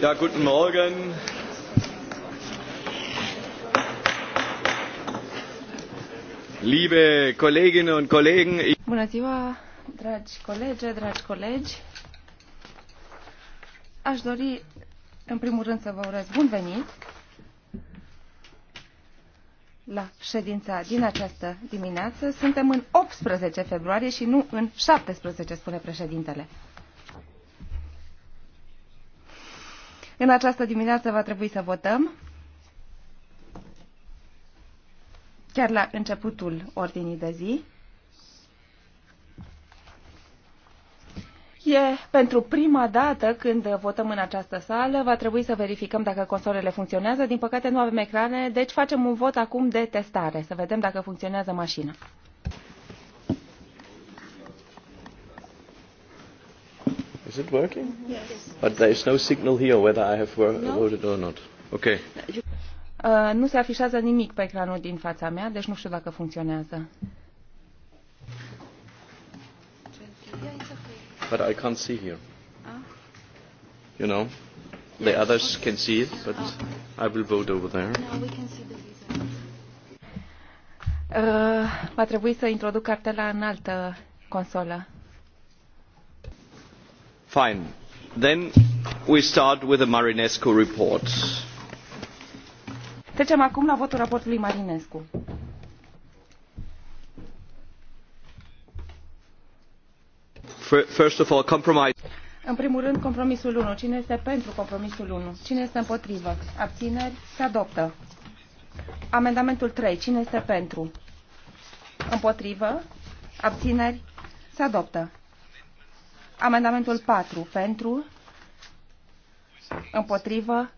Ja, guten Morgen. Liebe Kolleginnen und Kollegen. Bună ziua, dragi colege, dragi colegi. Aș dori în primul rând să vă urez bun venit la ședința din această dimineață. Suntem în 18 februarie și nu în 17, spune președintele. În această dimineață va trebui să votăm. Chiar la începutul ordinii de zi. E pentru prima dată când votăm în această sală, va trebui să verificăm dacă consolele funcționează. Din păcate nu avem ecrane, deci facem un vot acum de testare, să vedem dacă funcționează mașina. Is it working? Yes. But there is no signal here whether I have no? voted or not. Okay. Uh, nu se afișează nimic pe ecranul din fața mea, deci nu știu dacă funcționează. But I can't see here. Ah. You know, yes. the yes. others can see it, but ah. I will vote over there. No, we can see the uh, va trebui să introduc cartela în altă consolă fine then we start with the marinescu report trecem acum la votul raportului marinescu first of all compromise în primul rând, compromisul 1. Cine este pentru compromisul 1? Cine este împotrivă? Abțineri? Se adoptă. Amendamentul 3. Cine este pentru? Împotrivă? Abțineri? Se adoptă. Amendamentul 4 pentru, împotrivă,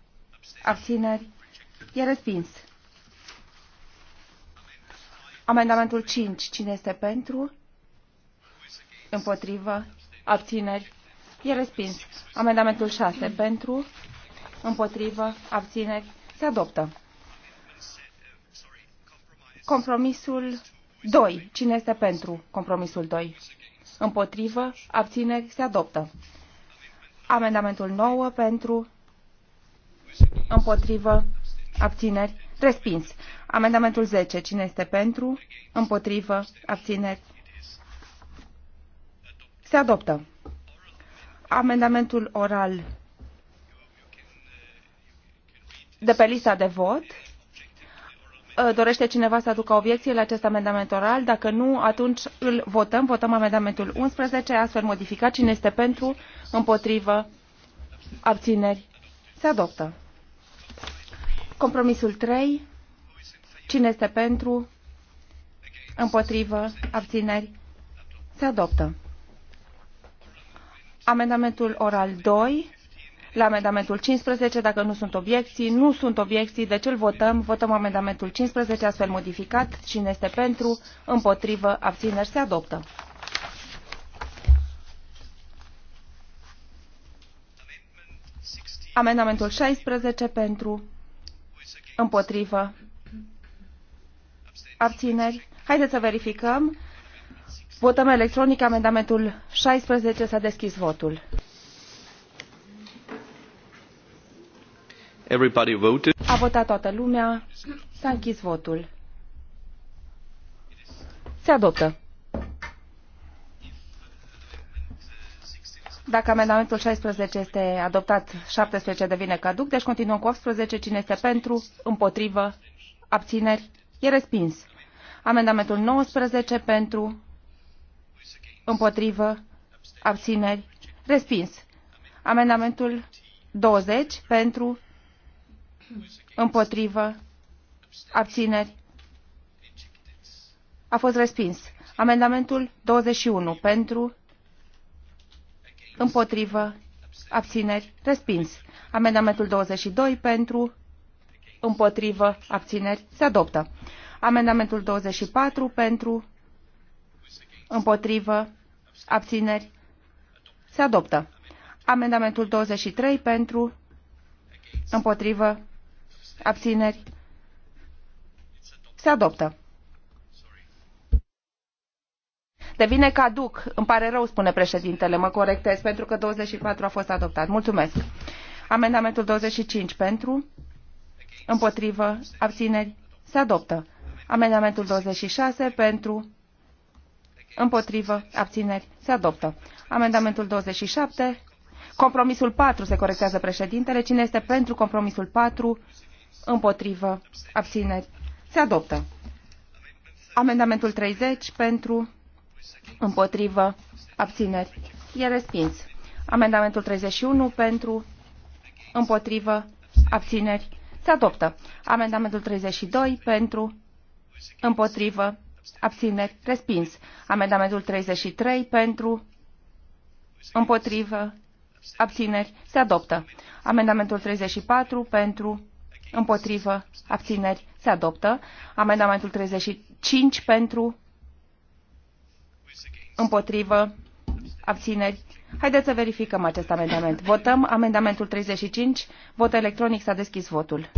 abțineri, e respins. Amendamentul 5, cine este pentru, împotrivă, abțineri, e respins. Amendamentul 6 pentru, împotrivă, abțineri, se adoptă. Compromisul 2, cine este pentru compromisul 2? Împotrivă. Abțineri. Se adoptă. Amendamentul 9 pentru. Împotrivă. Abțineri. Respins. Amendamentul 10. Cine este pentru? Împotrivă. Abțineri. Se adoptă. Amendamentul oral de pe lista de vot Uh, dorește cineva să aducă obiecție la acest amendament oral? Dacă nu, atunci îl votăm. Votăm amendamentul 11, astfel modificat. Cine este pentru? Împotrivă? Abțineri? Se adoptă. Compromisul 3. Cine este pentru? Împotrivă? Abțineri? Se adoptă. Amendamentul oral 2 la amendamentul cincisprezece dacă nu sunt obiecții. Nu sunt obiecții, deci îl votăm. Votăm amendamentul cincisprezece astfel modificat. Cine este pentru, împotrivă, abțineri, se adoptă. Amendamentul 16 pentru, împotrivă, abțineri. Haideți să verificăm. Votăm electronic amendamentul 16. S-a deschis votul. Everybody voted. A votat toată lumea. S-a închis votul. Se adoptă. Dacă amendamentul 16 este adoptat, 17 devine caduc, deci continuăm cu 18. Cine este pentru? Împotrivă? Abțineri? E respins. Amendamentul 19 pentru? Împotrivă? Abțineri? Respins. Amendamentul 20 pentru? Împotrivă. Abțineri. A fost respins. Amendamentul 21. Pentru. Împotrivă. Abțineri. Respins. Amendamentul 22. Pentru. Împotrivă. Abțineri. Se adoptă. Amendamentul 24. Pentru. Împotrivă. Abțineri. Se adoptă. Amendamentul 23. Pentru. Împotrivă. Abțineri? Se adoptă. Devine caduc. Îmi pare rău, spune președintele. Mă corectez pentru că 24 a fost adoptat. Mulțumesc. Amendamentul 25 pentru? Împotrivă? Abțineri? Se adoptă. Amendamentul 26 pentru? Împotrivă? Abțineri? Se adoptă. Amendamentul 27. Compromisul 4 se corectează președintele. Cine este pentru compromisul 4? împotrivă, abțineri, se adoptă. Amendamentul 30 pentru, împotrivă, abțineri, e respins. Amendamentul 31 pentru, împotrivă, abțineri, se adoptă. Amendamentul 32 pentru, împotrivă, abțineri, respins. Amendamentul 33 pentru, împotrivă, abțineri, se adoptă. Amendamentul 34 pentru, Împotrivă. Abțineri. Se adoptă. Amendamentul 35 pentru. Împotrivă. Abțineri. Haideți să verificăm acest amendament. Votăm amendamentul 35. Vot electronic. S-a deschis votul.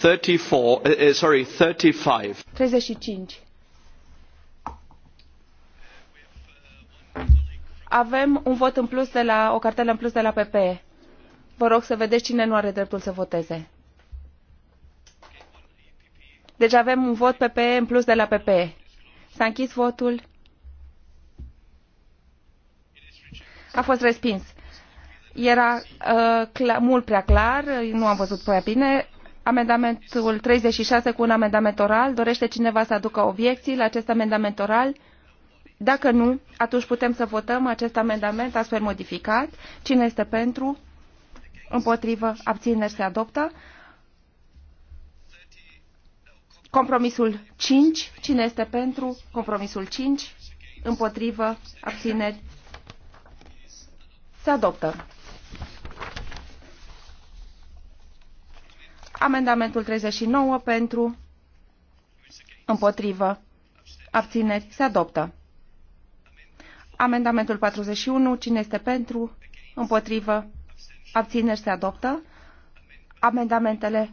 34, uh, uh, sorry, 35. 35. Avem un vot în plus de la, o cartelă în plus de la PPE. Vă rog să vedeți cine nu are dreptul să voteze. Deci avem un vot PPE în plus de la PPE. S-a închis votul. A fost respins. Era uh, clar, mult prea clar, nu am văzut prea bine. Amendamentul 36 cu un amendament oral. Dorește cineva să aducă obiecții la acest amendament oral? Dacă nu, atunci putem să votăm acest amendament astfel modificat. Cine este pentru? împotrivă, abțineri se adoptă. Compromisul 5, cine este pentru? Compromisul 5, împotrivă, abțineri se adoptă. Amendamentul 39 pentru, împotrivă, abțineri, se adoptă. Amendamentul 41, cine este pentru, împotrivă, abțineri se adoptă. Amendamentele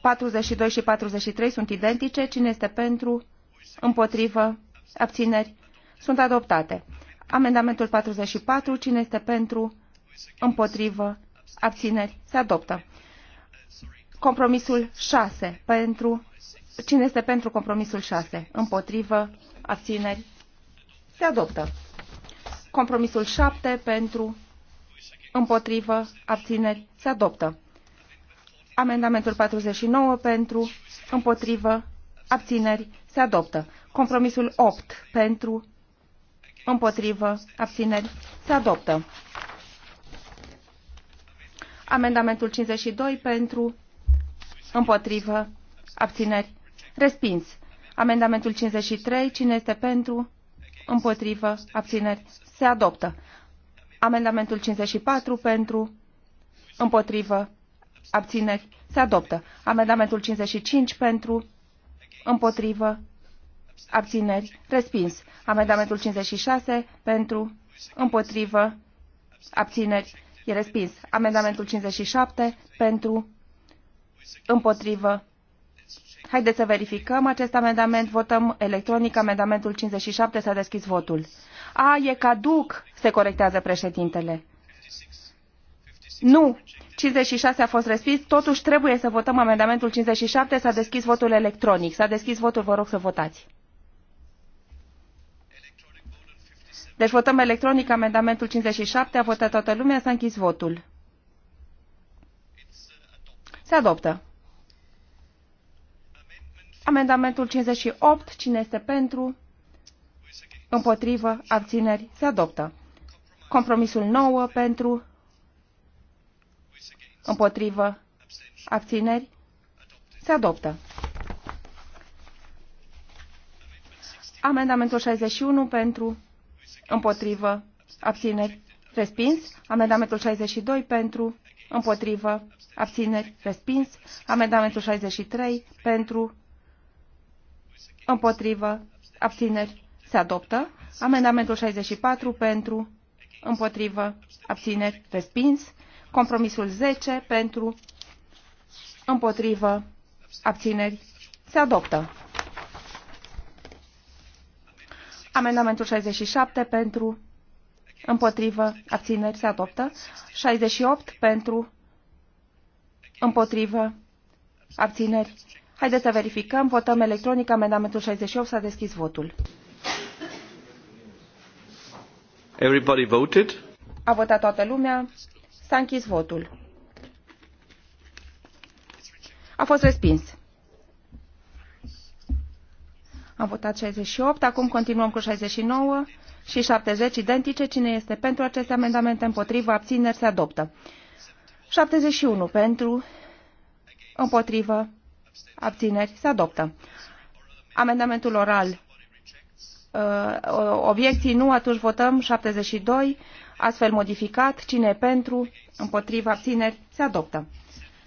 42 și 43 sunt identice. Cine este pentru, împotrivă, abțineri, sunt adoptate. Amendamentul 44, cine este pentru, împotrivă, abțineri, se adoptă. Compromisul 6, pentru, cine este pentru compromisul 6, împotrivă, abțineri, se adoptă. Compromisul 7, pentru, împotrivă, abțineri, se adoptă. Amendamentul 49 pentru, împotrivă, abțineri, se adoptă. Compromisul 8 pentru, împotrivă, abțineri, se adoptă. Amendamentul 52 pentru, împotrivă, abțineri, respins. Amendamentul 53, cine este pentru, împotrivă, abțineri, se adoptă. Amendamentul 54 pentru, împotrivă, abțineri, se adoptă. Amendamentul 55 pentru, împotrivă, abțineri, respins. Amendamentul 56 pentru, împotrivă, abțineri, e respins. Amendamentul 57 pentru, împotrivă, Haideți să verificăm acest amendament. Votăm electronic amendamentul 57. S-a deschis votul. A, e caduc, se corectează președintele. Nu. 56 a fost respins. Totuși trebuie să votăm amendamentul 57. S-a deschis votul electronic. S-a deschis votul. Vă rog să votați. Deci votăm electronic amendamentul 57. A votat toată lumea. S-a închis votul. Se adoptă. Amendamentul 58. Cine este pentru? Împotrivă. Abțineri. Se adoptă. Compromisul 9 pentru. Împotrivă. Abțineri. Se adoptă. Amendamentul 61 pentru. Împotrivă. Abțineri. Respins. Amendamentul 62 pentru. Împotrivă. Abțineri. Respins. Amendamentul 63 pentru împotrivă, abțineri, se adoptă. Amendamentul 64 pentru, împotrivă, abțineri, respins. Compromisul 10 pentru, împotrivă, abțineri, se adoptă. Amendamentul 67 pentru, împotrivă, abțineri, se adoptă. 68 pentru, împotrivă, abțineri, Haideți să verificăm. Votăm electronic. Amendamentul 68 s-a deschis votul. Everybody voted? A votat toată lumea. S-a închis votul. A fost respins. Am votat 68, acum continuăm cu 69 și 70 identice. Cine este pentru aceste amendamente împotrivă, abțineri, se adoptă. 71 pentru, împotrivă, Abțineri. Se adoptă. Amendamentul oral. Uh, obiecții nu, atunci votăm 72, astfel modificat, cine e pentru, împotriva, abțineri, se adoptă.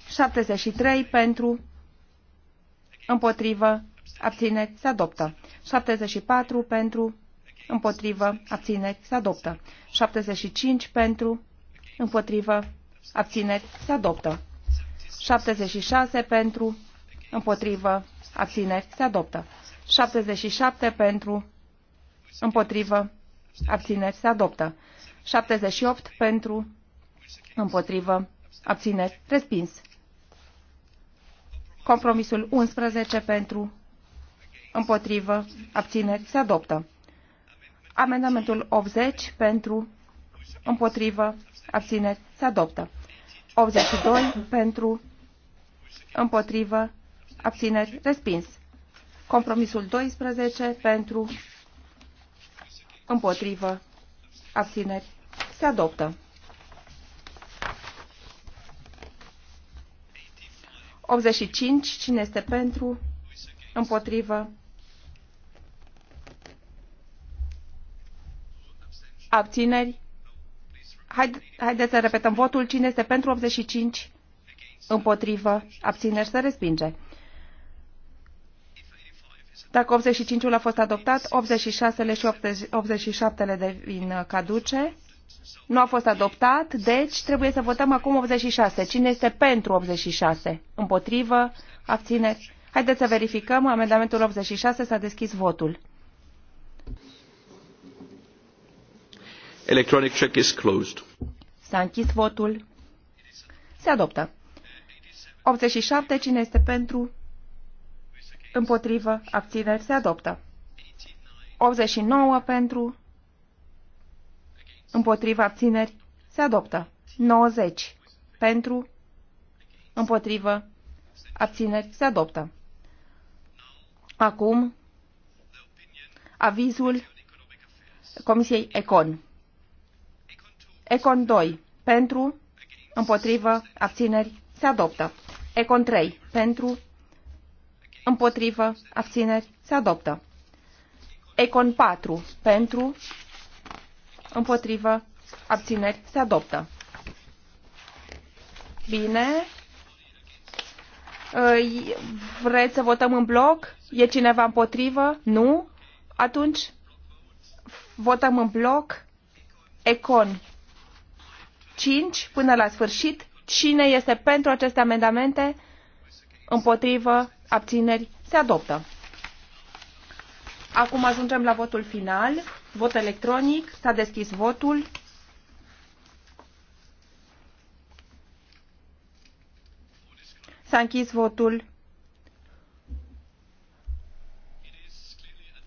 73 pentru, împotrivă, abțineri, se adoptă. 74 pentru, împotrivă, abțineri, se adoptă. 75 pentru, împotrivă, abțineri, se adoptă. 76 pentru, împotrivă, abțineri, se adoptă. 77 pentru, împotrivă, abțineri, se adoptă. 78 pentru, împotrivă, abțineri, respins. Compromisul 11 pentru, împotrivă, abțineri, se adoptă. Amendamentul 80 pentru, împotrivă, abțineri, se adoptă. 82 pentru, împotrivă, abțineri, respins. Compromisul 12 pentru, împotrivă, abțineri, se adoptă. 85, cine este pentru, împotrivă, abțineri. Haide, haideți să repetăm votul. Cine este pentru 85? Împotrivă. Abțineri se respinge. Dacă 85-ul a fost adoptat, 86-le și 87-le devin uh, caduce. Nu a fost adoptat, deci trebuie să votăm acum 86. Cine este pentru 86? Împotrivă? Abțineri? Haideți să verificăm. Amendamentul 86 s-a deschis votul. Electronic check is closed. S-a închis votul. Se adoptă. 87. Cine este pentru? împotrivă, abțineri, se adoptă. 89 pentru, împotrivă, abțineri, se adoptă. 90 pentru, împotrivă, abțineri, se adoptă. Acum, avizul Comisiei Econ. Econ 2. Pentru, împotrivă, abțineri, se adoptă. Econ 3. Pentru, Împotrivă. Abțineri. Se adoptă. Econ 4. Pentru. Împotrivă. Abțineri. Se adoptă. Bine. Vreți să votăm în bloc? E cineva împotrivă? Nu? Atunci votăm în bloc Econ 5 până la sfârșit. Cine este pentru aceste amendamente? Împotrivă? abțineri, se adoptă. Acum ajungem la votul final, vot electronic, s-a deschis votul. S-a închis votul.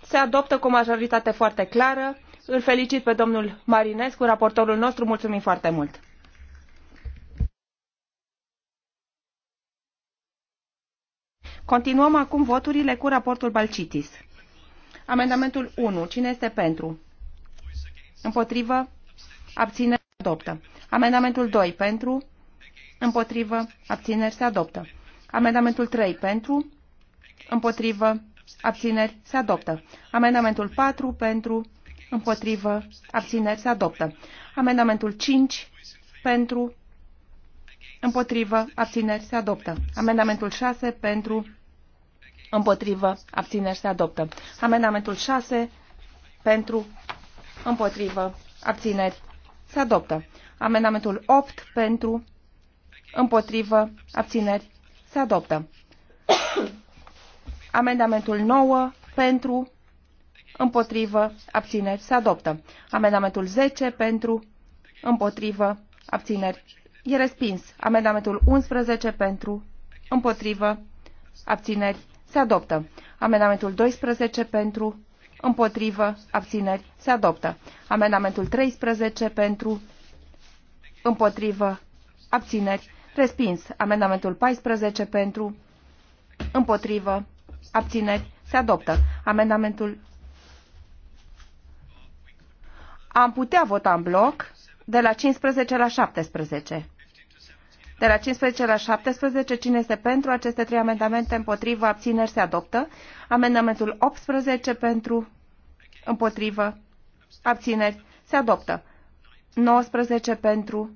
Se adoptă cu o majoritate foarte clară. Îl felicit pe domnul Marinescu, raportorul nostru. Mulțumim foarte mult! Continuăm acum voturile cu raportul Balcitis. Amendamentul 1. Cine este pentru? Împotrivă? Abțineri se adoptă. Amendamentul 2. Pentru? Împotrivă? Abțineri se adoptă. Amendamentul 3. Pentru? Împotrivă? Abțineri se adoptă. Amendamentul 4. Pentru? Împotrivă? Abțineri se adoptă. Amendamentul 5. Pentru? Împotrivă, abțineri, se adoptă. Amendamentul 6 pentru, împotrivă, abțineri se adoptă. Amendamentul 6 pentru, împotrivă, abțineri se adoptă. Amendamentul 8 pentru, împotrivă, abțineri se adoptă. Amendamentul 9 pentru, împotrivă, abțineri se adoptă. Amendamentul 10 pentru, împotrivă, abțineri e respins. Amendamentul 11 pentru, împotrivă, abțineri se adoptă. Amendamentul 12 pentru, împotrivă, abțineri, se adoptă. Amendamentul 13 pentru, împotrivă, abțineri, respins. Amendamentul 14 pentru, împotrivă, abțineri, se adoptă. Amendamentul am putea vota în bloc de la 15 la 17. De la 15 la 17, cine este pentru aceste trei amendamente împotrivă, abțineri se adoptă. Amendamentul 18 pentru împotrivă, abțineri se adoptă. 19 pentru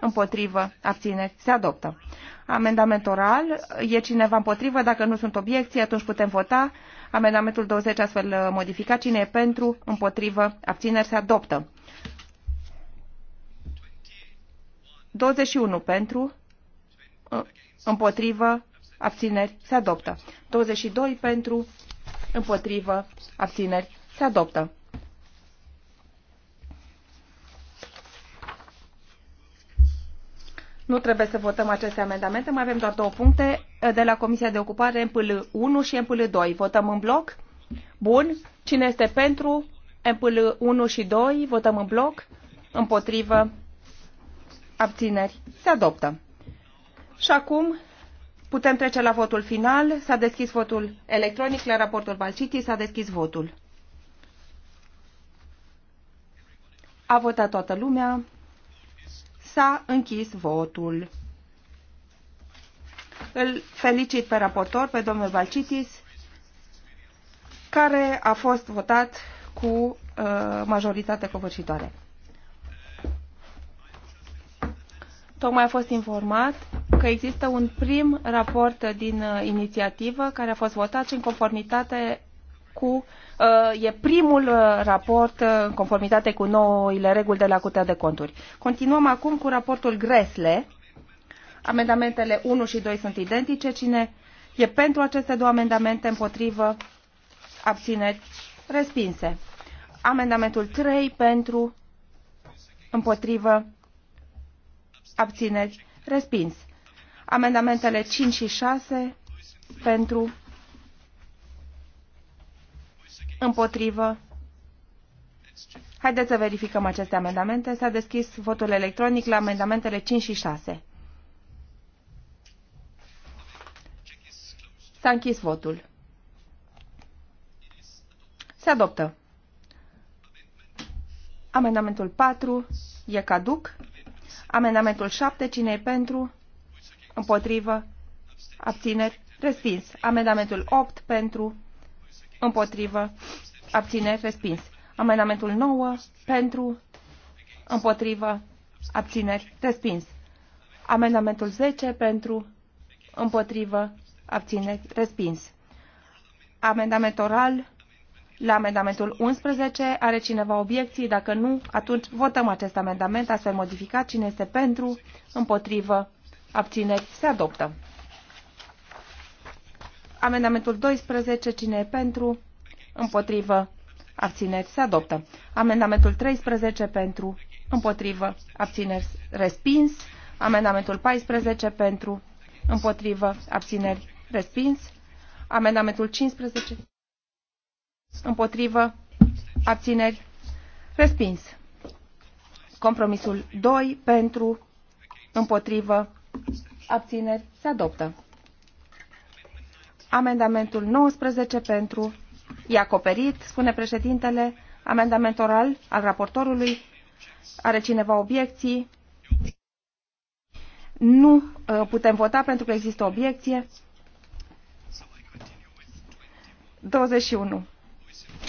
împotrivă, abțineri se adoptă. Amendament oral, e cineva împotrivă, dacă nu sunt obiecții, atunci putem vota. Amendamentul 20 astfel modificat, cine e pentru, împotrivă, abțineri se adoptă. 21 pentru, uh, împotrivă, abțineri, se adoptă. 22 pentru, împotrivă, abțineri, se adoptă. Nu trebuie să votăm aceste amendamente, mai avem doar două puncte uh, de la Comisia de Ocupare, MPL 1 și MPL 2. Votăm în bloc? Bun. Cine este pentru MPL 1 și 2? Votăm în bloc? Împotrivă? abțineri, se adoptă. Și acum putem trece la votul final. S-a deschis votul electronic la raportul Balcitii, s-a deschis votul. A votat toată lumea. S-a închis votul. Îl felicit pe raportor, pe domnul Balcitis, care a fost votat cu uh, majoritate covârșitoare. Tocmai a fost informat că există un prim raport din uh, inițiativă care a fost votat și în conformitate cu uh, e primul uh, raport în conformitate cu noile reguli de la Curtea de Conturi. Continuăm acum cu raportul Gresle. Amendamentele 1 și 2 sunt identice. Cine e pentru aceste două amendamente împotrivă? Abțineri respinse. Amendamentul 3 pentru împotrivă abțineri, respins. Amendamentele 5 și 6 pentru, împotrivă. Haideți să verificăm aceste amendamente. S-a deschis votul electronic la amendamentele 5 și 6. S-a închis votul. Se adoptă. Amendamentul 4 e caduc. Amendamentul 7. Cine e pentru? Împotrivă. Abțineri. Respins. Amendamentul 8. Pentru. Împotrivă. Abțineri. Respins. Amendamentul 9. Pentru. Împotrivă. Abțineri. Respins. Amendamentul 10. Pentru. Împotrivă. Abțineri. Respins. Amendament oral la amendamentul 11. Are cineva obiecții? Dacă nu, atunci votăm acest amendament astfel modificat. Cine este pentru? Împotrivă? Abțineri? Se adoptă. Amendamentul 12. Cine e pentru? Împotrivă? Abțineri? Se adoptă. Amendamentul 13. Pentru? Împotrivă? Abțineri? Respins. Amendamentul 14. Pentru? Împotrivă? Abțineri? Respins. Amendamentul 15. Împotrivă. Abțineri. Respins. Compromisul 2 pentru. Împotrivă. Abțineri. Se adoptă. Amendamentul 19 pentru. E acoperit, spune președintele. Amendament oral al raportorului. Are cineva obiecții? Nu uh, putem vota pentru că există obiecție. 21.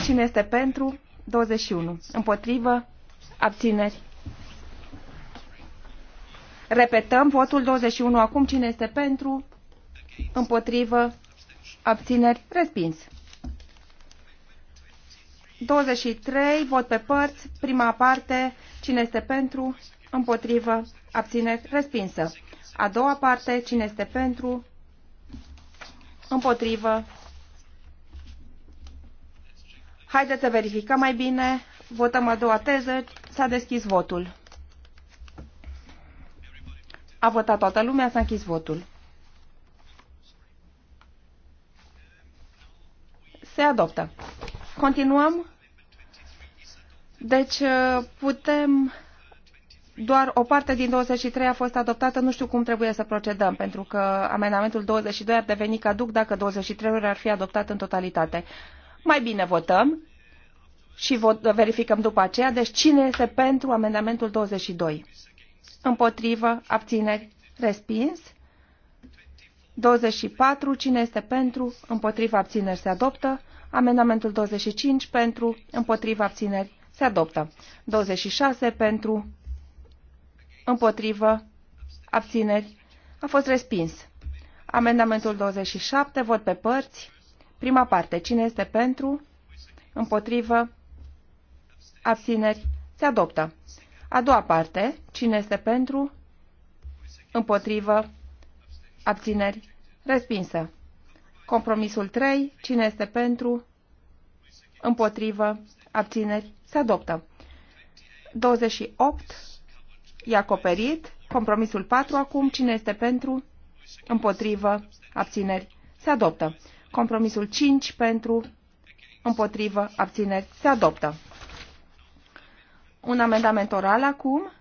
Cine este pentru? 21. Împotrivă? Abțineri. Repetăm votul 21 acum. Cine este pentru? Împotrivă? Abțineri? Respins. 23. Vot pe părți. Prima parte. Cine este pentru? Împotrivă? Abțineri? Respinsă. A doua parte. Cine este pentru? Împotrivă? Haideți să verificăm mai bine. Votăm a doua teză. S-a deschis votul. A votat toată lumea, s-a închis votul. Se adoptă. Continuăm. Deci putem... Doar o parte din 23 a fost adoptată, nu știu cum trebuie să procedăm, pentru că amendamentul 22 ar deveni caduc dacă 23 ar fi adoptat în totalitate mai bine votăm și vot, verificăm după aceea. Deci cine este pentru amendamentul 22? Împotrivă, abțineri, respins. 24. Cine este pentru? Împotriva abțineri se adoptă. Amendamentul 25 pentru, împotriva abțineri se adoptă. 26 pentru, împotrivă, abțineri a fost respins. Amendamentul 27, vot pe părți. Prima parte. Cine este pentru? Împotrivă? Abțineri? Se adoptă. A doua parte. Cine este pentru? Împotrivă? Abțineri? Respinsă. Compromisul 3. Cine este pentru? Împotrivă? Abțineri? Se adoptă. 28. E acoperit. Compromisul 4 acum. Cine este pentru? Împotrivă? Abțineri? Se adoptă. Compromisul 5 pentru, împotrivă, abțineri, se adoptă. Un amendament oral acum.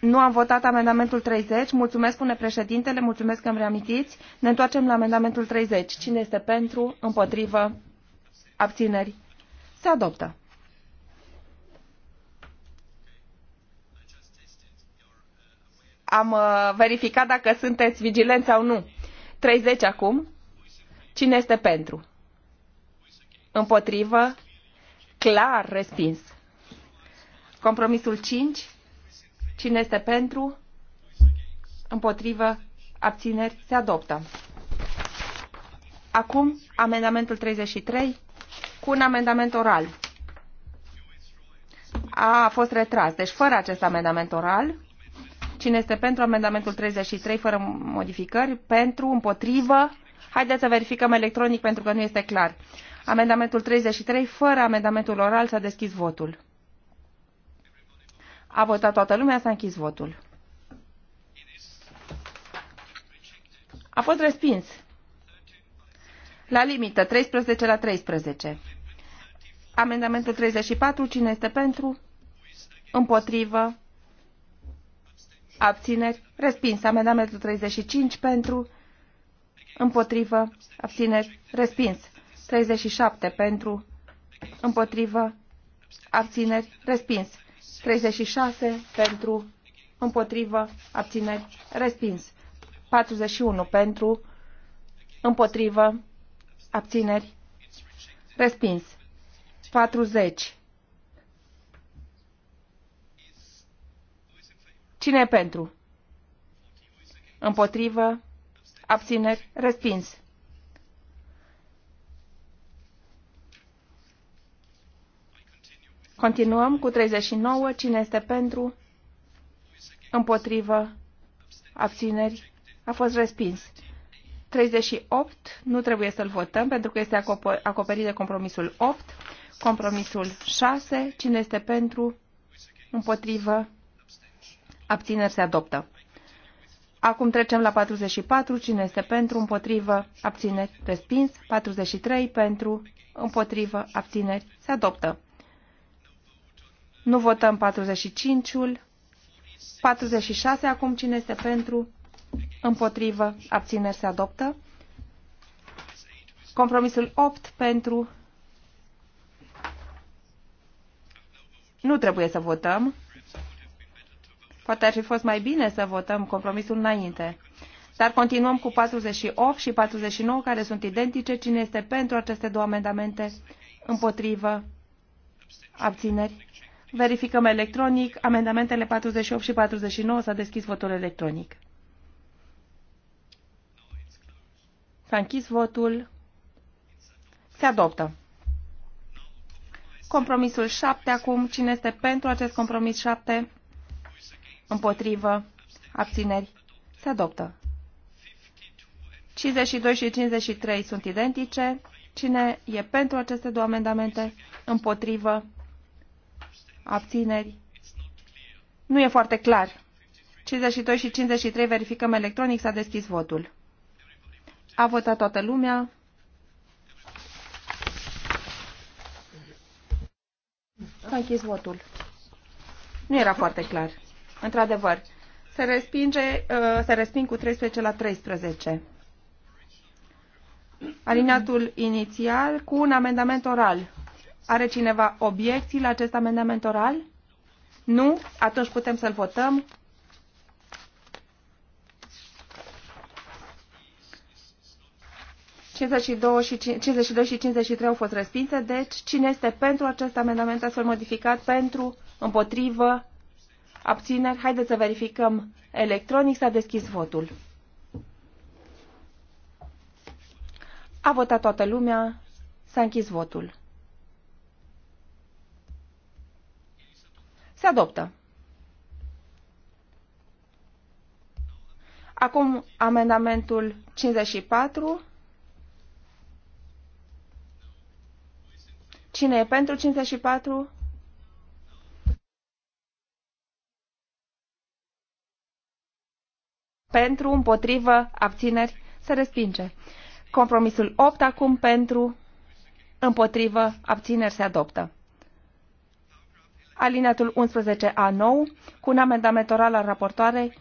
Nu am votat amendamentul 30. Mulțumesc, spune președintele, mulțumesc că îmi reamintiți. Ne întoarcem la amendamentul 30. Cine este pentru, împotrivă, abțineri? Se adoptă. am uh, verificat dacă sunteți vigilenți sau nu. 30 acum. Cine este pentru? Împotrivă? Clar respins. Compromisul 5. Cine este pentru? Împotrivă? Abțineri? Se adoptă. Acum, amendamentul 33 cu un amendament oral. A fost retras. Deci, fără acest amendament oral, Cine este pentru amendamentul 33 fără modificări? Pentru, împotrivă? Haideți să verificăm electronic pentru că nu este clar. Amendamentul 33 fără amendamentul oral s-a deschis votul. A votat toată lumea, s-a închis votul. A fost respins. La limită, 13 la 13. Amendamentul 34, cine este pentru? Împotrivă? abțineri, respins. Amendamentul 35 pentru, împotrivă, abțineri, respins. 37 pentru, împotrivă, abțineri, respins. 36 pentru, împotrivă, abțineri, respins. 41 pentru, împotrivă, abțineri, respins. 40 Cine e pentru? Împotrivă? Abțineri? Respins. Continuăm cu 39. Cine este pentru? Împotrivă? Abțineri? A fost respins. 38. Nu trebuie să-l votăm pentru că este acoperit de compromisul 8. Compromisul 6. Cine este pentru? Împotrivă? abțineri se adoptă. Acum trecem la 44. Cine este pentru, împotrivă, abțineri, respins. 43. Pentru, împotrivă, abțineri, se adoptă. Nu votăm 45-ul. 46. Acum cine este pentru, împotrivă, abțineri, se adoptă. Compromisul 8 pentru. Nu trebuie să votăm. Poate ar fi fost mai bine să votăm compromisul înainte. Dar continuăm cu 48 și 49, care sunt identice. Cine este pentru aceste două amendamente? Împotrivă? Abțineri? Verificăm electronic. Amendamentele 48 și 49 s-a deschis votul electronic. S-a închis votul. Se adoptă. Compromisul 7 acum. Cine este pentru acest compromis 7? Împotrivă. Abțineri. Se adoptă. 52 și 53 sunt identice. Cine e pentru aceste două amendamente? Împotrivă. Abțineri. Nu e foarte clar. 52 și 53 verificăm electronic. S-a deschis votul. A votat toată lumea. S-a închis votul. Nu era foarte clar. Într-adevăr, se respinge, uh, se resping cu 13 la 13. Alineatul inițial cu un amendament oral. Are cineva obiecții la acest amendament oral? Nu? Atunci putem să-l votăm. și 52 și 53 au fost respinse, deci cine este pentru acest amendament astfel modificat, pentru, împotrivă, abțineri. Haideți să verificăm electronic. S-a deschis votul. A votat toată lumea. S-a închis votul. Se adoptă. Acum amendamentul 54. Cine e pentru 54? pentru, împotrivă, abțineri, se respinge. Compromisul 8 acum pentru, împotrivă, abțineri se adoptă. Alineatul 11A9, cu un amendament oral al raportoarei,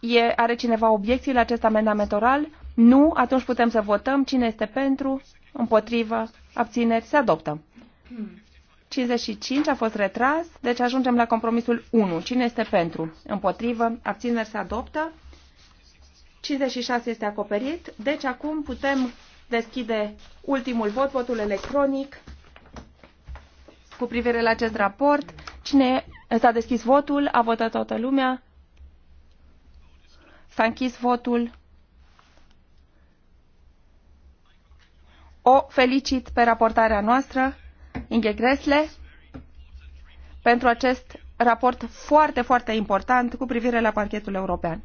e, are cineva obiecții la acest amendament oral? Nu, atunci putem să votăm cine este pentru, împotrivă, abțineri, se adoptă. Hmm. 55 a fost retras, deci ajungem la compromisul 1. Cine este pentru? Împotrivă? Abțineri se adoptă? 56 este acoperit, deci acum putem deschide ultimul vot, votul electronic cu privire la acest raport. Cine s-a deschis votul? A votat toată lumea? S-a închis votul? O felicit pe raportarea noastră. Inge Gresle pentru acest raport foarte, foarte important cu privire la parchetul european.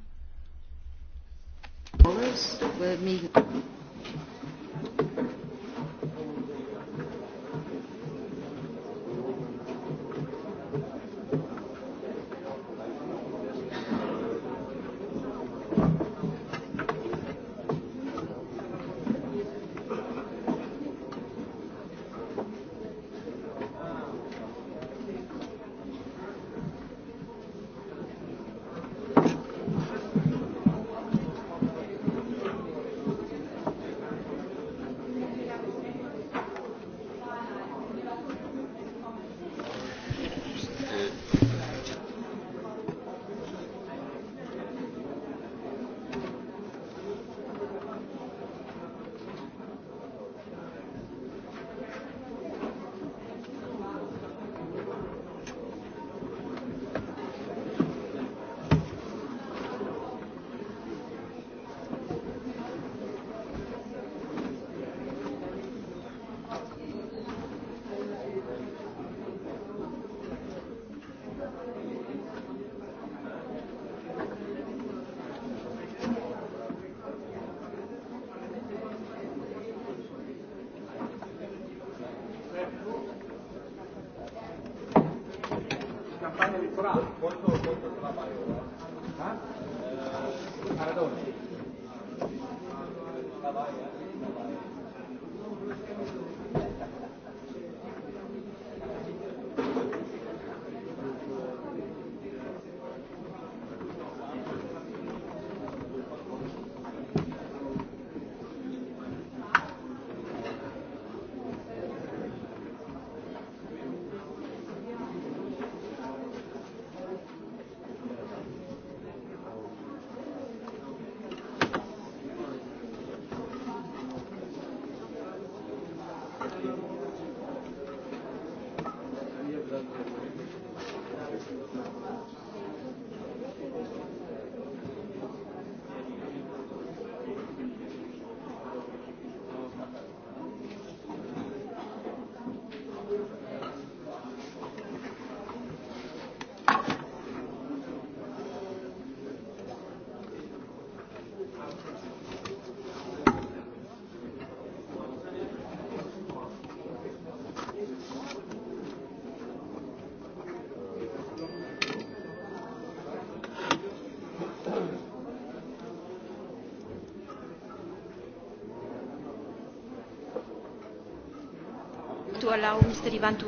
allow Mr. Ivan to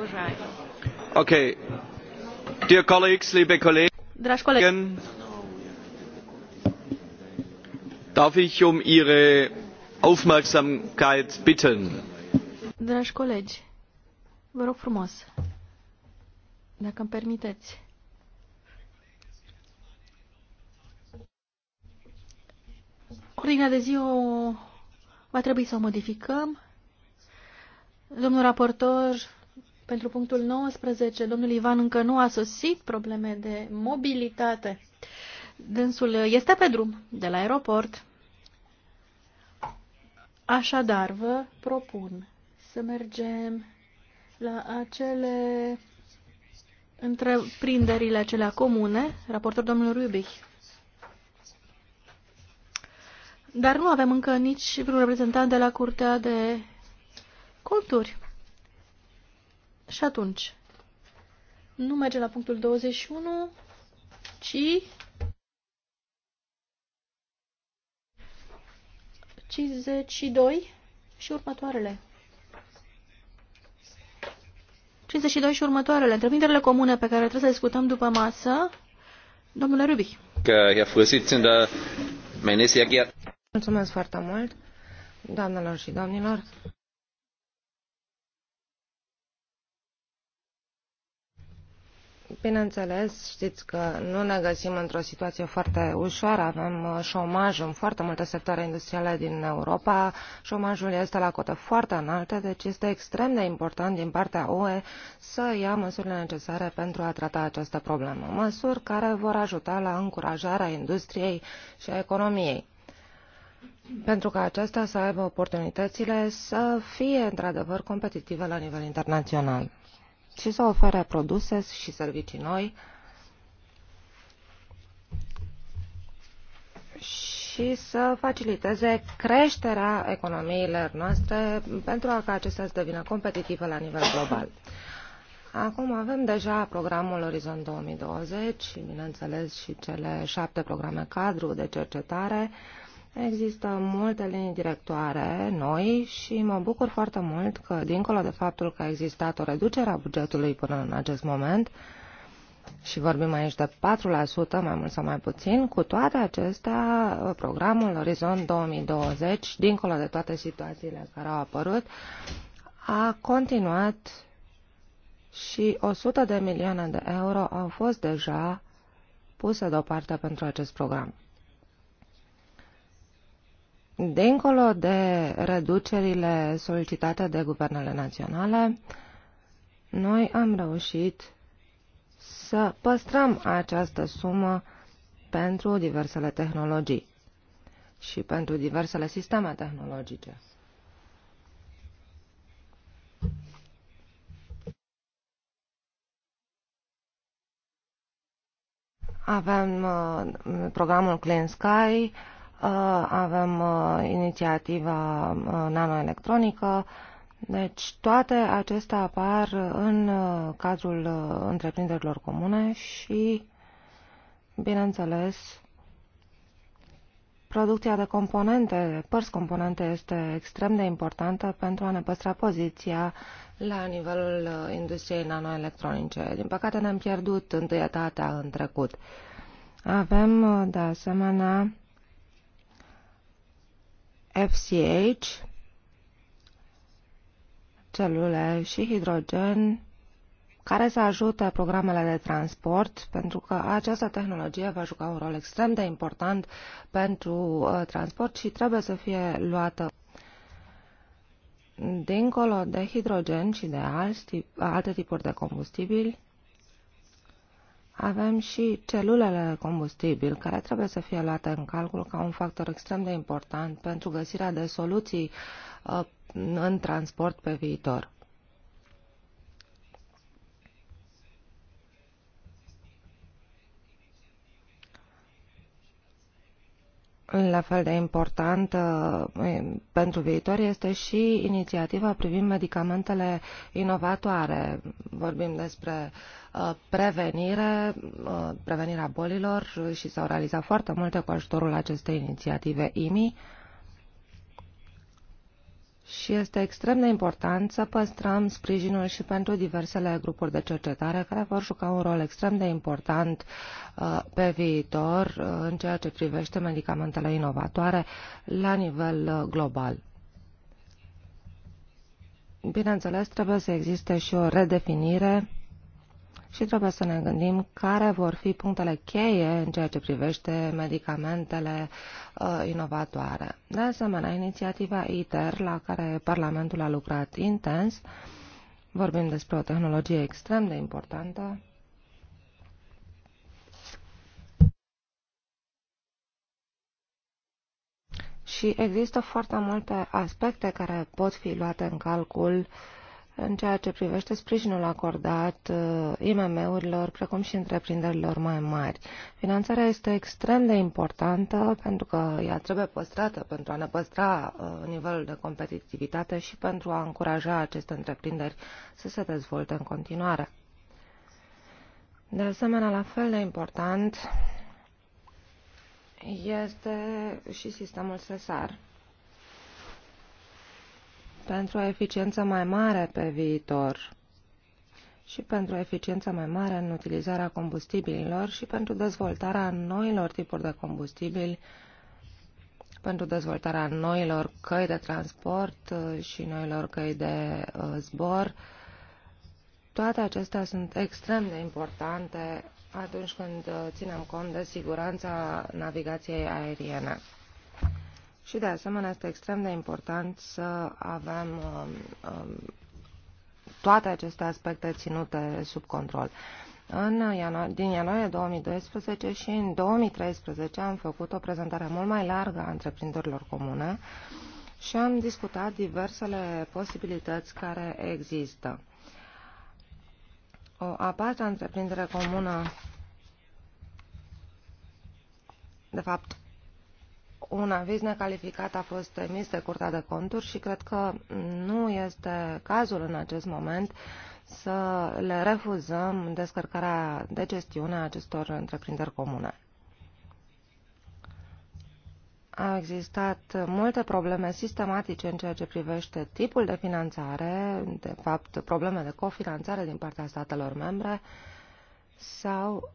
Okay. Dear colleagues, liebe Kollegen, darf ich um Ihre Aufmerksamkeit bitten. Dragi colegi, vă rog frumos, dacă îmi permiteți. Ordinea de zi o va trebui să o modificăm. Domnul raportor, pentru punctul 19, domnul Ivan încă nu a sosit probleme de mobilitate. Dânsul este pe drum de la aeroport. Așadar, vă propun să mergem la acele întreprinderile acelea comune, raportor domnul Rubich. Dar nu avem încă nici vreun reprezentant de la Curtea de conturi. Și atunci, nu merge la punctul 21, ci 52 și următoarele. 52 și următoarele. Întreprinderile comune pe care trebuie să discutăm după masă. Domnule Rubi. Mulțumesc foarte mult, doamnelor și domnilor. Bineînțeles, știți că nu ne găsim într-o situație foarte ușoară. Avem uh, șomaj în foarte multe sectoare industriale din Europa. Șomajul este la cote foarte înalte, deci este extrem de important din partea UE să ia măsurile necesare pentru a trata această problemă. Măsuri care vor ajuta la încurajarea industriei și a economiei pentru ca acestea să aibă oportunitățile să fie într-adevăr competitive la nivel internațional și să ofere produse și servicii noi și să faciliteze creșterea economiilor noastre pentru a ca acestea să devină competitive la nivel global. Acum avem deja programul Orizont 2020 și, bineînțeles, și cele șapte programe cadru de cercetare uh, Există multe linii directoare noi și mă bucur foarte mult că, dincolo de faptul că a existat o reducere a bugetului până în acest moment, și vorbim aici de 4%, mai mult sau mai puțin, cu toate acestea, programul Orizont 2020, dincolo de toate situațiile care au apărut, a continuat și 100 de milioane de euro au fost deja puse deoparte pentru acest program. Dincolo de reducerile solicitate de guvernele naționale, noi am reușit să păstrăm această sumă pentru diversele tehnologii și pentru diversele sisteme tehnologice. Avem uh, programul Clean Sky, uh, Uh, avem uh, inițiativa uh, nanoelectronică, deci toate acestea apar în cadrul întreprinderilor comune și, bineînțeles, producția de componente, părți componente este extrem de importantă pentru a ne păstra poziția la nivelul industriei nanoelectronice. Din păcate ne-am pierdut întâietatea în trecut. Avem, de asemenea, FCH, celule și hidrogen care să ajute programele de transport, pentru că această tehnologie va juca un rol extrem de important pentru uh, transport și trebuie să fie luată dincolo de hidrogen și de alți, alte tipuri de combustibili. Avem și celulele de combustibil, care trebuie să fie luate în calcul ca un factor extrem de important pentru găsirea de soluții uh, în transport pe viitor. la fel de important eh, pentru viitor este și inițiativa privind medicamentele inovatoare. Vorbim despre eh, prevenire, eh, prevenirea bolilor și s-au realizat foarte multe cu ajutorul acestei inițiative IMI și este extrem de important să păstrăm sprijinul și pentru diversele grupuri de cercetare care vor juca un rol extrem de important uh, pe viitor uh, în ceea ce privește medicamentele inovatoare la nivel uh, global. Bineînțeles, trebuie să existe și o redefinire și trebuie să ne gândim care vor fi punctele cheie în ceea ce privește medicamentele uh, inovatoare. De asemenea, inițiativa ITER, la care Parlamentul a lucrat intens, vorbim despre o tehnologie extrem de importantă, și există foarte multe aspecte care pot fi luate în calcul uh, în ceea ce privește sprijinul acordat uh, IMM-urilor, precum și întreprinderilor mai mari. Finanțarea este extrem de importantă pentru că ea trebuie păstrată pentru a ne păstra uh, nivelul de competitivitate și pentru a încuraja aceste întreprinderi să se dezvolte în continuare. De asemenea, la fel de important este și sistemul SESAR pentru o eficiență mai mare pe viitor și pentru o eficiență mai mare în utilizarea combustibililor și pentru dezvoltarea noilor tipuri de combustibili, pentru dezvoltarea noilor căi de transport uh, și noilor căi de uh, zbor. Toate acestea sunt extrem de importante atunci când uh, ținem cont de siguranța navigației aeriene. Și de asemenea este extrem de important să avem um, um, toate aceste aspecte ținute sub control. În ianuarie, din ianuarie 2012 și în 2013 am făcut o prezentare mult mai largă a întreprinderilor comune și am discutat diversele posibilități care există. O a patra întreprindere comună, de fapt un aviz necalificat a fost emis de Curtea de Conturi și cred că nu este cazul în acest moment să le refuzăm descărcarea de gestiune a acestor întreprinderi comune. Au existat multe probleme sistematice în ceea ce privește tipul de finanțare, de fapt probleme de cofinanțare din partea statelor membre sau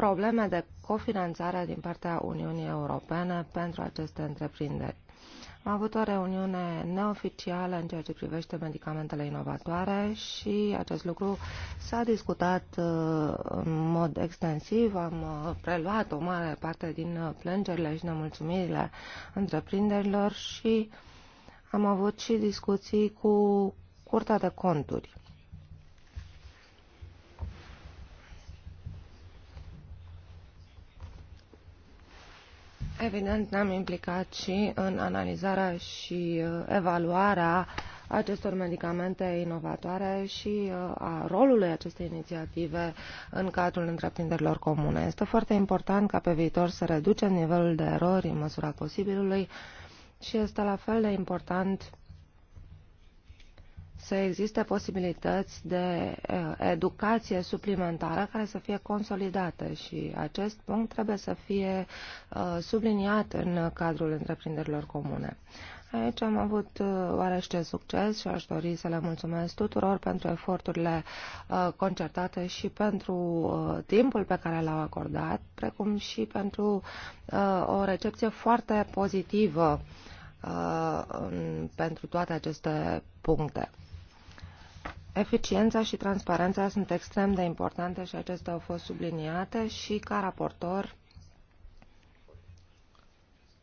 probleme de cofinanțare din partea Uniunii Europene pentru aceste întreprinderi. Am avut o reuniune neoficială în ceea ce privește medicamentele inovatoare și acest lucru s-a discutat uh, în mod extensiv. Am uh, preluat o mare parte din uh, plângerile și nemulțumirile întreprinderilor și am avut și discuții cu Curtea de Conturi. Evident, ne-am implicat și în analizarea și uh, evaluarea acestor medicamente inovatoare și uh, a rolului acestei inițiative în cadrul întreprinderilor comune. Este foarte important ca pe viitor să reducem nivelul de erori în măsura posibilului și este la fel de important să existe posibilități de uh, educație suplimentară care să fie consolidată și acest punct trebuie să fie uh, subliniat în cadrul întreprinderilor comune. Aici am avut uh, oarește succes și aș dori să le mulțumesc tuturor pentru eforturile concertate și pentru timpul pe care l-au acordat, precum și pentru o recepție foarte pozitivă pentru toate aceste puncte. Eficiența și transparența sunt extrem de importante și acestea au fost subliniate și ca raportor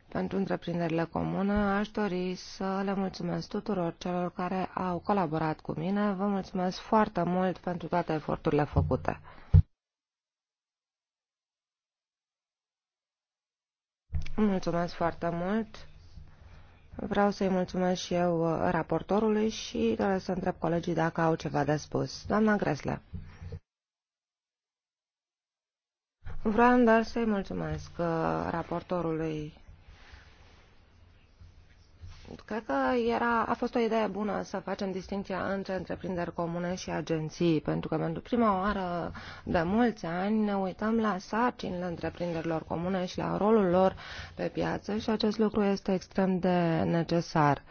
pentru întreprinderile comune aș dori să le mulțumesc tuturor celor care au colaborat cu mine. Vă mulțumesc foarte mult pentru toate eforturile făcute. Mulțumesc foarte mult. Vreau să-i mulțumesc și eu uh, raportorului și doresc să întreb colegii dacă au ceva de spus. Doamna Gresle. Vreau doar să-i mulțumesc uh, raportorului Cred că era, a fost o idee bună să facem distinția între întreprinderi comune și agenții, pentru că pentru prima oară de mulți ani ne uităm la sarcinile întreprinderilor comune și la rolul lor pe piață și acest lucru este extrem de necesar.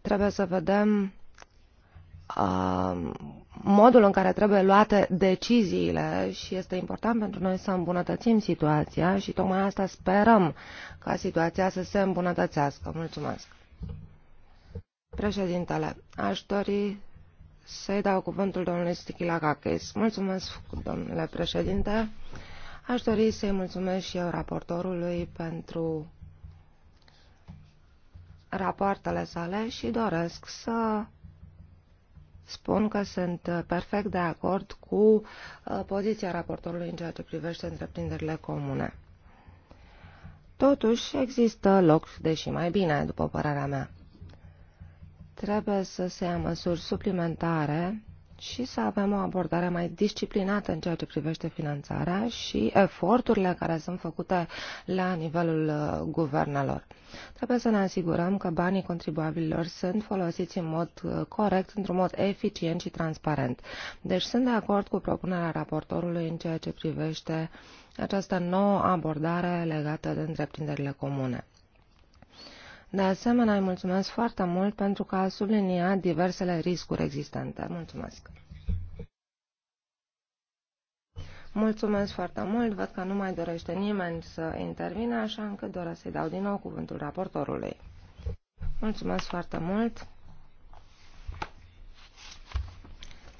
Trebuie să vedem Uh, modul în care trebuie luate deciziile și este important pentru noi să îmbunătățim situația și tocmai asta sperăm ca situația să se îmbunătățească. Mulțumesc. Președintele, aș dori să-i dau cuvântul domnului Stichilakakis. Mulțumesc, domnule președinte. Aș dori să-i mulțumesc și eu raportorului pentru rapoartele sale și doresc să spun că sunt uh, perfect de acord cu uh, poziția raportorului în ceea ce privește întreprinderile comune. Totuși, există loc, deși mai bine, după părerea mea. Trebuie să se ia măsuri suplimentare și să avem o abordare mai disciplinată în ceea ce privește finanțarea și eforturile care sunt făcute la nivelul uh, guvernelor. Trebuie să ne asigurăm că banii contribuabililor sunt folosiți în mod uh, corect, într-un mod eficient și transparent. Deci sunt de acord cu propunerea raportorului în ceea ce privește această nouă abordare legată de întreprinderile comune. De asemenea, îi mulțumesc foarte mult pentru că a subliniat diversele riscuri existente. Mulțumesc! Mulțumesc foarte mult, văd că nu mai dorește nimeni să intervine, așa încât doresc să-i dau din nou cuvântul raportorului. Mulțumesc foarte mult!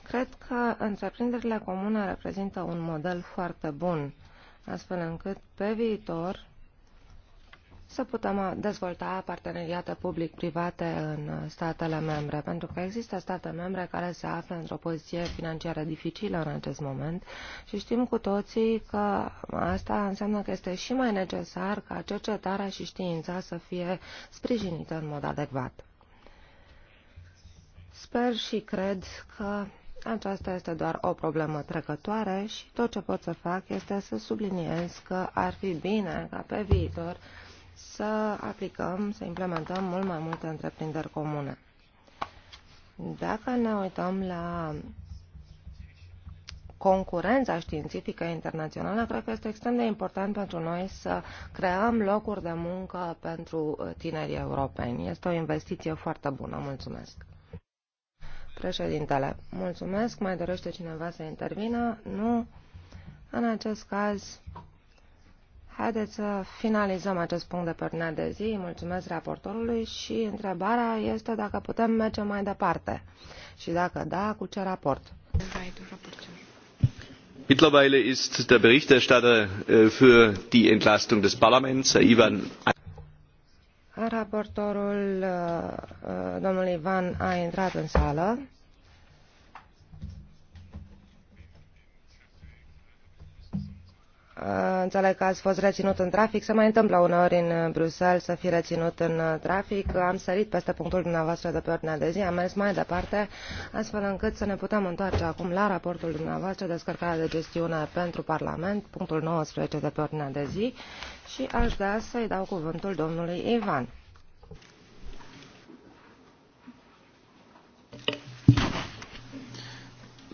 Cred că întreprinderile comune reprezintă un model foarte bun, astfel încât pe viitor să putem uh, dezvolta parteneriate public-private în uh, statele membre, pentru că există state membre care se află într-o poziție financiară dificilă în acest moment și știm cu toții că asta înseamnă că este și mai necesar ca cercetarea și știința să fie sprijinită în mod adecvat. Sper și cred că aceasta este doar o problemă trecătoare și tot ce pot să fac este să subliniez că ar fi bine ca pe viitor să aplicăm, să implementăm mult mai multe întreprinderi comune. Dacă ne uităm la concurența științifică internațională, cred că este extrem de important pentru noi să creăm locuri de muncă pentru tinerii europeni. Este o investiție foarte bună. Mulțumesc. Președintele, mulțumesc. Mai dorește cineva să intervină? Nu. În acest caz, Haideți să finalizăm acest punct de pornire de zi. Mulțumesc raportorului și întrebarea este dacă putem merge mai departe și dacă da, cu ce raport. Mittlerweile ist der Berichterstatter äh, für die Entlastung des Parlaments, Ivan. Raportorul äh, äh, domnul Ivan a intrat în sală. Eh, înțeleg că ați fost reținut în trafic. Se mai întâmplă uneori în eh, Bruxelles să fi reținut în eh, trafic. Am sărit peste punctul dumneavoastră de pe ordinea de zi, am mers mai departe, astfel încât să ne putem întoarce acum la raportul dumneavoastră descărcarea de gestiune pentru Parlament, punctul 19 de pe ordinea de zi, și aș da să-i dau cuvântul domnului Ivan.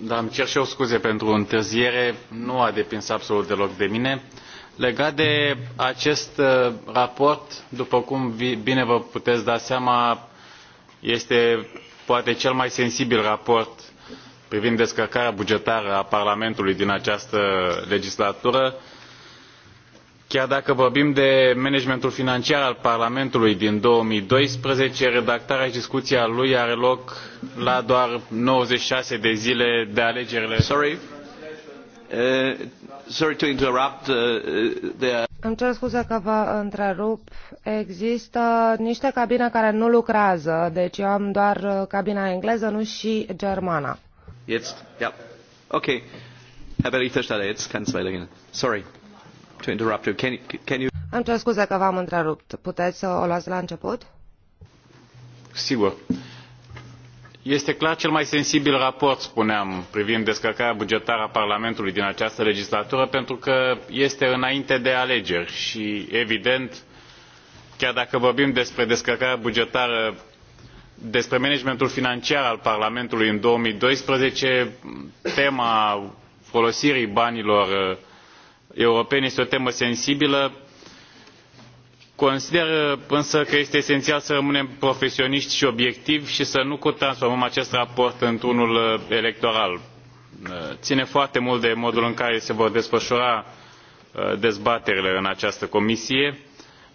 Da, îmi cer și eu scuze pentru întârziere. Nu a depins absolut deloc de mine. Legat de acest uh, raport, după cum bine vă puteți da seama, este poate cel mai sensibil raport privind descărcarea bugetară a Parlamentului din această legislatură chiar dacă vorbim de managementul financiar al parlamentului din două mii doisprezece redactarea și discuția lui are loc la doar nouăzeci și șase de zile de alegerile Sorry. Uh, sorry to interrupt. Uh, the... Îmi cer scuze că vă întrerup. Există niște cabine care nu lucrează, deci eu am doar uh, cabina engleză, nu și germana. Jetzt, ja. Okay. Herr Berichterstatter, jetzt kann es weitergehen. Sorry to interrupt you. Can, can you... Îmi cer scuze că v-am întrerupt. Puteți să o luați la început? Sigur. Este clar cel mai sensibil raport, spuneam, privind descărcarea bugetară a Parlamentului din această legislatură, pentru că este înainte de alegeri și, evident, chiar dacă vorbim despre descărcarea bugetară despre managementul financiar al parlamentului în două mii doisprezece tema folosirii banilor europeni este o temă sensibilă consider însă că este esențial să rămânem profesioniști și obiectivi și să nu transformăm acest raport într unul uh, electoral. Uh, ține foarte mult de modul în care se vor desfășura uh, dezbaterile în această comisie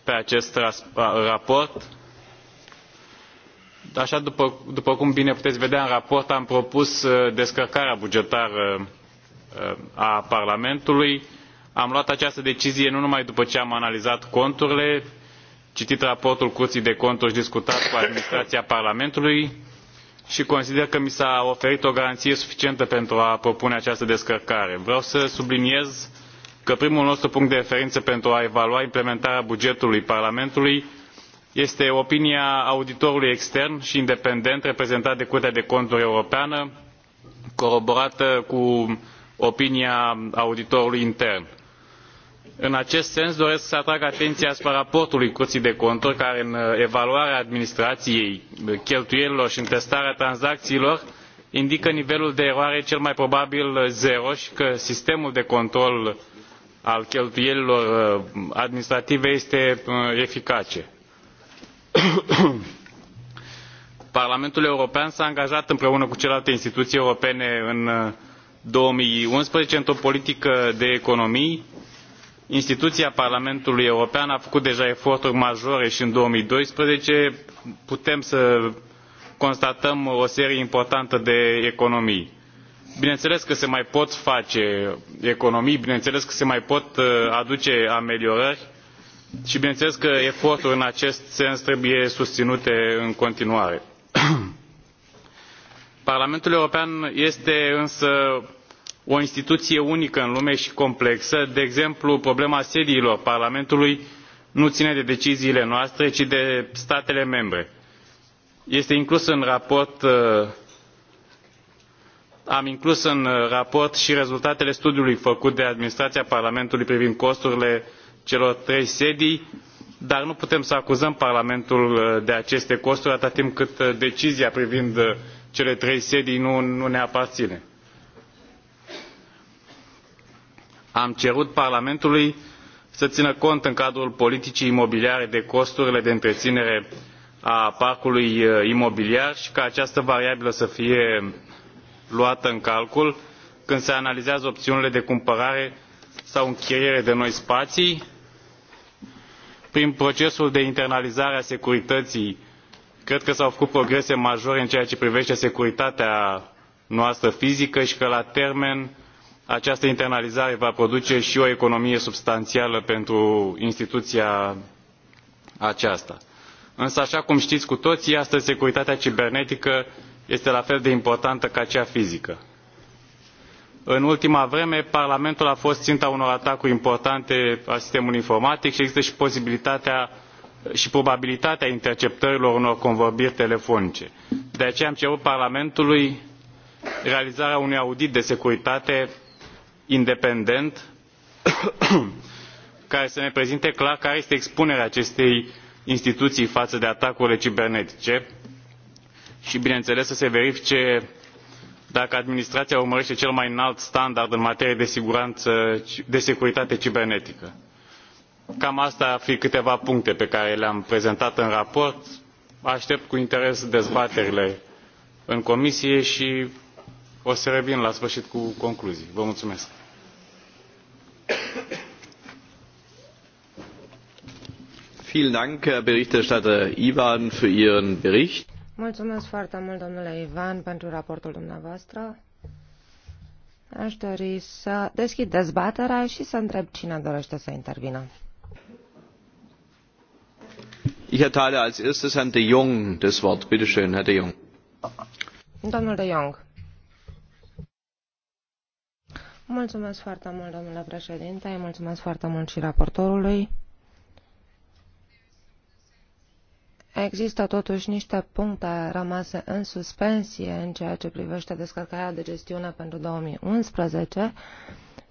pe acest raport. așa după, după cum bine puteți vedea în raport am propus descărcarea bugetară a parlamentului am luat această decizie nu numai după ce am analizat conturile citit raportul curții de conturi și discutat cu administrația parlamentului și consider că mi s a oferit o garanție suficientă pentru a propune această descărcare. vreau să subliniez că primul nostru punct de referință pentru a evalua implementarea bugetului parlamentului este opinia auditorului extern și independent reprezentat de curtea de conturi europeană coroborată cu opinia auditorului intern în acest sens doresc să atrag atenția asupra raportului curții de conturi care în uh, evaluarea administrației uh, cheltuielilor și în testarea tranzacțiilor indică nivelul de eroare cel mai probabil uh, zero și că sistemul de control al cheltuielilor administrative este eficace. parlamentul european s a angajat împreună cu celelalte instituții europene în două mii unsprezece într o politică de economii instituția parlamentului european a făcut deja eforturi majore și în două mii doisprezece putem să constatăm o serie importantă de economii. bineînțeles că se mai pot face economii bineînțeles că se mai pot uh, aduce ameliorări și bineînțeles că eforturi în acest sens trebuie susținute în continuare. parlamentul european este însă o instituție unică în lume și complexă de exemplu problema sediilor parlamentului nu ține de deciziile noastre ci de statele membre. este inclus în raport uh, am inclus în uh, raport și rezultatele studiului făcut de administrația parlamentului privind costurile celor trei sedii dar nu putem să acuzăm parlamentul uh, de aceste costuri atâta timp cât decizia privind cele trei sedii nu, nu ne aparține am cerut parlamentului să țină cont în cadrul politicii imobiliare de costurile de întreținere a parcului uh, imobiliar și ca această variabilă să fie luată în calcul când se analizează opțiunile de cumpărare sau închiriere de noi spații prin procesul de internalizare a securității cred că s au făcut progrese majore în ceea ce privește securitatea noastră fizică și că la termen această internalizare va produce și o economie substanțială pentru instituția aceasta. însă așa cum știți cu toții astăzi securitatea cibernetică este la fel de importantă ca cea fizică. în ultima vreme parlamentul a fost ținta unor atacuri importante a sistemului informatic și există și posibilitatea și probabilitatea interceptărilor unor convorbiri telefonice. de aceea am cerut parlamentului realizarea unui audit de securitate independent care să ne prezinte clar care este expunerea acestei instituții față de atacurile cibernetice și bineînțeles să se verifice dacă administrația urmărește cel mai înalt standard în materie de, siguranță, de securitate cibernetică. Cam asta ar fi câteva puncte pe care le-am prezentat în raport. Aștept cu interes dezbaterile în comisie și o să revin la sfârșit cu concluzii. Vă mulțumesc. Vielen Dank, Berichterstatter Ivan, für Ihren Bericht. Mulțumesc foarte mult, domnule Ivan, pentru raportul dumneavoastră. Aș dori să deschid dezbaterea și să întreb cine dorește să intervină. Ich erteile als erstes Herrn de Jong das Wort. Bitte schön, Herr de Jong. Domnul de Jong. Mulțumesc foarte mult, domnule președinte, mulțumesc foarte mult și raportorului. Există totuși niște puncte rămase în suspensie în ceea ce privește descărcarea de gestiune pentru 2011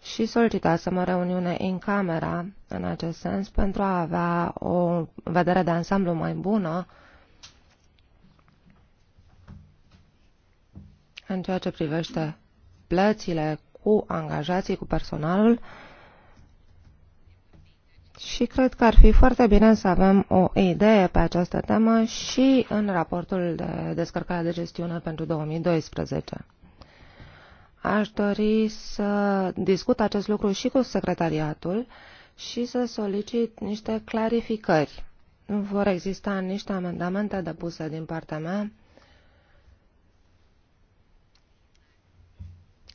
și solicitasem o reuniune în camera în acest sens pentru a avea o vedere de ansamblu mai bună în ceea ce privește plățile cu angajații, cu personalul și cred că ar fi foarte bine să avem o idee pe această temă și în raportul de descărcare de gestiune pentru 2012. Aș dori să discut acest lucru și cu secretariatul și să solicit niște clarificări. Vor exista niște amendamente depuse din partea mea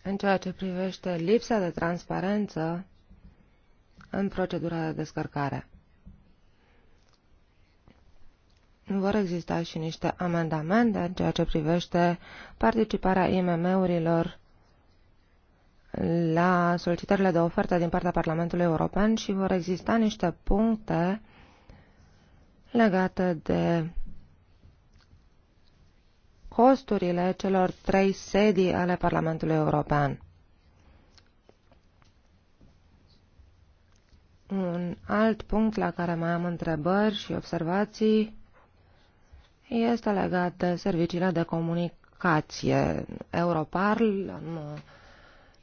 în ceea ce privește lipsa de transparență în procedura de descărcare. Vor exista și niște amendamente în ceea ce privește participarea IMM-urilor la solicitările de ofertă din partea Parlamentului European și vor exista niște puncte legate de costurile celor trei sedii ale Parlamentului European. Un alt punct la care mai am întrebări și observații este legat de serviciile de comunicație. Europarl am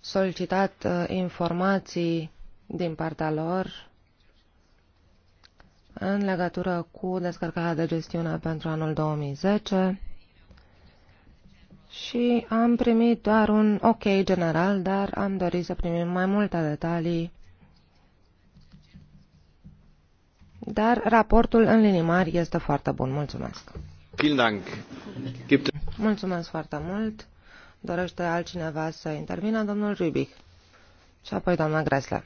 solicitat uh, informații din partea lor în legătură cu descărcarea de gestiune pentru anul 2010 și am primit doar un ok general, dar am dorit să primim mai multe detalii dar raportul în linii mari este foarte bun. Mulțumesc! Mulțumesc foarte mult! Dorește altcineva să intervină? Domnul Rubic. Și apoi doamna Gresle.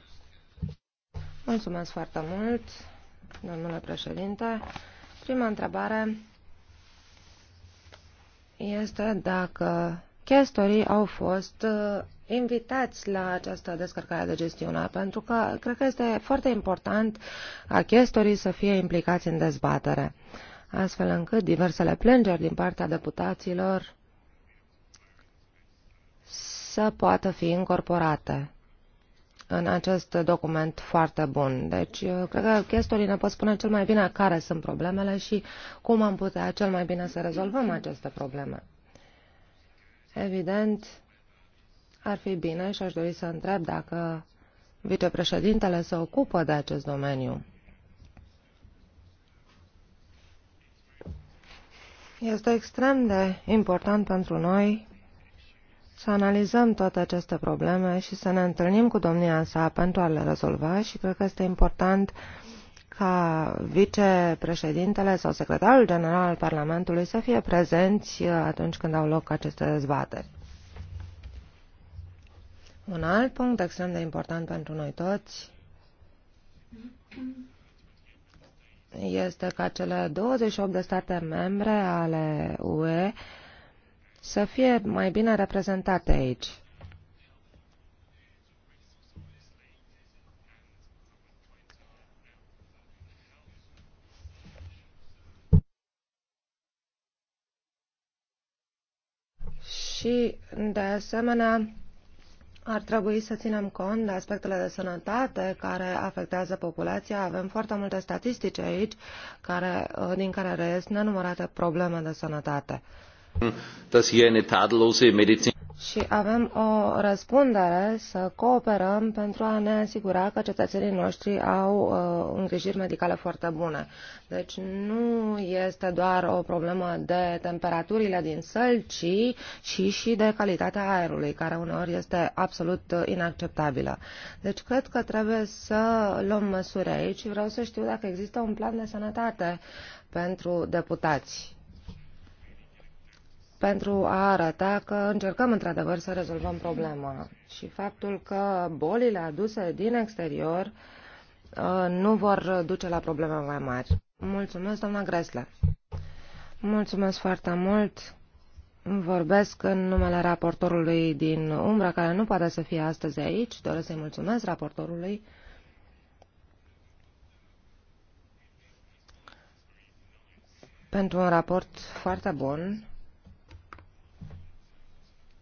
Mulțumesc foarte mult, domnule președinte. Prima întrebare este dacă chestorii au fost uh, invitați la această descărcare de gestiune, pentru că cred că este foarte important a chestorii să fie implicați în dezbatere, astfel încât diversele plângeri din partea deputaților să poată fi incorporate în acest document foarte bun. Deci, uh, cred că chestorii ne pot spune cel mai bine care sunt problemele și cum am putea cel mai bine să rezolvăm aceste probleme. Evident, ar fi bine și aș dori să întreb dacă vicepreședintele se ocupă de acest domeniu. Este extrem de important pentru noi să analizăm toate aceste probleme și să ne întâlnim cu domnia sa pentru a le rezolva și cred că este important uh, ca vicepreședintele sau secretarul general al Parlamentului să fie prezenți uh, atunci când au loc aceste dezbateri. Un alt punct extrem de important pentru noi toți este ca cele 28 de state membre ale UE să fie mai bine reprezentate aici. și, de asemenea, ar trebui să ținem cont de aspectele de sănătate care afectează populația. Avem foarte multe statistici aici care, uh, din care reiesc nenumărate probleme de sănătate și avem o răspundere să cooperăm pentru a ne asigura că cetățenii noștri au uh, îngrijiri medicale foarte bune. Deci nu este doar o problemă de temperaturile din săl, ci și, și de calitatea aerului, care uneori este absolut inacceptabilă. Deci cred că trebuie să luăm măsuri aici. Vreau să știu dacă există un plan de sănătate pentru deputați pentru a arăta că încercăm într-adevăr să rezolvăm problema și faptul că bolile aduse din exterior uh, nu vor duce la probleme mai mari. Mulțumesc, doamna Gresle. Mulțumesc foarte mult. Vorbesc în numele raportorului din Umbra, care nu poate să fie astăzi aici. Doresc să-i mulțumesc raportorului. pentru un raport foarte bun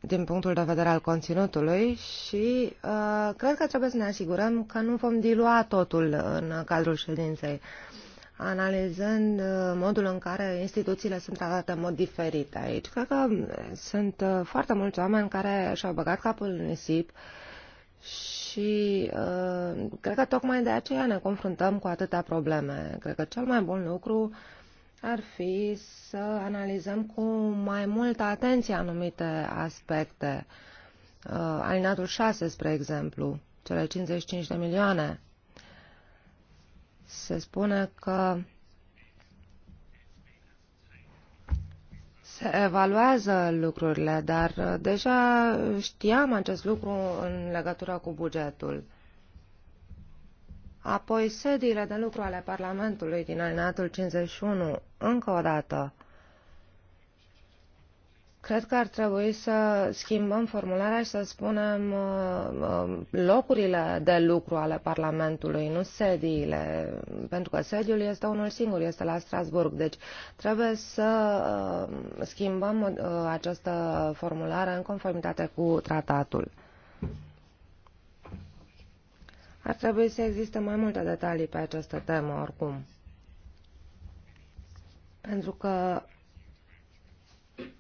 din punctul de vedere al conținutului și uh, cred că trebuie să ne asigurăm că nu vom dilua totul în cadrul ședinței, analizând uh, modul în care instituțiile sunt tratate în mod diferit aici. Cred că sunt uh, foarte mulți oameni care și-au băgat capul în nisip și uh, cred că tocmai de aceea ne confruntăm cu atâtea probleme. Cred că cel mai bun lucru uh, ar fi să analizăm cu mai multă atenție anumite aspecte. Uh, alinatul 6, spre exemplu, cele 55 de milioane. Se spune că se evaluează lucrurile, dar uh, deja știam acest lucru în legătură cu bugetul apoi sediile de lucru ale Parlamentului din alineatul 51, încă o dată, Cred că ar trebui să schimbăm formularea și să spunem uh, uh, locurile de lucru ale Parlamentului, nu sediile, pentru că sediul este unul singur, este la Strasburg. Deci trebuie să uh, schimbăm această formulare în conformitate cu tratatul. Ar trebui să existe mai multe detalii pe această temă, oricum. Pentru că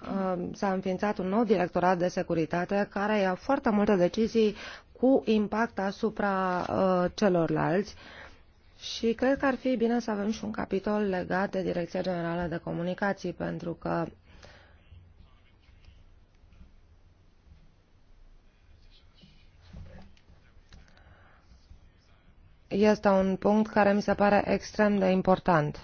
uh, s-a înființat un nou directorat de securitate care ia foarte multe decizii cu impact asupra uh, celorlalți și cred că ar fi bine să avem și un capitol legat de Direcția Generală de Comunicații, pentru că este un punct care mi se pare extrem de important.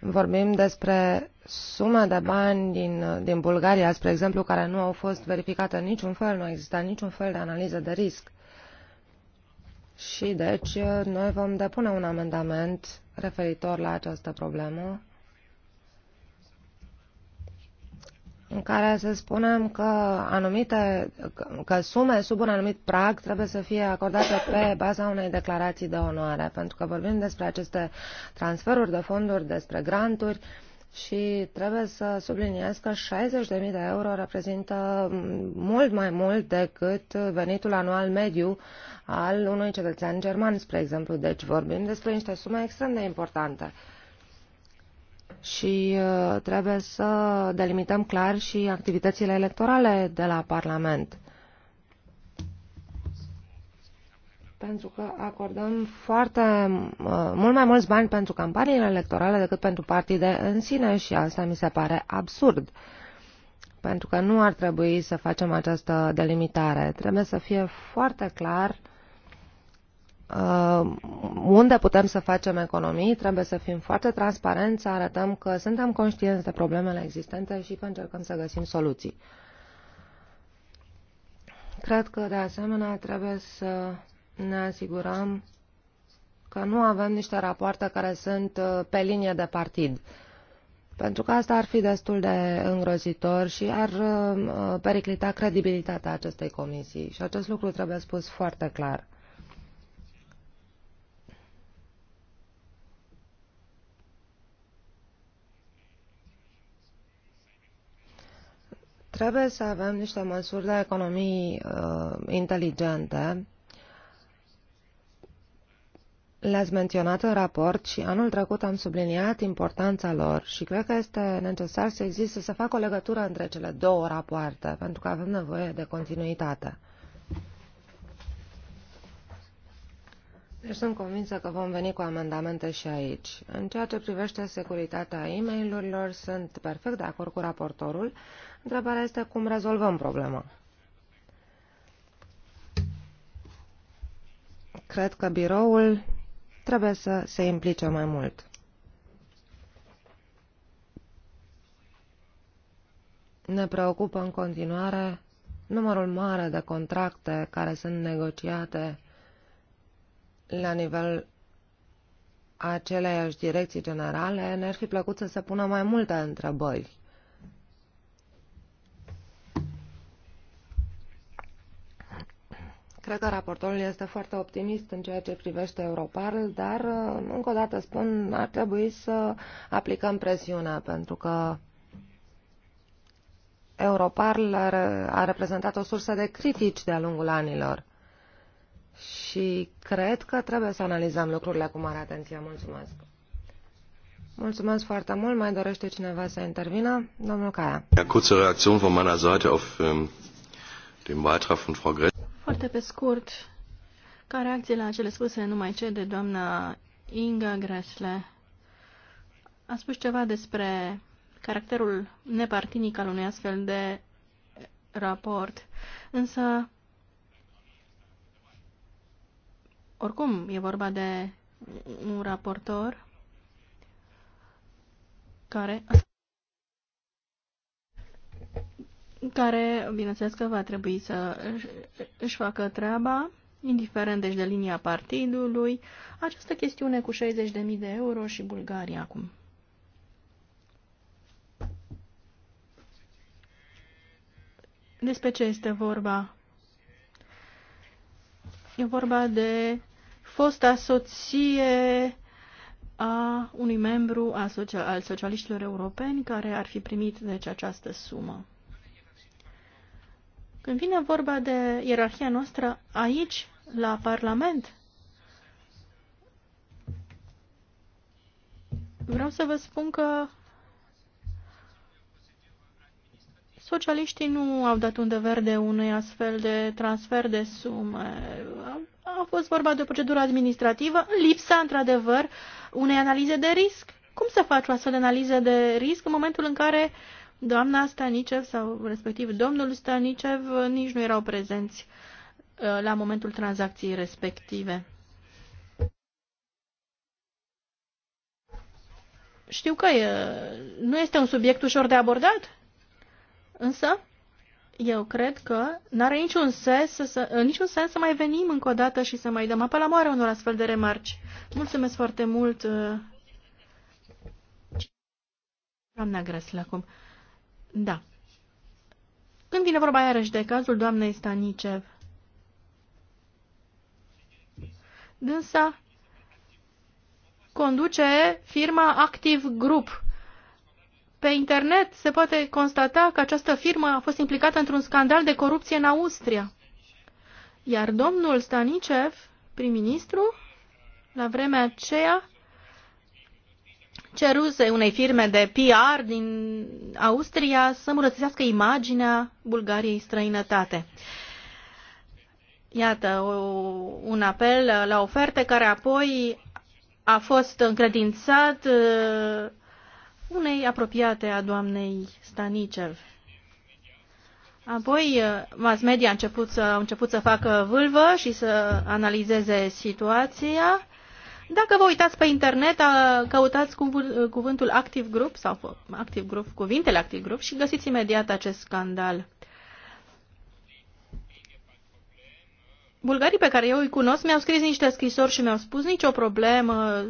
Vorbim despre suma de bani din, din Bulgaria, spre exemplu, care nu au fost verificate în niciun fel, nu a existat niciun fel de analiză de risc. Și deci noi vom depune un amendament referitor la această problemă în care să spunem că anumite că sume sub un anumit prag trebuie să fie acordate pe baza unei declarații de onoare, pentru că vorbim despre aceste transferuri de fonduri, despre granturi și trebuie să subliniez că 60.000 de euro reprezintă mult mai mult decât venitul anual mediu al unui cetățean german, spre exemplu. Deci vorbim despre niște sume extrem de importante și uh, trebuie să delimităm clar și activitățile electorale de la Parlament. Pentru că acordăm foarte uh, mult mai mulți bani pentru campaniile electorale decât pentru partide în sine și asta mi se pare absurd. Pentru că nu ar trebui să facem această delimitare. Trebuie să fie foarte clar uh, Uh, unde putem să facem economii, trebuie să fim foarte transparenți, să arătăm că suntem conștienți de problemele existente și că încercăm să găsim soluții. Cred că, de asemenea, trebuie să ne asigurăm că nu avem niște rapoarte care sunt uh, pe linie de partid. Pentru că asta ar fi destul de îngrozitor și ar uh, periclita credibilitatea acestei comisii. Și acest lucru trebuie spus foarte clar. Trebuie să avem niște măsuri de economii uh, inteligente. Le-ați menționat în raport și anul trecut am subliniat importanța lor și cred că este necesar să existe, să facă o legătură între cele două rapoarte, pentru că avem nevoie de continuitate. Deci sunt convinsă că vom veni cu amendamente și aici. În ceea ce privește securitatea e-mail-urilor, sunt perfect de acord cu raportorul. Întrebarea este cum rezolvăm problema. Cred că biroul trebuie să se implice mai mult. Ne preocupă în continuare numărul mare de contracte care sunt negociate la nivel aceleiași direcții generale, ne-ar fi plăcut să se pună mai multe întrebări Cred că raportorul este foarte optimist în ceea ce privește Europarl, dar, uh, încă o dată spun, ar trebui să aplicăm presiunea, pentru că Europarl a reprezentat o sursă de critici de-a lungul anilor. Și cred că trebuie să analizăm lucrurile cu mare atenție. Mulțumesc! Mulțumesc foarte mult. Mai dorește cineva să intervină? Domnul Caia. Ja, kurze Reaktion von meiner Seite auf ähm, den Beitrag von Frau Gretz. Foarte pe scurt, ca reacție la cele spuse numai ce de doamna Inga Gresle, a spus ceva despre caracterul nepartinic al unui astfel de raport, însă oricum e vorba de un raportor care care, bineînțeles că va trebui să își facă treaba, indiferent deci de linia partidului, această chestiune cu 60.000 de euro și Bulgaria acum. Despre ce este vorba? E vorba de fosta soție a unui membru al socialiștilor europeni care ar fi primit deci această sumă. Când vine vorba de ierarhia noastră aici, la Parlament, vreau să vă spun că socialiștii nu au dat unde verde unui astfel de transfer de sume. A fost vorba de o procedură administrativă, lipsa, într-adevăr, unei analize de risc. Cum să faci o astfel de analiză de risc în momentul în care uh, doamna Stanicev sau respectiv domnul Stanicev nici nu erau prezenți uh, la momentul tranzacției respective. Știu că e, nu este un subiect ușor de abordat, însă eu cred că n are niciun sens să, să, niciun sens să mai venim încă o dată și să mai dăm apă la moare unor astfel de remarci. Mulțumesc foarte mult, uh, doamna Grăsle, acum. Da. Când vine vorba iarăși de cazul doamnei Stanicev, dânsa conduce firma Active Group. Pe internet se poate constata că această firmă a fost implicată într-un scandal de corupție în Austria. Iar domnul Stanicev, prim-ministru, la vremea aceea, ceruse unei firme de PR din Austria să îmbunătățească imaginea Bulgariei străinătate. Iată, o, un apel la oferte care apoi a fost încredințat uh, unei apropiate a doamnei Stanicev. Apoi, uh, mass media a început să, a început să facă vâlvă și să analizeze situația dacă vă uitați pe internet, căutați cuvântul Active Group sau Active Group, cuvintele Active Group și găsiți imediat acest scandal. Bulgarii pe care eu îi cunosc mi-au scris niște scrisori și mi-au spus nicio problemă,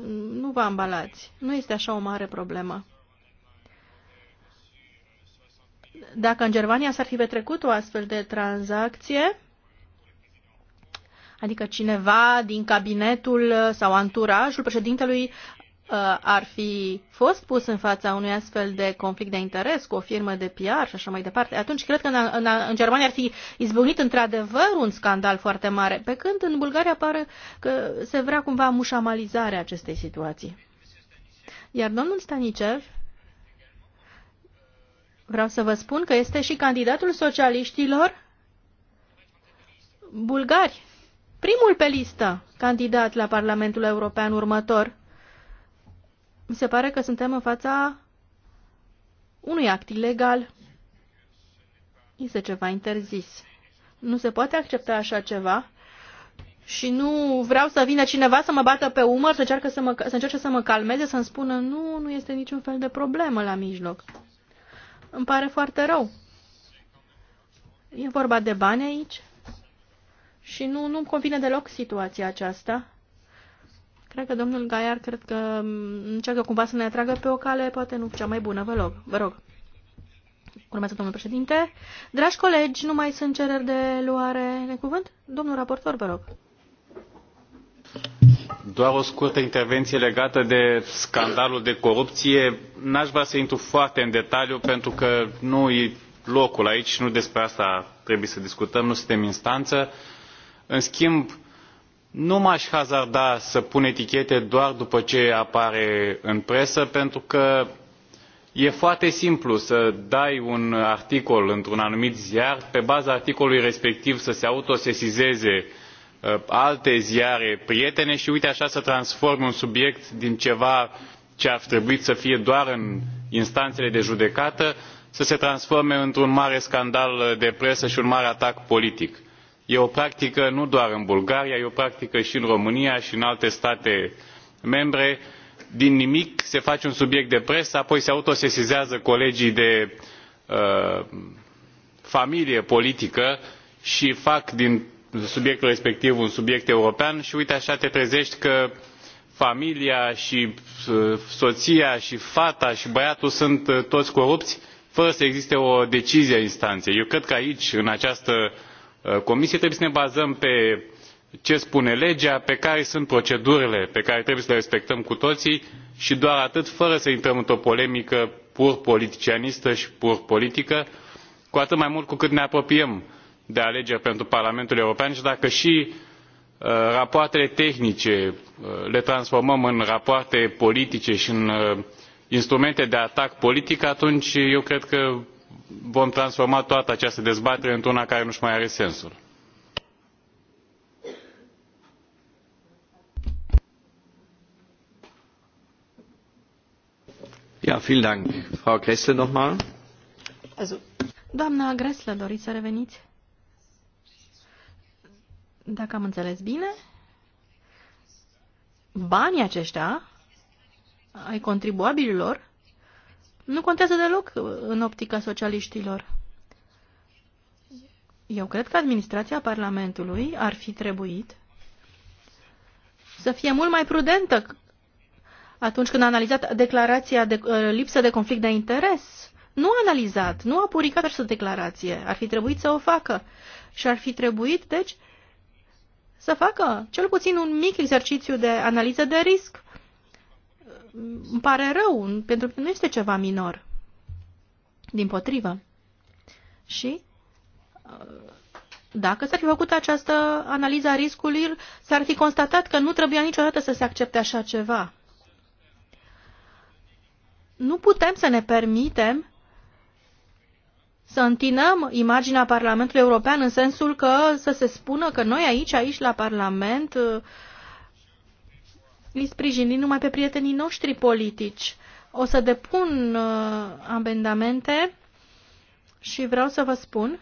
nu vă ambalați, nu este așa o mare problemă. Dacă în Germania s-ar fi petrecut o astfel de tranzacție, adică cineva din cabinetul uh, sau anturajul președintelui uh, ar fi fost pus în fața unui astfel de conflict de interes cu o firmă de PR și așa mai departe, atunci cred că în, în, în Germania ar fi izbucnit într-adevăr un scandal foarte mare, pe când în Bulgaria pare că se vrea cumva mușamalizarea acestei situații. Iar domnul Stanicev, vreau să vă spun că este și candidatul socialiștilor bulgari primul pe listă candidat la Parlamentul European următor. Mi se pare că suntem în fața unui act ilegal. Este ceva interzis. Nu se poate accepta așa ceva și nu vreau să vină cineva să mă bată pe umăr, să, să, mă, să încerce să mă calmeze, să-mi spună nu, nu este niciun fel de problemă la mijloc. Îmi pare foarte rău. E vorba de bani aici și nu, nu-mi convine deloc situația aceasta. Cred că domnul Gaiar cred că mm, încearcă cumva să ne atragă pe o cale, poate nu cea mai bună, vă rog. Vă rog. Urmează domnul președinte. Dragi colegi, nu mai sunt cereri de luare de cuvânt? Domnul raportor, vă rog. Doar o scurtă intervenție legată de scandalul de corupție. N-aș vrea să intru foarte în detaliu pentru că nu e locul aici, nu despre asta trebuie să discutăm, nu suntem instanță. Uh, în schimb nu m aș hazarda să pun etichete doar după ce apare în presă pentru că e foarte simplu să dai un articol într un anumit ziar pe baza articolului respectiv să se autosesizeze uh, alte ziare prietene și uite așa să transform un subiect din ceva ce ar trebui trebuit să fie doar în instanțele de judecată să se transforme într un mare scandal de presă și un mare atac politic e o practică nu doar în bulgaria e o practică și în românia și în alte state membre din nimic se face un subiect de presă apoi se autosesizează colegii de uh, familie politică și fac din subiectul respectiv un subiect european și uite așa te trezești că familia și uh, soția și fata și băiatul sunt uh, toți corupți fără să existe o decizie a instanței. eu cred că aici în această Uh, comisie trebuie să ne bazăm pe ce spune legea pe care sunt procedurile pe care trebuie să le respectăm cu toții și doar atât fără să intrăm într o polemică pur politicianistă și pur politică cu atât mai mult cu cât ne apropiem de alegeri pentru parlamentul european și dacă și uh, rapoartele tehnice uh, le transformăm în rapoarte politice și în instrumente de atac politic atunci eu cred că vom transforma toată această dezbatere într una care nu și mai are sensul. Ja, vielen Dank. Frau Gressle nochmal. Also, doamna Gressle, doriți să reveniți? Dacă am înțeles bine, banii aceștia ai contribuabililor nu contează deloc în optica socialiștilor. Eu cred că administrația Parlamentului ar fi trebuit să fie mult mai prudentă atunci când a analizat declarația de uh, lipsă de conflict de interes. Nu a analizat, nu a puricat această declarație. Ar fi trebuit să o facă. Și ar fi trebuit, deci, să facă cel puțin un mic exercițiu de analiză de risc îmi pare rău, pentru că nu este ceva minor. Din potrivă. Și uh, dacă s-ar fi făcut această analiză a riscului, s-ar fi constatat că nu trebuia niciodată să se accepte așa ceva. Nu putem să ne permitem să întinăm imaginea Parlamentului European în sensul că să se spună că noi aici, aici la Parlament, uh, îi sprijini numai pe prietenii noștri politici. O să depun uh, amendamente și vreau să vă spun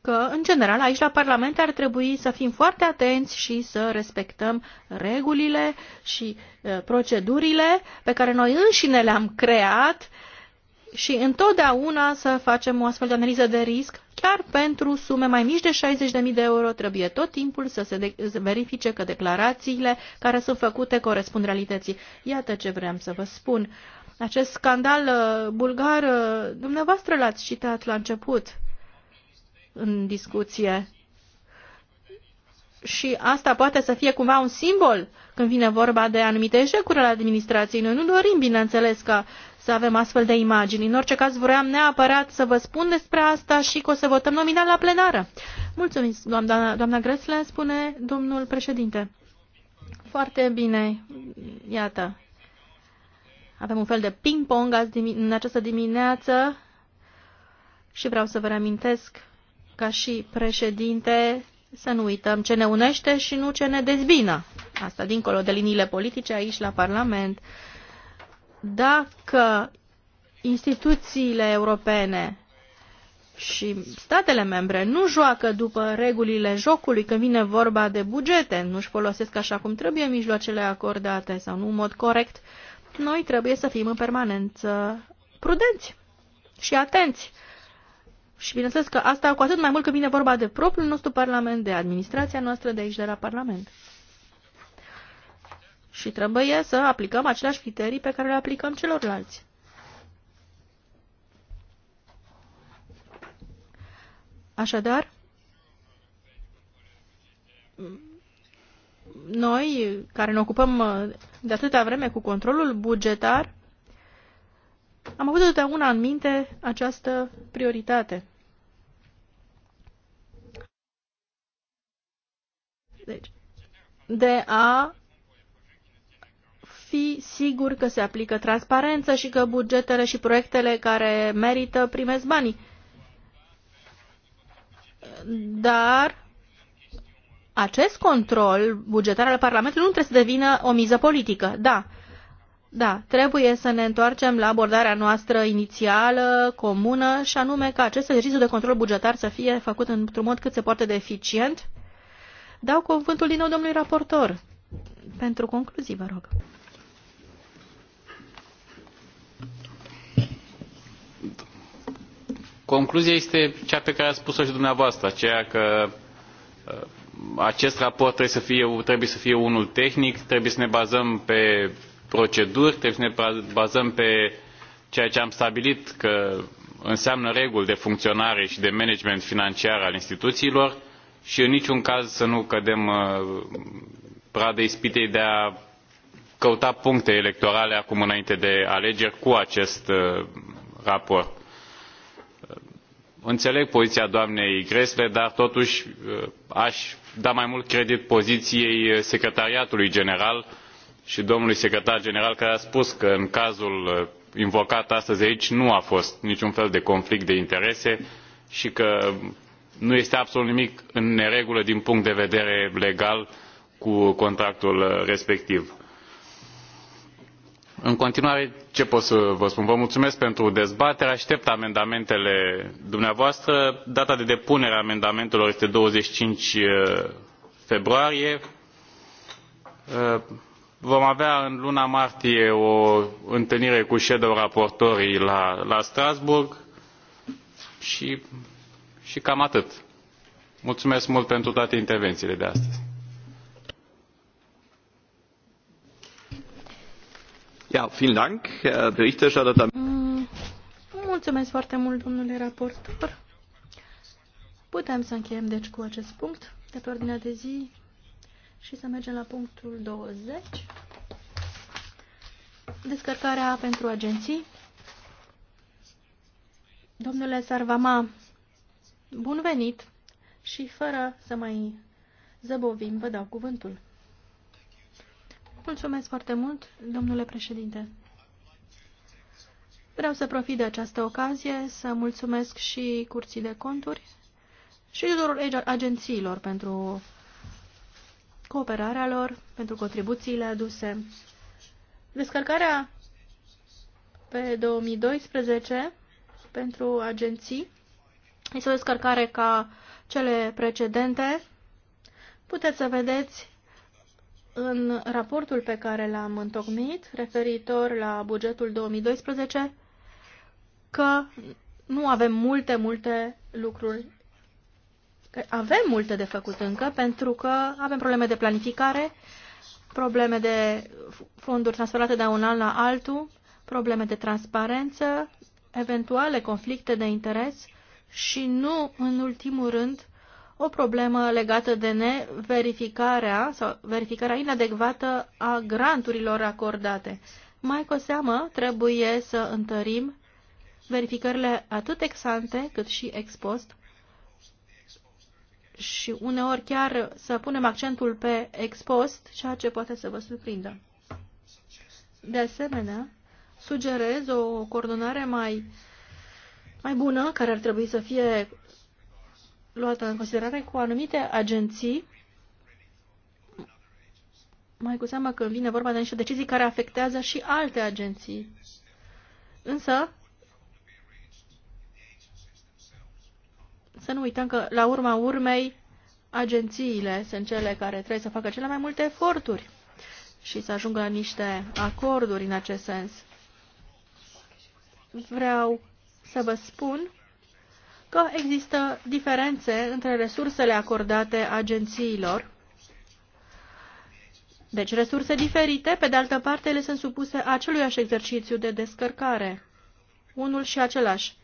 că, în general, aici la Parlament ar trebui să fim foarte atenți și să respectăm regulile și uh, procedurile pe care noi înșine le-am creat și întotdeauna să facem o astfel de analiză de risc Chiar pentru sume mai mici de 60.000 de euro trebuie tot timpul să se verifice că declarațiile care sunt făcute corespund realității. Iată ce vreau să vă spun. Acest scandal uh, bulgar, uh, dumneavoastră l-ați citat la început în discuție și asta poate să fie cumva un simbol când vine vorba de anumite eșecuri ale administrației. Noi nu dorim, bineînțeles, că să avem astfel de imagini. În orice caz, vroiam neapărat să vă spun despre asta și că o să votăm nominal la plenară. Mulțumim, doamna, doamna Gresle, spune domnul președinte. Foarte bine, iată. Avem un fel de ping-pong în această dimineață și vreau să vă reamintesc ca și președinte să nu uităm ce ne unește și nu ce ne dezbină. Asta dincolo de liniile politice aici la Parlament. Dacă instituțiile europene și statele membre nu joacă după regulile jocului când vine vorba de bugete, nu își folosesc așa cum trebuie mijloacele acordate sau nu în mod corect, noi trebuie să fim în permanență prudenți și atenți și bineînțeles că asta cu atât mai mult că vine vorba de propriul nostru Parlament, de administrația noastră de aici, de la Parlament. Și trebuie să aplicăm aceleași criterii pe care le aplicăm celorlalți. Așadar, noi, care ne ocupăm uh, de atâta vreme cu controlul bugetar, am avut totdeauna în minte această prioritate. Deci, de a fi sigur că se aplică transparență și că bugetele și proiectele care merită primesc banii. Dar acest control bugetar al Parlamentului nu trebuie să devină o miză politică. Da, da, trebuie să ne întoarcem la abordarea noastră inițială, comună, și anume ca acest exercițiu de control bugetar să fie făcut într-un mod cât se poate de eficient Dau cuvântul din nou domnului raportor. Pentru concluzii, vă rog. Concluzia este cea pe care a spus-o și dumneavoastră, aceea că uh, acest raport trebuie să, fie, trebuie să fie unul tehnic, trebuie să ne bazăm pe proceduri, trebuie să ne bazăm pe ceea ce am stabilit că înseamnă reguli de funcționare și de management financiar al instituțiilor și în niciun caz să nu cădem uh, pradă ispitei de a căuta puncte electorale acum înainte de alegeri cu acest uh, raport. Înțeleg poziția doamnei Gresle, dar totuși uh, aș da mai mult credit poziției secretariatului general și domnului secretar general care a spus că în cazul invocat astăzi aici nu a fost niciun fel de conflict de interese și că nu este absolut nimic în neregulă din punct de vedere legal cu contractul uh, respectiv. în continuare ce pot să vă spun vă mulțumesc pentru dezbatere aștept amendamentele dumneavoastră data de depunere a amendamentelor este douăzeci și cinci uh, februarie uh, vom avea în luna martie o întâlnire cu shadow raportorii la, la strasbourg și și cam atât. Mulțumesc mult pentru toate intervențiile de astăzi. Ja, vielen Dank, Herr Berichterstatter. Mm, mulțumesc foarte mult, domnule raportor. Putem să încheiem, deci, cu acest punct de pe ordinea de zi și să mergem la punctul 20. Descărcarea pentru agenții. Domnule Sarvama, Bun venit și fără să mai zăbovim, vă dau cuvântul. Mulțumesc foarte mult, domnule președinte. Vreau să profit de această ocazie să mulțumesc și curții de conturi și tuturor agențiilor pentru cooperarea lor, pentru contribuțiile aduse. Descărcarea pe 2012 pentru agenții este o descărcare ca cele precedente. Puteți să vedeți în raportul pe care l-am întocmit, referitor la bugetul 2012, că nu avem multe, multe lucruri. Avem multe de făcut încă, pentru că avem probleme de planificare, probleme de fonduri transferate de un an la altul, probleme de transparență, eventuale conflicte de interes și nu în ultimul rând o problemă legată de neverificarea sau verificarea inadecvată a granturilor acordate. Mai cu seamă trebuie să întărim verificările atât exante cât și ex post și uneori chiar să punem accentul pe ex post, ceea ce poate să vă surprindă. De asemenea, sugerez o coordonare mai uh, mai bună, care ar trebui să fie luată în considerare cu anumite agenții, mai cu seamă că vine vorba de niște decizii care afectează și alte agenții. Însă, să nu uităm că, la urma urmei, agențiile sunt cele care trebuie să facă cele mai multe eforturi și să ajungă la niște acorduri în acest sens. Vreau să vă spun că există diferențe între resursele acordate agențiilor. Deci resurse diferite, pe de altă parte, ele sunt supuse aceluiași exercițiu de descărcare. Unul și același.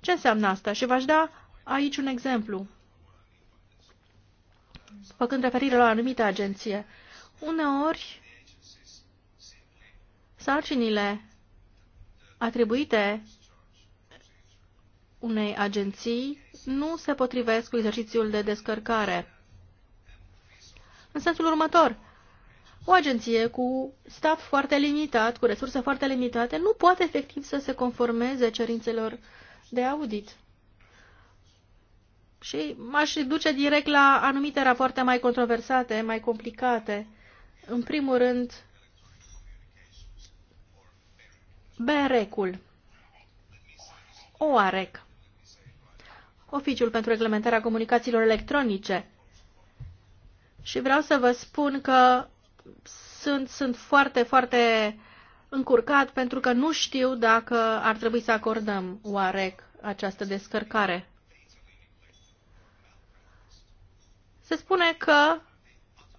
Ce înseamnă asta? Și v-aș da aici un exemplu, făcând referire la o anumită agenție. Uneori, sarcinile atribuite unei agenții nu se potrivesc cu exercițiul de descărcare. În sensul următor, o agenție cu staff foarte limitat, cu resurse foarte limitate, nu poate efectiv să se conformeze cerințelor de audit. Și m-aș duce direct la anumite rapoarte mai controversate, mai complicate. În primul rând, Berecul, OAREC, Oficiul pentru Reglementarea Comunicațiilor Electronice. Și vreau să vă spun că sunt, sunt foarte, foarte încurcat pentru că nu știu dacă ar trebui să acordăm OAREC această descărcare. Se spune că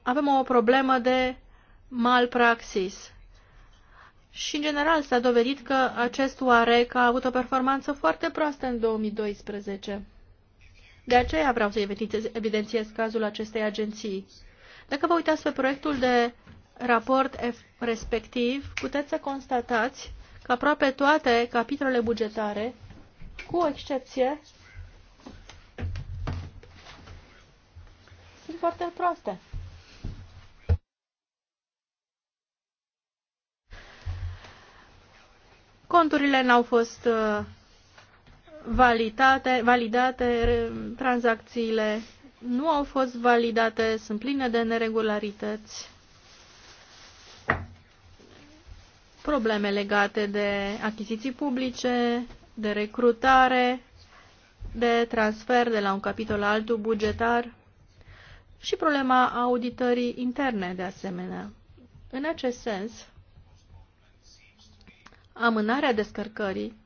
avem o problemă de malpraxis și, în general, s-a dovedit că acest OAREC a avut o performanță foarte proastă în 2012. De aceea vreau să evidențiez cazul acestei agenții. Dacă vă uitați pe proiectul de raport respectiv, puteți să constatați că aproape toate capitolele bugetare, cu o excepție, sunt foarte proaste. Conturile n-au fost uh, validate, validate, tranzacțiile nu au fost validate, sunt pline de neregularități. Probleme legate de achiziții publice, de recrutare, de transfer de la un capitol la altul bugetar și problema auditării interne de asemenea. În acest sens, amânarea descărcării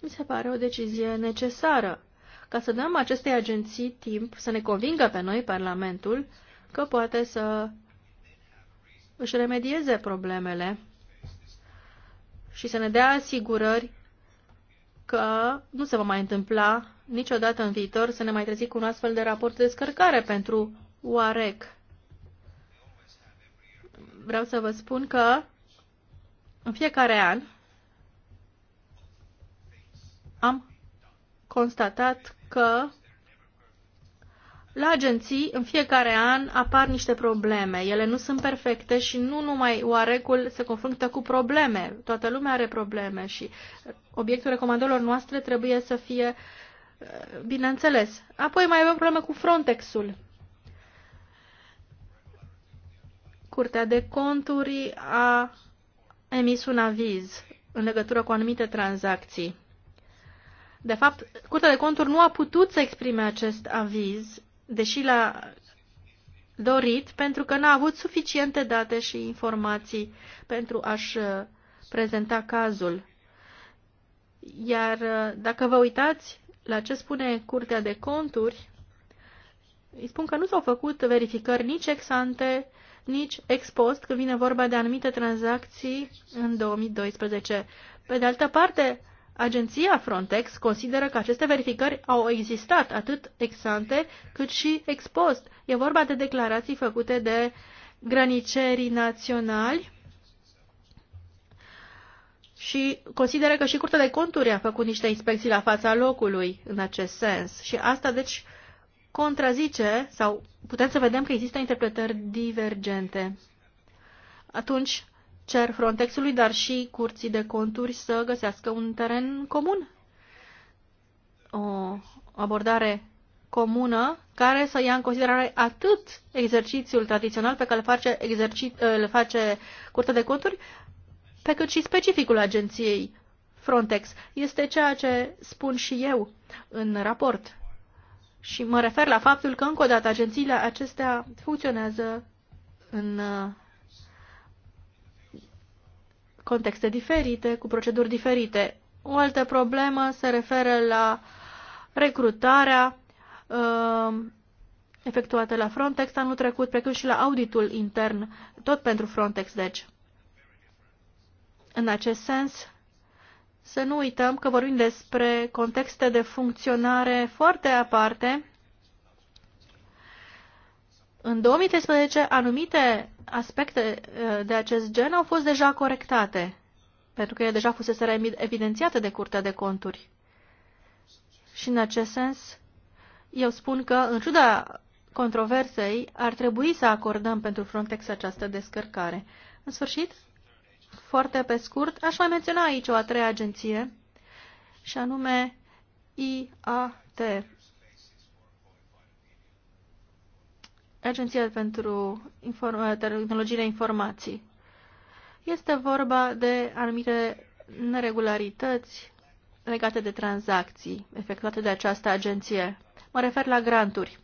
mi se pare o decizie necesară ca să dăm acestei agenții timp să ne convingă pe noi, Parlamentul, că poate să își remedieze problemele și să ne dea asigurări că nu se va mai întâmpla niciodată în viitor să ne mai trezi cu un astfel de raport de descărcare pentru OAREC. Vreau să vă spun că în fiecare an am constatat că la agenții, în fiecare an apar niște probleme. Ele nu sunt perfecte și nu numai oarecul se confruntă cu probleme. Toată lumea are probleme și obiectul recomandărilor noastre trebuie să fie eh, bineînțeles. Apoi mai avem probleme cu Frontexul. Curtea de conturi a emis un aviz în legătură cu anumite tranzacții. De fapt, Curtea de Conturi nu a putut să exprime acest aviz, deși l-a dorit, pentru că n-a avut suficiente date și informații pentru a-și uh, prezenta cazul. Iar uh, dacă vă uitați la ce spune Curtea de Conturi, îi spun că nu s-au făcut verificări nici ex ante, nici ex post când vine vorba de anumite tranzacții în 2012. Pe de altă parte, agenția Frontex consideră că aceste verificări au existat atât ex ante cât și ex post. E vorba de declarații făcute de granicerii naționali și consideră că și Curtea de Conturi a făcut niște inspecții la fața locului în acest sens. Și asta, deci, contrazice sau putem să vedem că există interpretări divergente. Atunci cer Frontexului, dar și curții de conturi să găsească un teren comun. O abordare comună care să ia în considerare atât exercițiul tradițional pe care îl face, exerci, îl face Curtea de Conturi, pe cât și specificul agenției Frontex. Este ceea ce spun și eu în raport. Și mă refer la faptul că, încă o dată, agențiile acestea funcționează în uh, contexte diferite, cu proceduri diferite. O altă problemă se referă la recrutarea uh, efectuată la Frontex anul trecut, precum și la auditul intern, tot pentru Frontex, deci. În acest sens, să nu uităm că vorbim despre contexte de funcționare foarte aparte. În 2013, anumite aspecte eh, de acest gen au fost deja corectate, pentru că ele deja fusese evidențiate de Curtea de Conturi. Și în acest sens, eu spun că, în ciuda controversei, ar trebui să acordăm pentru Frontex această descărcare. În sfârșit, foarte pe scurt, aș mai menționa aici o a treia agenție, și anume IAT, Agenția pentru Inform Tehnologiile Informații. Este vorba de anumite neregularități legate de tranzacții efectuate de această agenție. Mă refer la granturi.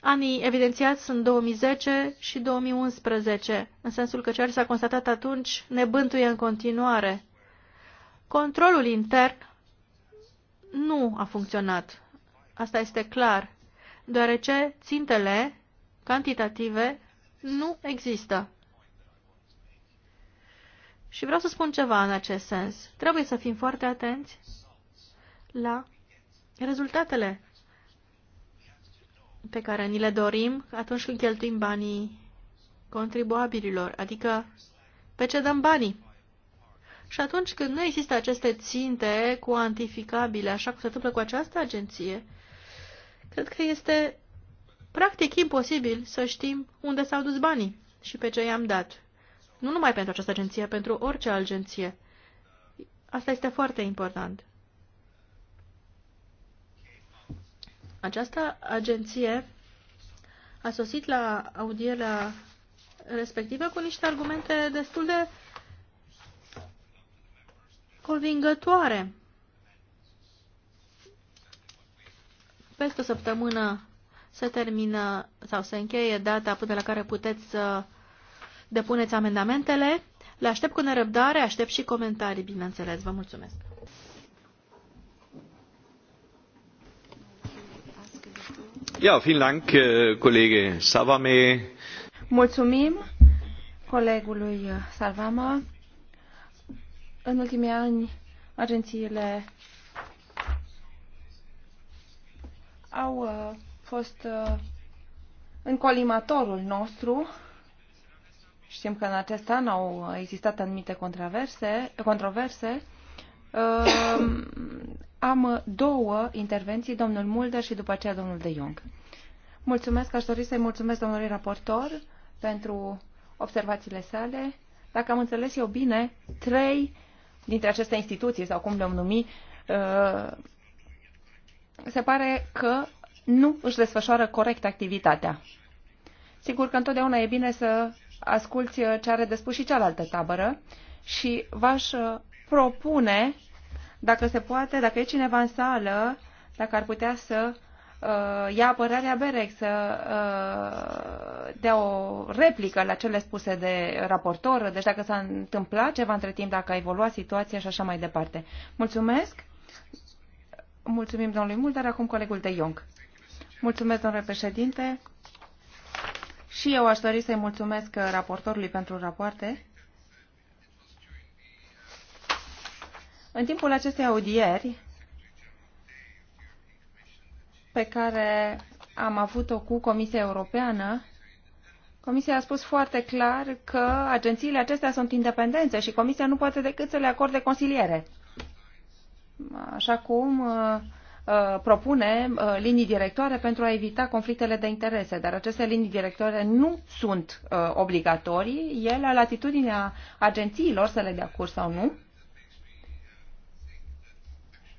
Anii evidențiați sunt 2010 și 2011, în sensul că ceea ce s-a constatat atunci ne bântuie în continuare. Controlul intern nu a funcționat. Asta este clar, deoarece țintele cantitative nu există. Și vreau să spun ceva în acest sens. Trebuie să fim foarte atenți la rezultatele pe care ni le dorim atunci când cheltuim banii contribuabililor, adică pe ce dăm banii. Și atunci când nu există aceste ținte cuantificabile, așa cum se întâmplă cu această agenție, cred că este practic imposibil să știm unde s-au dus banii și pe ce i-am dat. Nu numai pentru această agenție, pentru orice agenție. Asta este foarte important. Această agenție a sosit la audierea respectivă cu niște argumente destul de convingătoare. Peste o săptămână se termină sau se încheie data până la care puteți să depuneți amendamentele. Le aștept cu nerăbdare, aștept și comentarii, bineînțeles. Vă mulțumesc! Äh, Mulțumim colegului Salvama. În ultimii ani, agențiile au uh, fost uh, în colimatorul nostru. Știm că în acest an au existat anumite controverse, controverse. Uh, am uh, două intervenții, domnul Mulder și după aceea domnul De Jong. Mulțumesc, aș dori să-i mulțumesc domnului raportor pentru observațiile sale. Dacă am înțeles eu bine, trei dintre aceste instituții, sau cum le-am numit, uh, se pare că nu își desfășoară corect activitatea. Sigur că întotdeauna e bine să asculți ce are de spus și cealaltă tabără și v-aș uh, propune dacă se poate, dacă e cineva în sală, dacă ar putea să uh, ia apărarea Berec, să uh, dea o replică la cele spuse de raportor, deci dacă s-a întâmplat ceva între timp, dacă a evoluat situația și așa mai departe. Mulțumesc! Mulțumim domnului Mulder, acum colegul de Iong. Mulțumesc, domnule președinte. Și eu aș dori să-i mulțumesc raportorului pentru rapoarte. În timpul acestei audieri pe care am avut-o cu Comisia Europeană, Comisia a spus foarte clar că agențiile acestea sunt independente și Comisia nu poate decât să le acorde consiliere. Așa cum uh, uh, propune uh, linii directoare pentru a evita conflictele de interese, dar aceste linii directoare nu sunt obligatorii, e la latitudinea agențiilor să le dea curs sau nu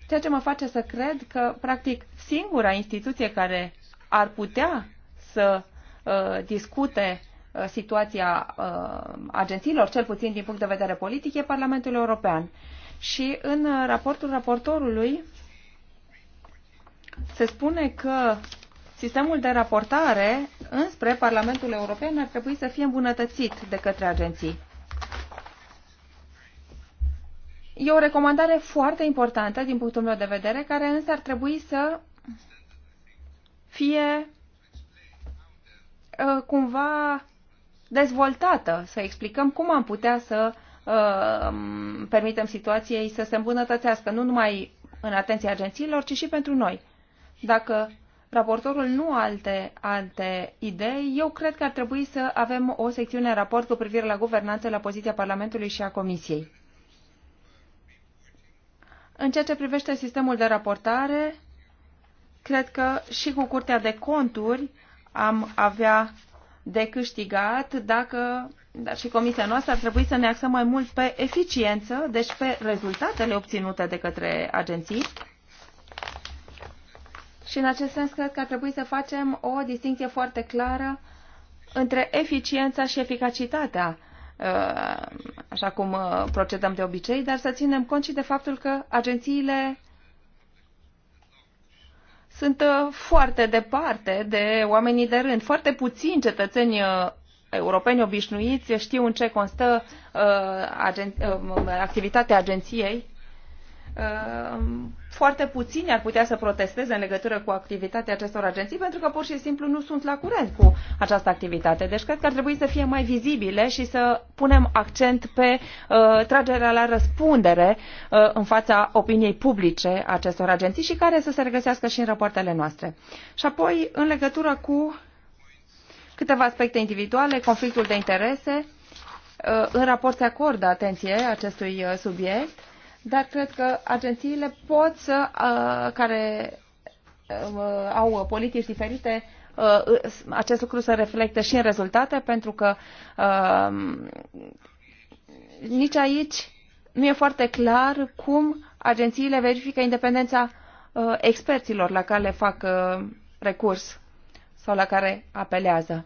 ceea ce mă face să cred că, practic, singura instituție care ar putea să uh, discute uh, situația uh, agențiilor, cel puțin din punct de vedere politic, e Parlamentul European. Și în uh, raportul raportorului se spune că sistemul de raportare înspre Parlamentul European ar trebui să fie îmbunătățit de către agenții. E o recomandare foarte importantă din punctul meu de vedere, care însă ar trebui să fie ă, cumva dezvoltată, să explicăm cum am putea să uh, permitem situației să se îmbunătățească, nu numai în atenția agențiilor, ci și pentru noi. Dacă raportorul nu alte alte idei, eu cred că ar trebui să avem o secțiune în raport cu privire la guvernanță, la poziția Parlamentului și a Comisiei. În ceea ce privește sistemul de raportare, cred că și cu Curtea de Conturi am avea de câștigat dacă, dar și comisia noastră ar trebui să ne axăm mai mult pe eficiență, deci pe rezultatele obținute de către agenții. Și în acest sens cred că ar trebui să facem o distinție foarte clară între eficiența și eficacitatea Uh, așa cum uh, procedăm de obicei, dar să ținem cont și de faptul că agențiile sunt uh, foarte departe de oamenii de rând. Foarte puțini cetățeni europeni obișnuiți știu în ce constă activitatea agenției Uh, foarte puțini ar putea să protesteze în legătură cu activitatea acestor agenții, pentru că pur și simplu nu sunt la curent cu această activitate. Deci cred că ar trebui să fie mai vizibile și să punem accent pe uh, tragerea la răspundere uh, în fața opiniei publice acestor agenții și care să se regăsească și în rapoartele noastre. Și apoi, în legătură cu câteva aspecte individuale, conflictul de interese, uh, în raport se acordă atenție acestui uh, subiect dar cred că agențiile pot să, care au politici diferite, acest lucru se reflectă și în rezultate, pentru că nici aici nu e foarte clar cum agențiile verifică independența experților la care le fac recurs sau la care apelează.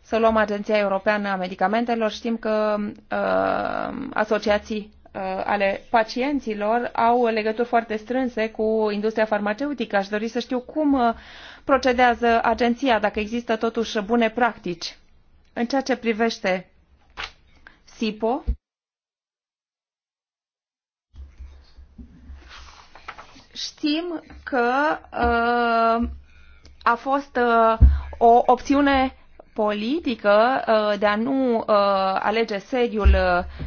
Să luăm Agenția Europeană a Medicamentelor, știm că uh, asociații Uh, ale pacienților au legături foarte strânse cu industria farmaceutică. Aș dori să știu cum uh, procedează agenția, dacă există totuși bune practici în ceea ce privește SIPO. Știm că uh, a fost uh, o opțiune politică uh, de a nu alege sediul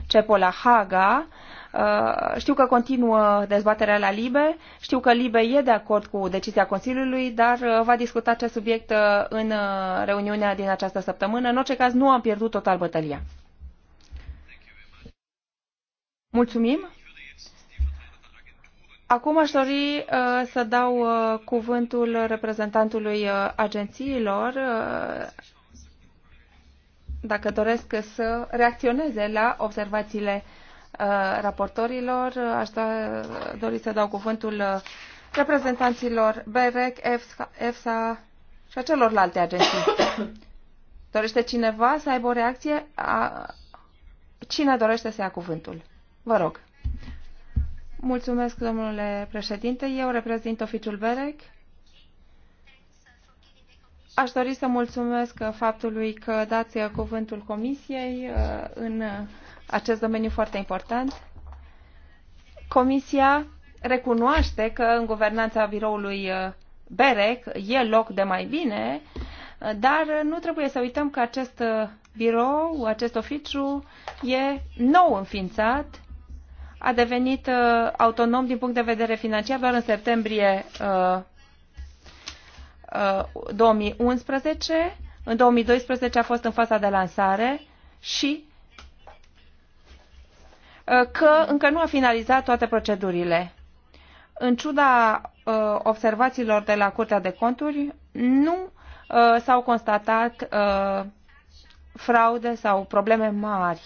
CEPO la Haga Uh, știu că continuă dezbaterea la Libe, știu că Libe e de acord cu decizia Consiliului, dar uh, va discuta acest subiect uh, în reuniunea din această săptămână. În orice caz, nu am pierdut total bătălia. Mulțumim! Acum aș dori uh, să dau uh, cuvântul reprezentantului uh, agențiilor, uh, dacă doresc să reacționeze la observațiile Uh, raportorilor. Aș da, dori să dau cuvântul uh, reprezentanților BEREC, EFSA, EFSA și a celorlalte agenții. Dorește cineva să aibă o reacție? A... Cine dorește să ia cuvântul? Vă rog. Mulțumesc, domnule președinte. Eu reprezint oficiul BEREC. Aș dori să mulțumesc faptului că dați cuvântul Comisiei uh, în acest domeniu foarte important. Comisia recunoaște că în guvernanța biroului uh, BEREC e loc de mai bine, uh, dar nu trebuie să uităm că acest uh, birou, acest oficiu e nou înființat, a devenit autonom din punct de vedere financiar doar în septembrie 2011. În 2012 a fost în faza de lansare și Uh, că încă nu a finalizat toate procedurile. În ciuda uh, observațiilor de la Curtea de Conturi, nu uh, s-au constatat fraude sau probleme mari.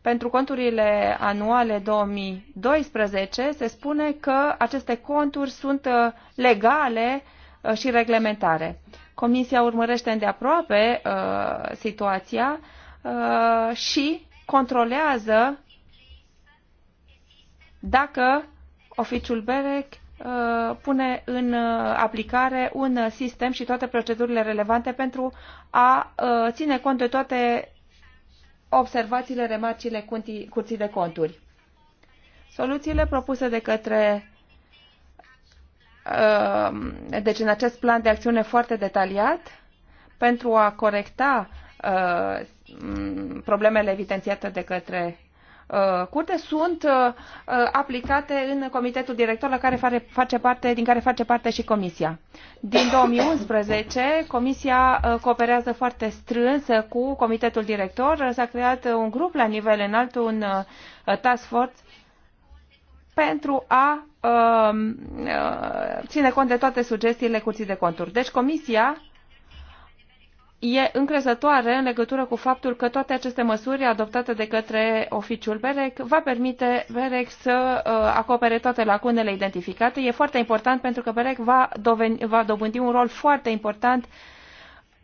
Pentru conturile anuale 2012 se spune că aceste conturi sunt legale și reglementare. Comisia urmărește îndeaproape uh, situația uh, și controlează dacă oficiul BEREC uh, pune în uh, aplicare un uh, sistem și toate procedurile relevante pentru a ține cont de toate observațiile, remarcile curții de conturi. Soluțiile propuse de către deci în acest plan de acțiune foarte detaliat pentru a corecta Uh, problemele evidențiate de către uh, curte sunt uh, aplicate în comitetul director la care face parte, din care face parte și Comisia. Din 2011, Comisia cooperează foarte strâns cu comitetul director. S-a creat un grup la nivel înalt, un task force pentru a ține cont de toate sugestiile curții de conturi. Deci Comisia e încrezătoare în legătură cu faptul că toate aceste măsuri adoptate de către oficiul BEREC va permite BEREC să uh, acopere toate lacunele identificate. E foarte important pentru că BEREC va, doveni, va dobândi un rol foarte important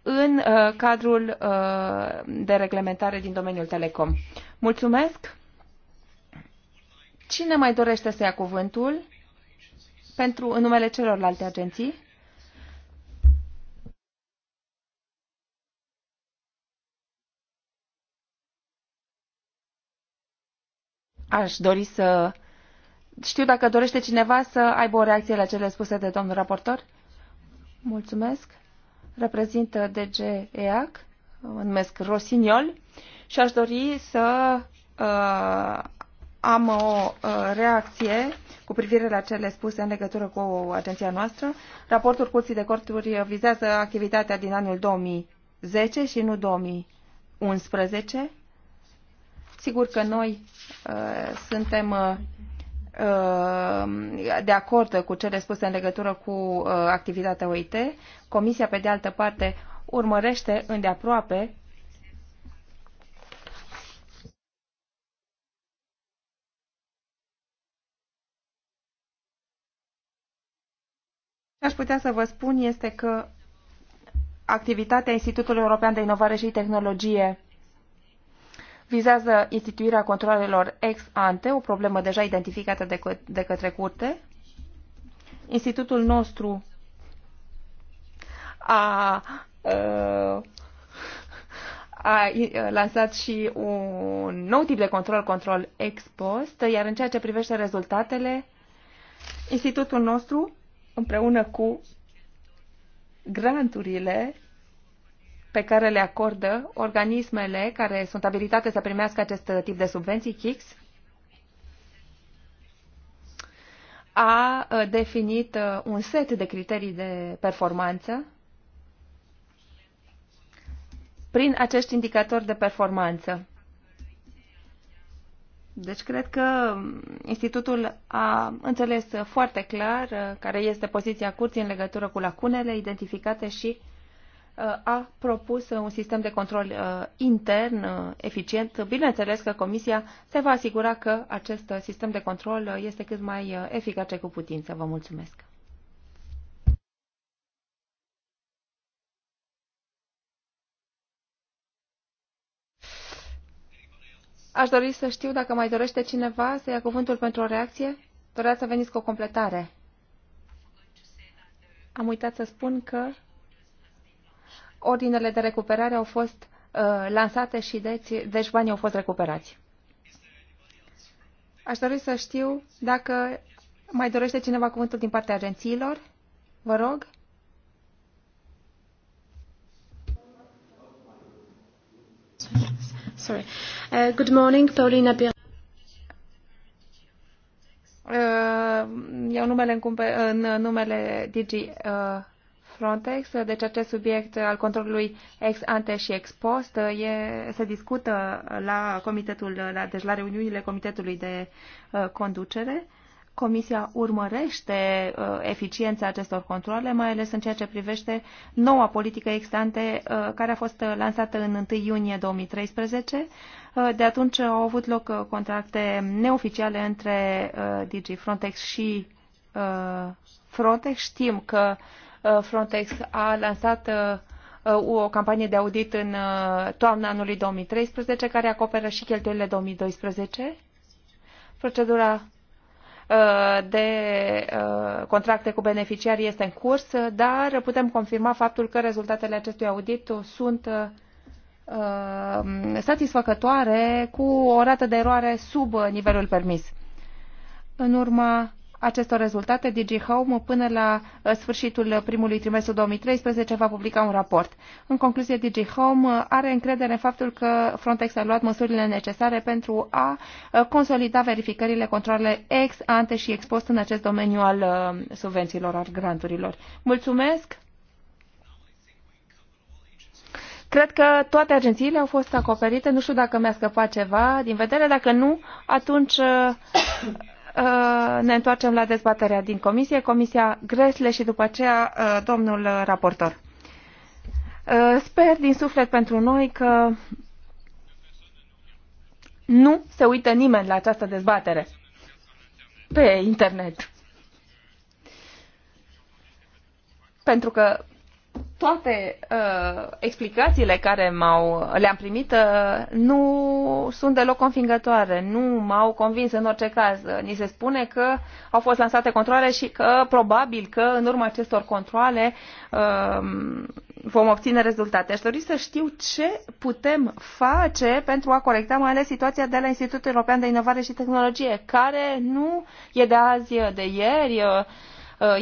în uh, cadrul uh, de reglementare din domeniul telecom. Mulțumesc! Cine mai dorește să ia cuvântul pentru în numele celorlalte agenții? Aș dori să știu dacă dorește cineva să aibă o reacție la cele spuse de domnul raportor. Mulțumesc. Reprezintă DG EAC, mă numesc Rosignol și aș dori să uh, am o uh, reacție cu privire la cele spuse în legătură cu agenția noastră. Raportul Curții de Corturi vizează activitatea din anul 2010 și nu 2011. Sigur că noi uh, suntem uh, uh, de acord cu cele spuse în legătură cu uh, activitatea OIT. Comisia, pe de altă parte, urmărește îndeaproape aș putea să vă spun este că activitatea Institutului European de Inovare și Tehnologie vizează instituirea controlelor ex ante, o problemă deja identificată de, că, de către curte. Institutul nostru a, ă, a, a lansat și un nou tip de control, control ex post, iar în ceea ce privește rezultatele, institutul nostru, împreună cu granturile pe care le acordă organismele care sunt abilitate să primească acest tip de subvenții, KICS, a uh, definit uh, un set de criterii de performanță. Prin acești indicatori de performanță. Deci cred că institutul a înțeles foarte clar uh, care este poziția curții în legătură cu lacunele identificate și uh, a propus un sistem de control uh, intern uh, eficient. Bineînțeles că Comisia se va asigura că acest sistem de control uh, este cât mai eficace cu putință. Vă mulțumesc! Aș dori să știu dacă mai dorește cineva să ia cuvântul pentru o reacție. Doreați să veniți cu o completare. Am uitat să spun că ordinele de recuperare au fost uh, lansate și deci, deci banii au fost recuperați. Aș dori să știu dacă mai dorește cineva cuvântul din partea agențiilor. Vă rog. Sorry. Uh, good morning, Paulina Bier Eu uh, numele în, cumpe, în numele Digi uh, Frontex, deci acest subiect al controlului ex ante și ex post uh, e, se discută la comitetul, la, deci la reuniunile comitetului de uh, conducere. Comisia urmărește uh, eficiența acestor controle, mai ales în ceea ce privește noua politică extante uh, care a fost uh, lansată în 1 iunie 2013. Uh, de atunci au avut loc uh, contracte neoficiale între uh, DG Frontex și uh, Frontex. Știm că uh, Uh, Frontex a lansat uh, uh, o campanie de audit în toamna anului 2013, care acoperă și cheltuielile 2012. Procedura de contracte cu beneficiari este în curs, dar putem confirma faptul că rezultatele acestui audit sunt satisfăcătoare cu o rată de eroare sub nivelul permis. În urma acestor rezultate, DG Home, până la uh, sfârșitul primului trimestru 2013, va publica un raport. În concluzie, DG Home uh, are încredere în faptul că Frontex a luat măsurile necesare pentru a uh, consolida verificările, controlele ex ante și ex post în acest domeniu al subvențiilor, al granturilor. Mulțumesc! Cred că toate agențiile au fost acoperite. Nu știu dacă mi-a scăpat ceva din vedere. Dacă nu, atunci Uh, ne întoarcem la dezbaterea din comisie, Comisia Gresle și după aceea uh, domnul raportor. Uh, sper din suflet pentru noi că nu se uită nimeni la această dezbatere pe internet. Pentru că toate uh, explicațiile care m-au, le-am primit uh, nu sunt deloc convingătoare, nu m-au convins în orice caz. Ni se spune că au fost lansate controle și că probabil că în urma acestor controle uh, vom obține rezultate. Aș dori să știu ce putem face pentru a corecta mai ales situația de la Institutul European de Inovare și Tehnologie, care nu e de azi, de ieri. Uh,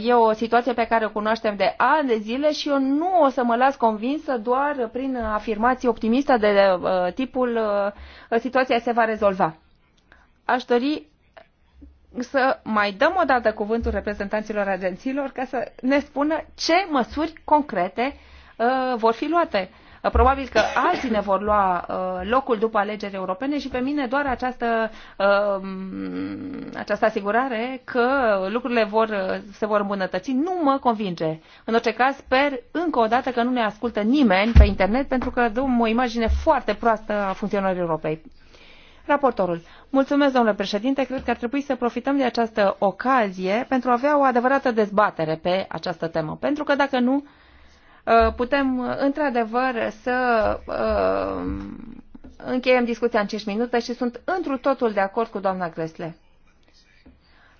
E o situație pe care o cunoaștem de ani de zile și eu nu o să mă las convinsă doar prin afirmații optimiste de uh, tipul uh, situația se va rezolva. Aș dori să mai dăm o dată cuvântul reprezentanților agențiilor ca să ne spună ce măsuri concrete uh, vor fi luate. Probabil că alții ne vor lua uh, locul după alegeri europene și pe mine doar această, uh, această asigurare că lucrurile vor, uh, se vor îmbunătăți nu mă convinge. În orice caz, sper încă o dată că nu ne ascultă nimeni pe internet pentru că dăm o imagine foarte proastă a funcționării Europei. Raportorul. Mulțumesc, domnule președinte. Cred că ar trebui să profităm de această ocazie pentru a avea o adevărată dezbatere pe această temă. Pentru că dacă nu, Uh, putem uh, într-adevăr să uh, încheiem discuția în 5 minute și sunt întru totul de acord cu doamna Gresle.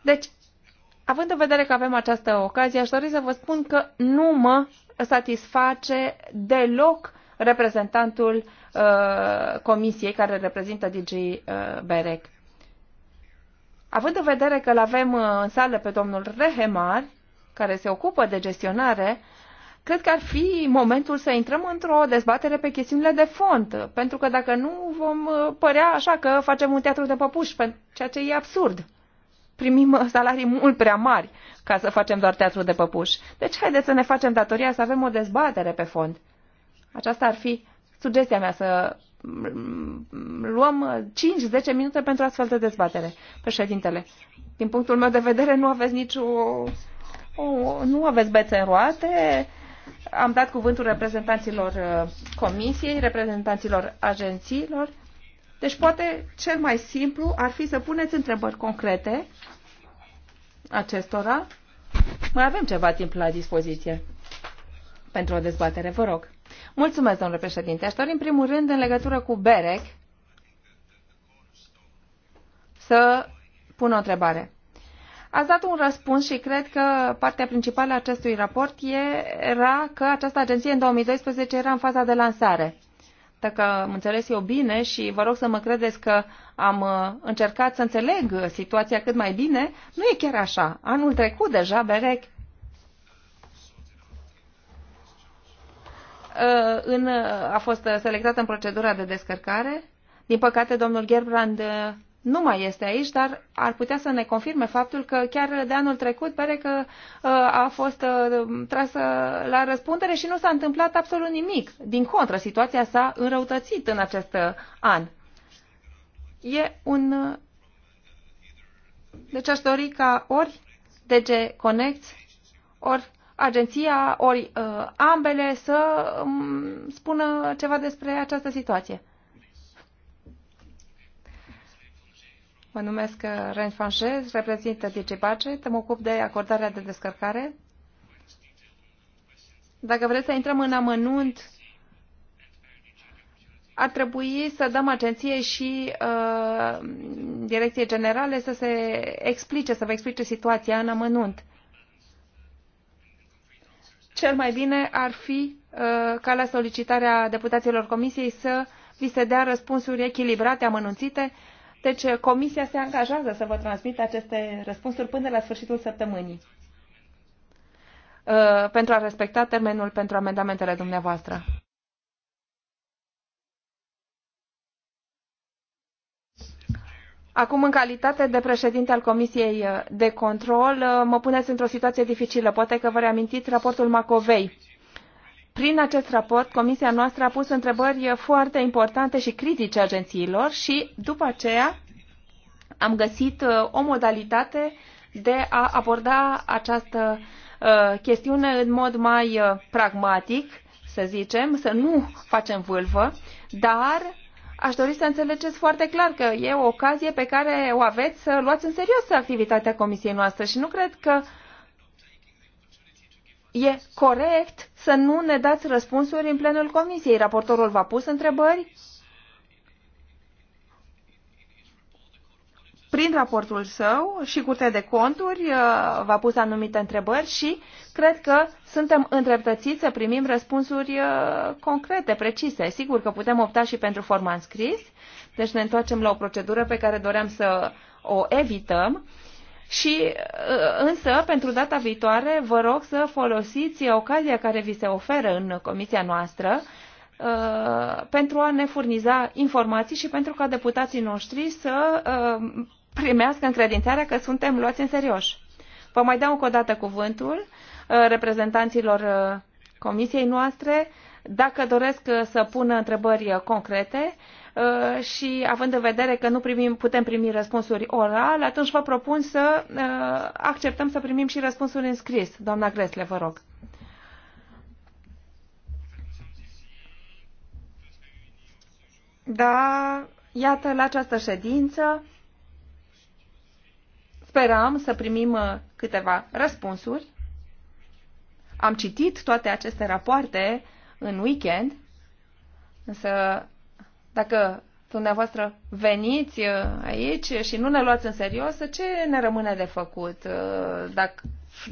Deci, având în vedere că avem această ocazie, aș dori să vă spun că nu mă satisface deloc reprezentantul uh, comisiei care reprezintă DG uh, Berec. Având în vedere că îl avem în sală pe domnul Rehemar, care se ocupă de gestionare, cred că ar fi momentul să intrăm într-o dezbatere pe chestiunile de fond, pentru că dacă nu vom uh, părea așa că facem un teatru de păpuși, ceea ce e absurd. Primim uh, salarii mult prea mari ca să facem doar teatru de păpuși. Deci haideți să ne facem datoria să avem o dezbatere pe fond. Aceasta ar fi sugestia mea să mm, luăm 5-10 uh, minute pentru astfel de dezbatere. Președintele, din punctul meu de vedere nu aveți nicio... O, nu aveți bețe în roate, am dat cuvântul reprezentanților uh, comisiei, reprezentanților agențiilor. Deci poate cel mai simplu ar fi să puneți întrebări concrete acestora. Mai avem ceva timp la dispoziție pentru o dezbatere, vă rog. Mulțumesc, domnule președinte. Aș dori în primul rând, în legătură cu BEREC, să pun o întrebare. Ați dat un răspuns și cred că partea principală a acestui raport era că această agenție în 2012 era în faza de lansare. Dacă am înțeles eu bine și vă rog să mă credeți că am uh, încercat să înțeleg situația cât mai bine, nu e chiar așa. Anul trecut deja Berec uh, în, uh, a fost selectată în procedura de descărcare. Din păcate, domnul Gerbrand nu mai este aici, dar ar putea să ne confirme faptul că chiar de anul trecut pare că uh, a fost uh, trasă la răspundere și nu s-a întâmplat absolut nimic. Din contră, situația s-a înrăutățit în acest uh, an. E un... Deci aș dori ca ori DG Connect, ori agenția, ori uh, ambele să um, spună ceva despre această situație. Mă numesc uh, Ren Fanchez, reprezintă DigiBudget, mă ocup de acordarea de descărcare. Dacă vreți să intrăm în amănunt, ar trebui să dăm agenției și uh, direcției generale să se explice, să vă explice situația în amănunt. Cel mai bine ar fi uh, ca la solicitarea deputaților comisiei să vi se dea răspunsuri echilibrate, amănunțite, uh, deci uh, comisia se angajează să vă transmită aceste răspunsuri până la sfârșitul săptămânii uh, pentru a respecta termenul pentru amendamentele dumneavoastră. Acum, în calitate de președinte al Comisiei uh, de Control, mă puneți într-o situație dificilă. Poate că vă reamintiți raportul Macovei prin acest raport, comisia noastră a pus întrebări foarte importante și critice agențiilor și, după aceea, am găsit uh, o modalitate de a aborda această uh, chestiune în mod mai uh, pragmatic, să zicem, să nu facem vâlvă, dar aș dori să înțelegeți foarte clar că e o ocazie pe care o aveți să luați în serios activitatea comisiei noastre și nu cred că uh, e corect să nu ne dați răspunsuri în plenul comisiei. Raportorul v-a pus întrebări? Prin raportul său și Curtea de Conturi uh, v-a pus anumite întrebări și cred că suntem îndreptățiți să primim răspunsuri uh, concrete, precise. Sigur că putem opta și pentru forma scris, deci ne întoarcem la o procedură pe care doream să o evităm și uh, însă, pentru data viitoare, vă rog să folosiți ocazia care vi se oferă în comisia noastră uh, pentru a ne furniza informații și pentru ca deputații noștri să uh, primească încredințarea că suntem luați în serios. Vă mai dau încă o dată cuvântul reprezentanților comisiei noastre, dacă doresc să pună întrebări concrete, Uh, și având în vedere că nu primim, putem primi răspunsuri oral, atunci vă propun să uh, acceptăm să primim și răspunsuri în scris. Doamna Gresle, vă rog. Da, iată, la această ședință speram să primim uh, câteva răspunsuri. Am citit toate aceste rapoarte în weekend, însă dacă dumneavoastră veniți uh, aici și nu ne luați în serios, ce ne rămâne de făcut uh, dacă,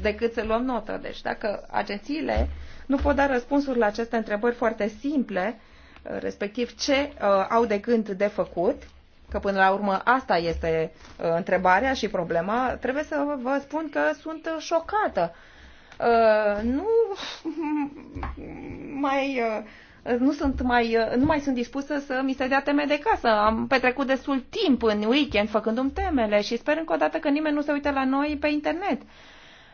decât să luăm notă? Deci dacă agențiile nu pot da răspunsuri la aceste întrebări foarte simple, uh, respectiv ce uh, au de gând de făcut, că până la urmă asta este uh, întrebarea și problema, trebuie să vă spun că sunt șocată. Uh, nu mai uh, nu sunt mai, nu mai sunt dispusă să mi se dea teme de casă. Am petrecut destul timp în weekend făcându-mi temele și sper încă o dată că nimeni nu se uită la noi pe internet.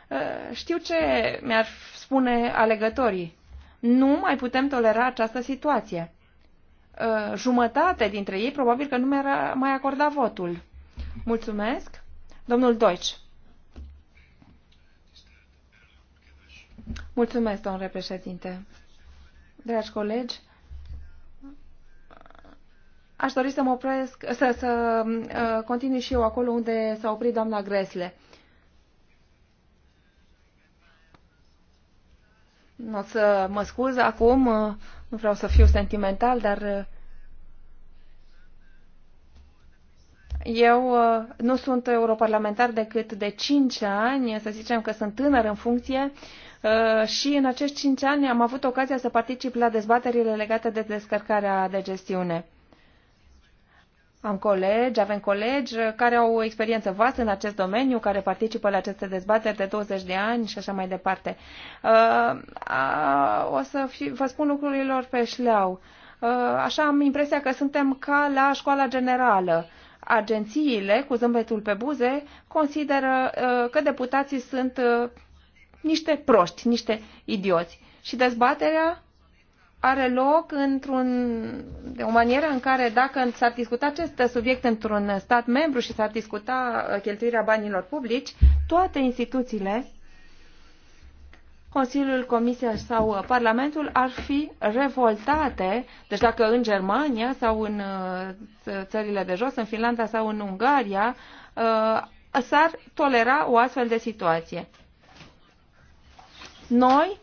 Eh, știu ce mi-ar spune alegătorii. Nu mai putem tolera această situație. Eh, jumătate dintre ei probabil că nu mi-ar mai acorda votul. Mulțumesc. Domnul Deutsch. Mulțumesc, domnule președinte dragi colegi, aș dori să mă opresc, să, să uh, continui și eu acolo unde s-a oprit doamna Gresle. Nu o să mă scuz acum, uh, nu vreau să fiu sentimental, dar uh, eu nu sunt europarlamentar decât de 5 ani, să zicem că sunt tânăr în funcție, uh, Uh, și în acești cinci ani am avut ocazia să particip la dezbaterile legate de descărcarea de gestiune. Am colegi, avem colegi care au o experiență vastă în acest domeniu, care participă la aceste dezbateri de 20 de ani și așa mai departe. Uh, o să fi, vă spun lucrurilor pe șleau. Uh, așa am impresia că suntem ca la școala generală. Agențiile, cu zâmbetul pe buze, consideră că deputații sunt niște proști, niște idioți. Și dezbaterea are loc într-un, de o manieră în care dacă s-ar discuta acest subiect într-un stat membru și s-ar discuta uh, cheltuirea banilor publici, toate instituțiile, Consiliul, Comisia sau uh, Parlamentul ar fi revoltate, deci dacă în Germania sau în uh, țările de jos, în Finlanda sau în Ungaria, s-ar tolera o astfel de situație. Noi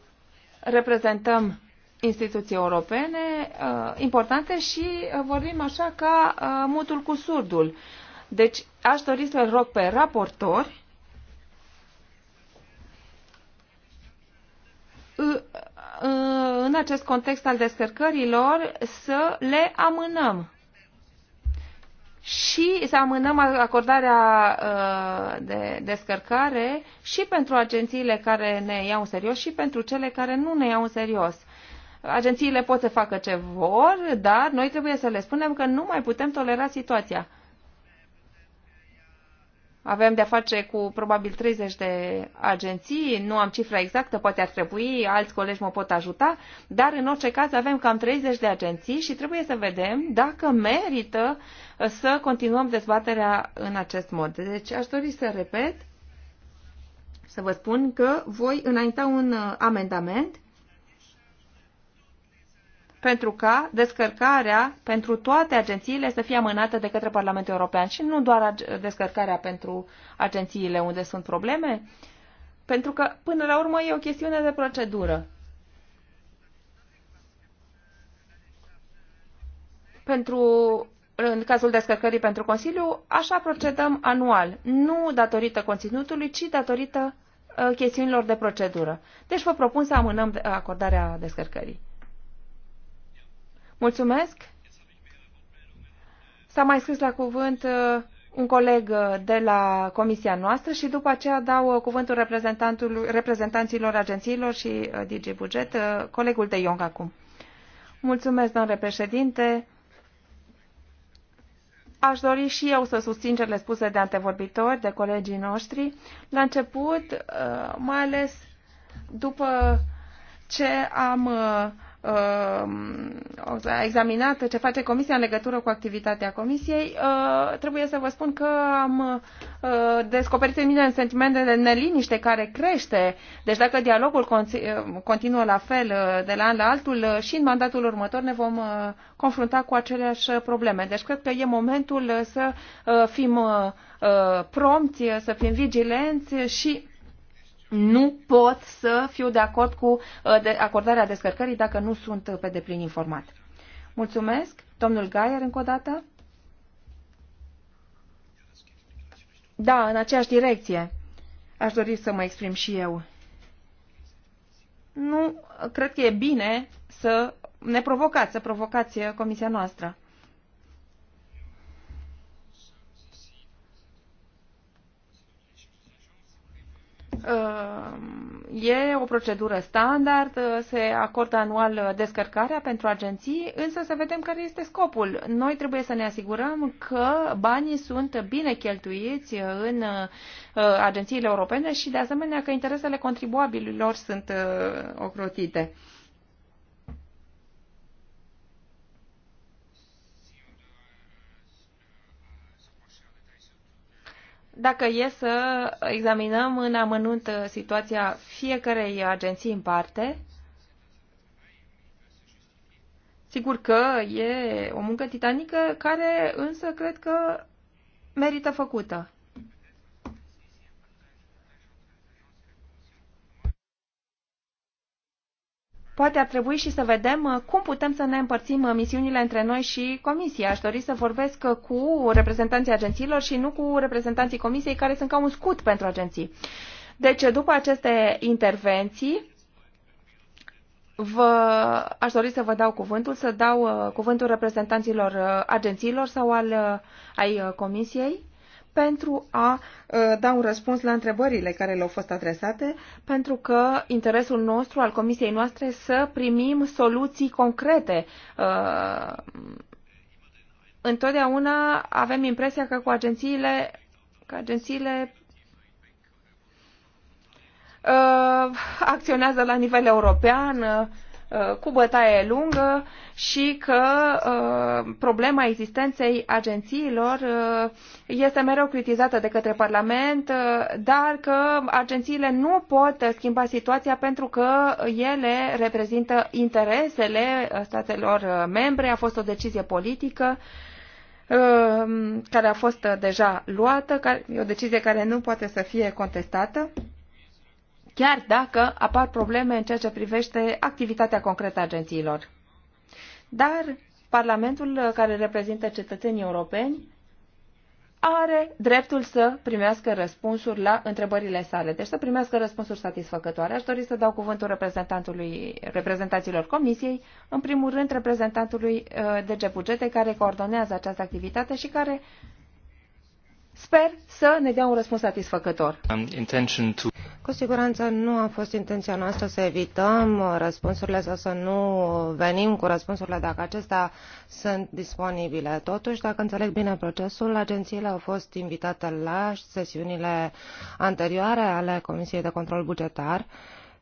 reprezentăm instituții europene uh, importante și uh, vorbim așa ca uh, mutul cu surdul. Deci aș dori să rog pe raportori ă, în acest context al descărcărilor să le amânăm și să amânăm acordarea uh, de descărcare și pentru agențiile care ne iau în serios și pentru cele care nu ne iau în serios. Agențiile pot să facă ce vor, dar noi trebuie să le spunem că nu mai putem tolera situația. Avem de-a face cu probabil 30 de agenții, nu am cifra exactă, poate ar trebui, alți colegi mă pot ajuta, dar în orice caz avem cam 30 de agenții și trebuie să vedem dacă merită uh, să continuăm dezbaterea în acest mod. Deci aș dori să repet, să vă spun că voi înainta un uh, amendament pentru ca descărcarea pentru toate agențiile să fie amânată de către Parlamentul European și nu doar descărcarea pentru agențiile unde sunt probleme, pentru că până la urmă e o chestiune de procedură. Pentru în cazul descărcării pentru Consiliu, așa procedăm anual, nu datorită conținutului, ci datorită uh, chestiunilor de procedură. Deci vă propun să amânăm acordarea descărcării. Mulțumesc. S-a mai scris la cuvânt uh, un coleg uh, de la comisia noastră și după aceea dau uh, cuvântul reprezentanților agențiilor și DG Buget, colegul de Iong acum. Mulțumesc, domnule președinte. Aș dori și eu să susțin cele spuse de antevorbitori, de colegii noștri. La început, mai ales după ce am Um, a examinat ce face Comisia în legătură cu activitatea Comisiei, uh, trebuie să vă spun că am uh, descoperit în mine un sentiment de neliniște care crește. Deci dacă dialogul uh, continuă la fel de la an la altul, și în mandatul următor ne vom confrunta cu aceleași probleme. Deci cred că e momentul să fim prompti, să fim vigilenți și nu pot să fiu de acord cu uh, acordarea descărcării dacă nu sunt pe deplin informat. Mulțumesc. Domnul Gaier, încă o dată. Da, în aceeași direcție. Aș dori să mă exprim și eu. Nu, cred că e bine să ne provocați, să provocați uh, comisia noastră. Uh, e o procedură standard, uh, se acordă anual uh, descărcarea pentru agenții, însă să vedem care este scopul. Noi trebuie să ne asigurăm că banii sunt bine cheltuiți în agențiile europene și, de asemenea, că interesele contribuabililor sunt ocrotite. dacă e să examinăm în amănunt uh, situația fiecarei agenții în parte, sigur că e o muncă titanică care însă cred că merită făcută. Poate ar trebui și să vedem uh, cum putem să ne împărțim uh, misiunile între noi și Comisia. Aș dori să vorbesc uh, cu reprezentanții agențiilor și nu cu reprezentanții Comisiei, care sunt ca un scut pentru agenții. Deci, după aceste intervenții, Vă, aș dori să vă dau cuvântul, să dau cuvântul reprezentanților agențiilor sau al, ai comisiei pentru a uh, da un răspuns la întrebările care le-au fost adresate, pentru că interesul nostru, al comisiei noastre, să primim soluții concrete uh, întotdeauna avem impresia că cu agențiile, că agențiile uh, acționează la nivel european, Uh, cu bătaie lungă și că uh, problema existenței agențiilor uh, este mereu critizată de către Parlament, dar că agențiile nu pot schimba situația pentru că ele reprezintă interesele statelor membre. A fost o decizie politică care a fost deja luată, o decizie care nu poate să fie contestată chiar dacă apar probleme în ceea ce privește activitatea concretă a agențiilor. Dar Parlamentul care reprezintă cetățenii europeni are dreptul să primească răspunsuri la întrebările sale, deci să primească răspunsuri satisfăcătoare. Aș dori să dau cuvântul reprezentantului, reprezentanților Comisiei, în primul rând reprezentantului uh, DG Bugete, care coordonează această activitate și care Sper să ne dea un răspuns satisfăcător. Cu siguranță nu a fost intenția noastră să evităm uh, răspunsurile sau să nu venim cu răspunsurile dacă acestea sunt disponibile. Totuși, dacă înțeleg bine procesul, agențiile au fost invitate la sesiunile anterioare ale Comisiei de Control Bugetar,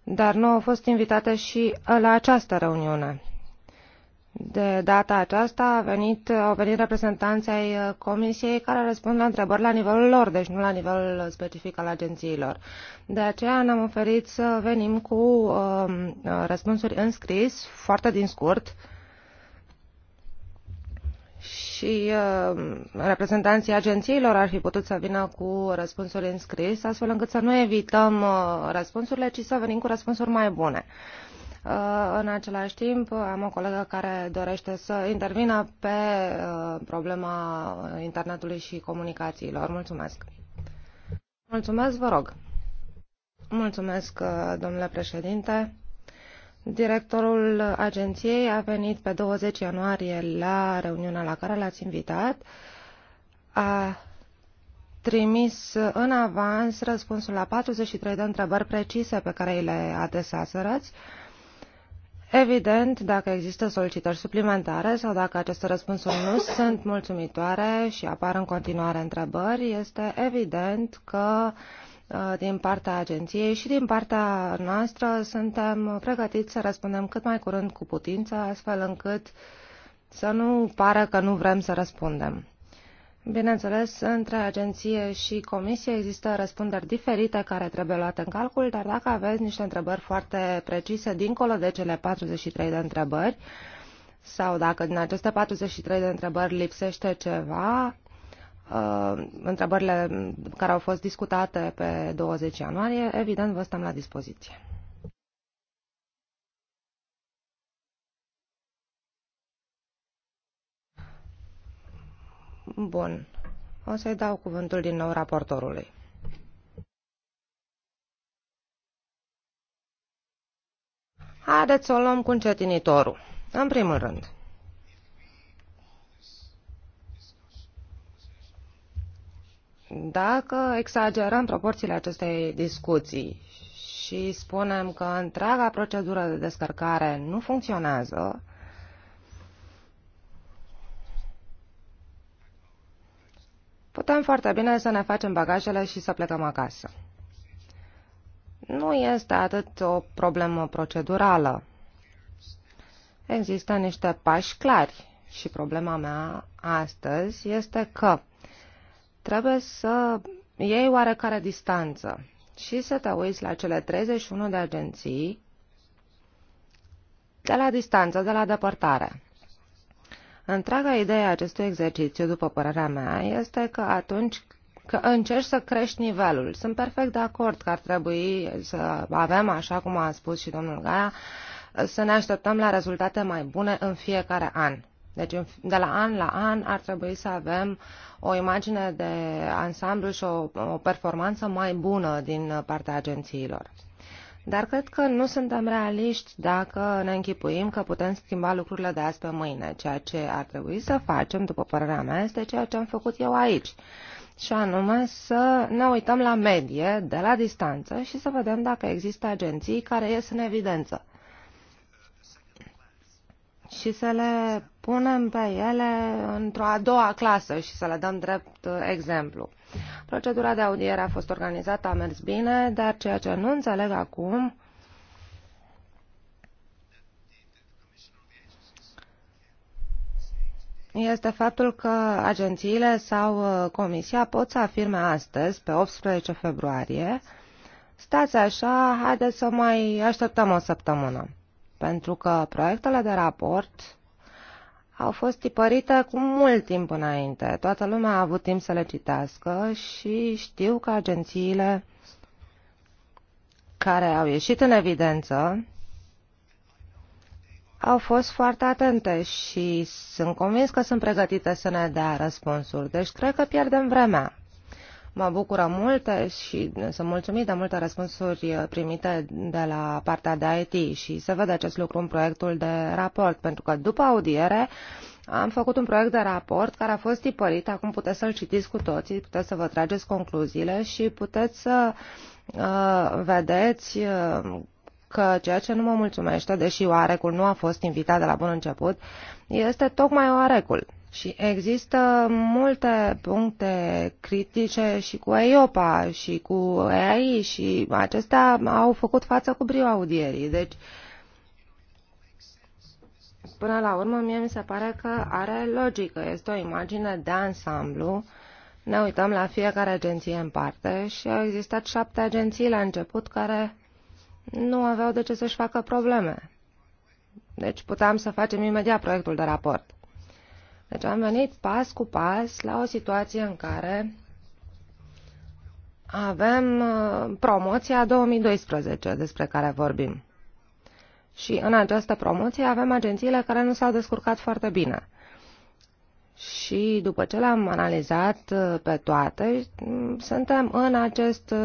dar nu au fost invitate și la această reuniune. De data aceasta a venit, au venit reprezentanții ai uh, Comisiei care răspund la întrebări la nivelul lor, deci nu la nivelul uh, specific al agențiilor. De aceea ne-am oferit să venim cu um, uh, răspunsuri în scris, foarte din scurt, și uh, reprezentanții agențiilor ar fi putut să vină cu răspunsuri în scris, astfel încât să nu evităm uh, răspunsurile, ci să venim cu răspunsuri mai bune. Uh, în același timp, am o colegă care dorește să intervină pe uh, problema internetului și comunicațiilor. Mulțumesc! Mulțumesc, vă rog! Mulțumesc, uh, domnule președinte! Directorul agenției a venit pe 20 ianuarie la reuniunea la care l-ați invitat. A trimis în avans răspunsul la 43 de întrebări precise pe care îi le adesaserăți. Uh, Evident, dacă există solicitări suplimentare sau dacă aceste răspunsuri nu sunt mulțumitoare și apar în continuare întrebări, este evident că uh, din partea agenției și din partea noastră suntem pregătiți să răspundem cât mai curând cu putință, astfel încât să nu pară că nu vrem să răspundem. Bineînțeles, între agenție și comisie există răspunderi diferite care trebuie luate în calcul, dar dacă aveți niște întrebări foarte precise, dincolo de cele 43 de întrebări, sau dacă din aceste 43 de întrebări lipsește ceva, uh, întrebările care au fost discutate pe 20 ianuarie, evident vă stăm la dispoziție. Bun. O să-i dau cuvântul din nou raportorului. Haideți să o luăm cu încetinitorul. În primul rând. Dacă exagerăm proporțiile acestei discuții și spunem că întreaga procedură de descărcare nu funcționează, Putem foarte bine să ne facem bagajele și să plecăm acasă. Nu este atât o problemă procedurală. Există niște pași clari și problema mea astăzi este că trebuie să iei oarecare distanță și să te uiți la cele 31 de agenții de la distanță, de la depărtare. Întreaga idee a acestui exercițiu, după părerea mea, este că atunci că încerci să crești nivelul. Sunt perfect de acord că ar trebui să avem, așa cum a spus și domnul Gaia, să ne așteptăm la rezultate mai bune în fiecare an. Deci de la an la an ar trebui să avem o imagine de ansamblu și o, o performanță mai bună din partea agențiilor. Dar cred că nu suntem realiști dacă ne închipuim că putem schimba lucrurile de azi pe mâine. Ceea ce ar trebui să facem, după părerea mea, este ceea ce am făcut eu aici. Și anume să ne uităm la medie de la distanță și să vedem dacă există agenții care ies în evidență și să le punem pe ele într-o a doua clasă și să le dăm drept uh, exemplu. Procedura de audiere a fost organizată, a mers bine, dar ceea ce nu înțeleg acum este faptul că agențiile sau uh, comisia pot să afirme astăzi, pe 18 februarie, stați așa, haideți să mai așteptăm o săptămână pentru că proiectele de raport au fost tipărite cu mult timp înainte. Toată lumea a avut timp să le citească și știu că agențiile care au ieșit în evidență au fost foarte atente și sunt convins că sunt pregătite să ne dea răspunsuri. Deci cred că pierdem vremea. Mă bucură mult și sunt mulțumit de multe răspunsuri primite de la partea de IT și se vede acest lucru în proiectul de raport, pentru că după audiere am făcut un proiect de raport care a fost tipărit, acum puteți să-l citiți cu toții, puteți să vă trageți concluziile și puteți să uh, vedeți uh, că ceea ce nu mă mulțumește, deși oarecul nu a fost invitat de la bun început, este tocmai oarecul. Și există multe puncte critice și cu EIOPA și cu EAI și acestea au făcut față cu brio audierii. Deci, până la urmă, mie mi se pare că are logică. Este o imagine de ansamblu. Ne uităm la fiecare agenție în parte și au existat șapte agenții la început care nu aveau de ce să-și facă probleme. Deci puteam să facem imediat proiectul de raport. Deci am venit pas cu pas la o situație în care avem uh, promoția 2012 despre care vorbim. Și în această promoție avem agențiile care nu s-au descurcat foarte bine și după ce le-am analizat uh, pe toate, mm, suntem în acest uh,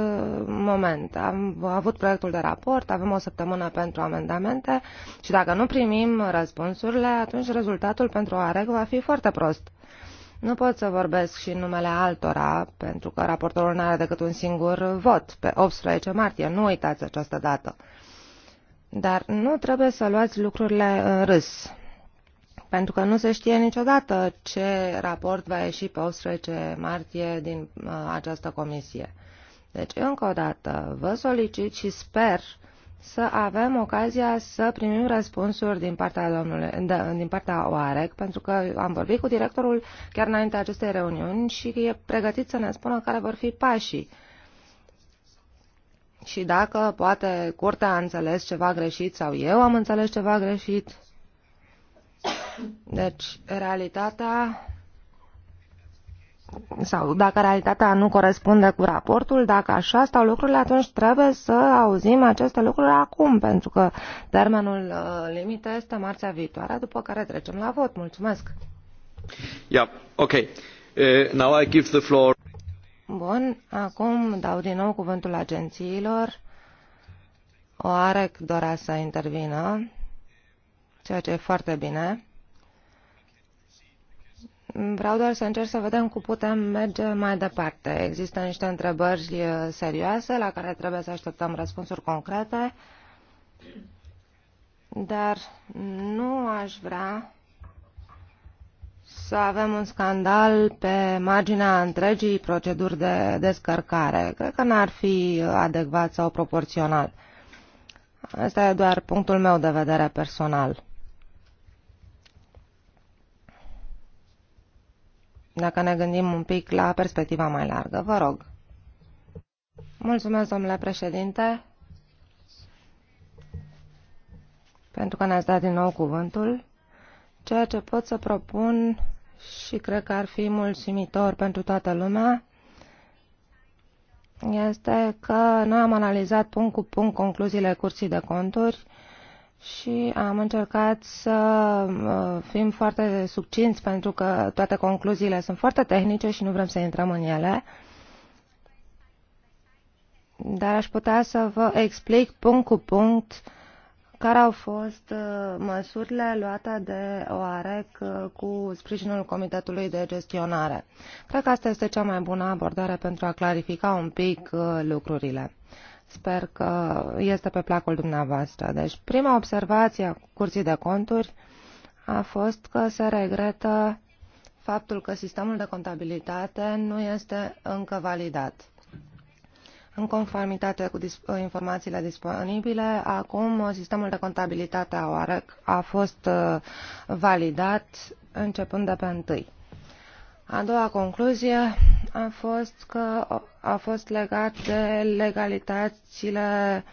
moment. Am avut proiectul de raport, avem o săptămână pentru amendamente și dacă nu primim răspunsurile, atunci rezultatul pentru AREC va fi foarte prost. Nu pot să vorbesc și în numele altora, pentru că raportorul nu are decât un singur vot, pe 18 martie, nu uitați această dată. Dar nu trebuie să luați lucrurile în râs pentru că nu se știe niciodată ce raport va ieși pe 18 martie din uh, această comisie. Deci, încă o dată, vă solicit și sper să avem ocazia să primim răspunsuri din partea, domnului, de, da, din partea OAREC, pentru că am vorbit cu directorul chiar înainte acestei reuniuni și e pregătit să ne spună care vor fi pașii. Și dacă poate curtea a înțeles ceva greșit sau eu am înțeles ceva greșit, deci, realitatea sau dacă realitatea nu corespunde cu raportul, dacă așa stau lucrurile, atunci trebuie să auzim aceste lucruri acum, pentru că termenul uh, limită este marțea viitoare, după care trecem la vot. Mulțumesc! Yeah, okay. Uh, now I give the floor. Bun, acum dau din nou cuvântul agențiilor. OAREC dorea să intervină ceea ce e foarte bine. Vreau doar să încerc să vedem cum putem merge mai departe. Există niște întrebări eh, serioase la care trebuie să așteptăm răspunsuri concrete, dar nu aș vrea să avem un scandal pe marginea întregii proceduri de descărcare. Cred că n-ar fi adecvat sau proporțional. Asta e doar punctul meu de vedere personal. dacă ne gândim un pic la perspectiva mai largă. Vă rog. Mulțumesc, domnule președinte, pentru că ne-ați dat din nou cuvântul. Ceea ce pot să propun și cred că ar fi mulțumitor pentru toată lumea este că noi am analizat punct cu punct concluziile Curții de Conturi și am încercat să uh, fim foarte succinți pentru că toate concluziile sunt foarte tehnice și nu vrem să intrăm în ele. Dar aș putea să vă explic punct cu punct care au fost uh, măsurile luate de OAREC uh, cu sprijinul Comitetului de Gestionare. Cred că asta este cea mai bună abordare pentru a clarifica un pic lucrurile. Sper că este pe placul dumneavoastră. Deci, prima observație a Curții de Conturi a fost că se regretă faptul că sistemul de contabilitate nu este încă validat. În conformitate cu informațiile disponibile, acum sistemul de contabilitate a OAREC a fost uh, validat începând de pe întâi. A doua concluzie a fost că a fost legat de legalitățile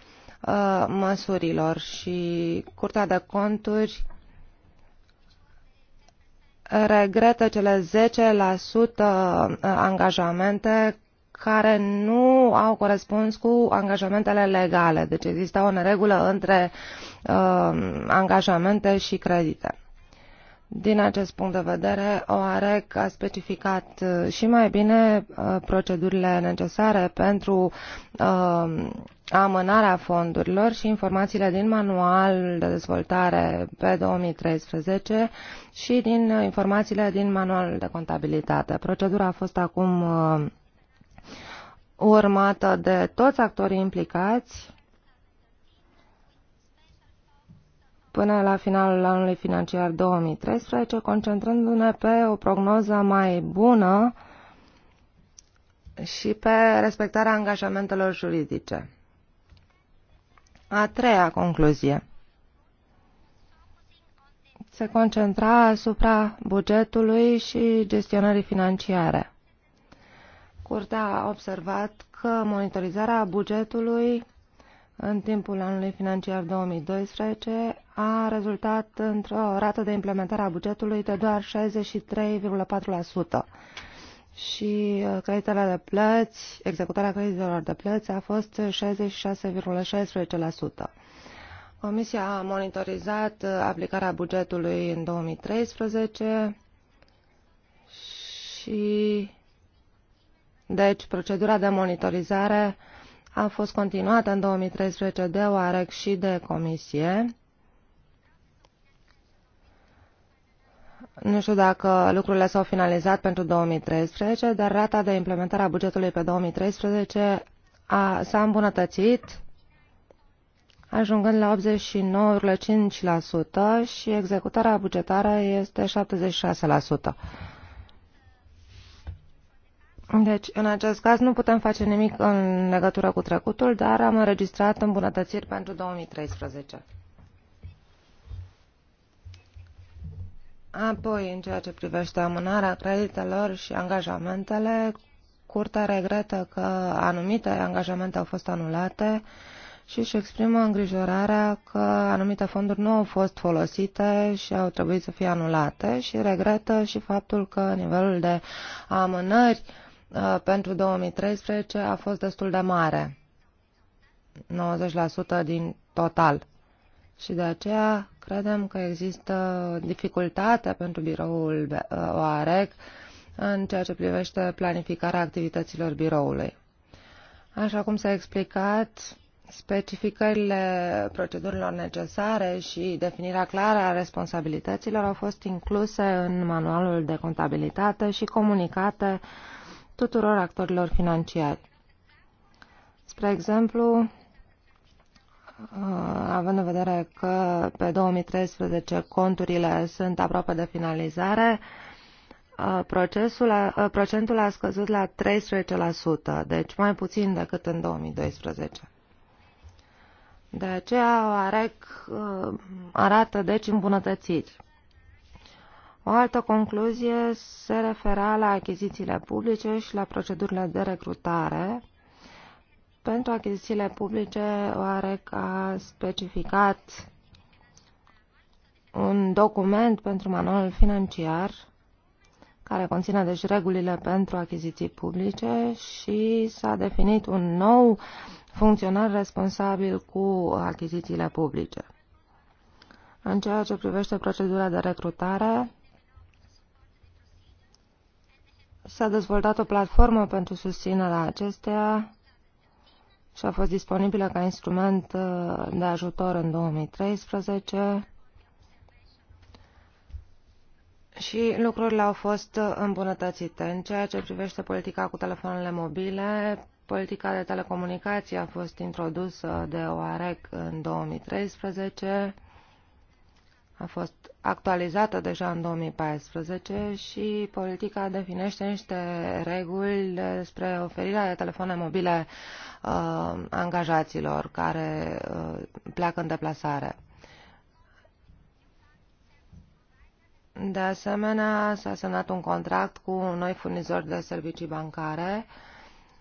uh, măsurilor și Curtea de Conturi regretă cele 10% uh, angajamente care nu au corespuns cu angajamentele legale. Deci există o neregulă între uh, angajamente și credite. Din acest punct de vedere, OAREC a specificat uh, și mai bine uh, procedurile necesare pentru uh, amânarea fondurilor și informațiile din manual de dezvoltare pe 2013 și din informațiile din manualul de contabilitate. Procedura a fost acum urmată de toți actorii implicați până la finalul anului financiar 2013, concentrându-ne pe o prognoză mai bună și pe respectarea angajamentelor juridice. A treia concluzie se concentra asupra bugetului și gestionării financiare. Curtea a observat că monitorizarea bugetului în timpul anului financiar 2012 a rezultat într-o rată de implementare a bugetului de doar 63,4% și uh, creditele de plăți, executarea creditelor de plăți a fost 66,16%. Comisia a monitorizat uh, aplicarea bugetului în 2013 și deci procedura de monitorizare a fost continuată în 2013 de OAREC și de Comisie. Nu știu dacă lucrurile s-au finalizat pentru 2013, dar rata de implementare a bugetului pe 2013 a, s-a îmbunătățit, ajungând la 89,5% și executarea bugetară este 76%. Deci, în acest caz, nu putem face nimic în legătură cu trecutul, dar am înregistrat îmbunătățiri pentru 2013. Apoi, în ceea ce privește amânarea creditelor și angajamentele, Curtea regretă că anumite angajamente au fost anulate și își exprimă îngrijorarea că anumite fonduri nu au fost folosite și au trebuit să fie anulate și regretă și faptul că nivelul de amânări uh, Uh, pentru 2013 a fost destul de mare, 90% din total. Și de aceea credem că există dificultate pentru biroul uh, OAREC în ceea ce privește planificarea activităților biroului. Așa cum s-a explicat, specificările procedurilor necesare și definirea clară a responsabilităților au fost incluse în manualul de contabilitate și comunicate uh, tuturor actorilor financiari. Spre exemplu, uh, având în vedere că pe 2013 conturile sunt aproape de finalizare, uh, procesul uh, procentul a scăzut la 13%, deci mai puțin decât în 2012. De aceea OAREC arată deci îmbunătățiri. O altă concluzie se refera la achizițiile publice și la procedurile de recrutare. Pentru achizițiile publice, OAREC a specificat un document pentru manualul financiar care conține deci regulile pentru achiziții publice și s-a definit un nou funcționar responsabil cu achizițiile publice. În ceea ce privește procedura de recrutare, S-a dezvoltat o platformă pentru susținerea acesteia și a fost disponibilă ca instrument uh, de ajutor în 2013 și lucrurile au fost uh, îmbunătățite. În ceea ce privește politica cu telefoanele mobile, politica de telecomunicații a fost introdusă de OAREC în 2013, a fost actualizată deja în 2014 și politica definește niște reguli despre oferirea de telefoane mobile uh, angajaților care uh, pleacă în deplasare. De asemenea, s-a semnat un contract cu noi furnizori de servicii bancare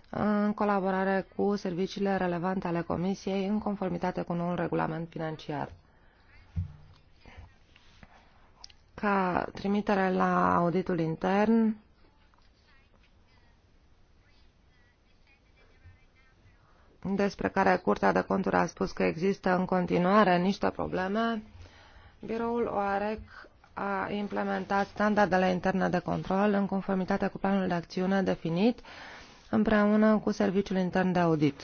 în colaborare cu serviciile relevante ale Comisiei în conformitate cu noul regulament financiar. ca trimitere la auditul intern despre care Curtea de Conturi a spus că există în continuare niște probleme, biroul OAREC a implementat standardele interne de control în conformitate cu planul de acțiune definit împreună cu Serviciul Intern de Audit.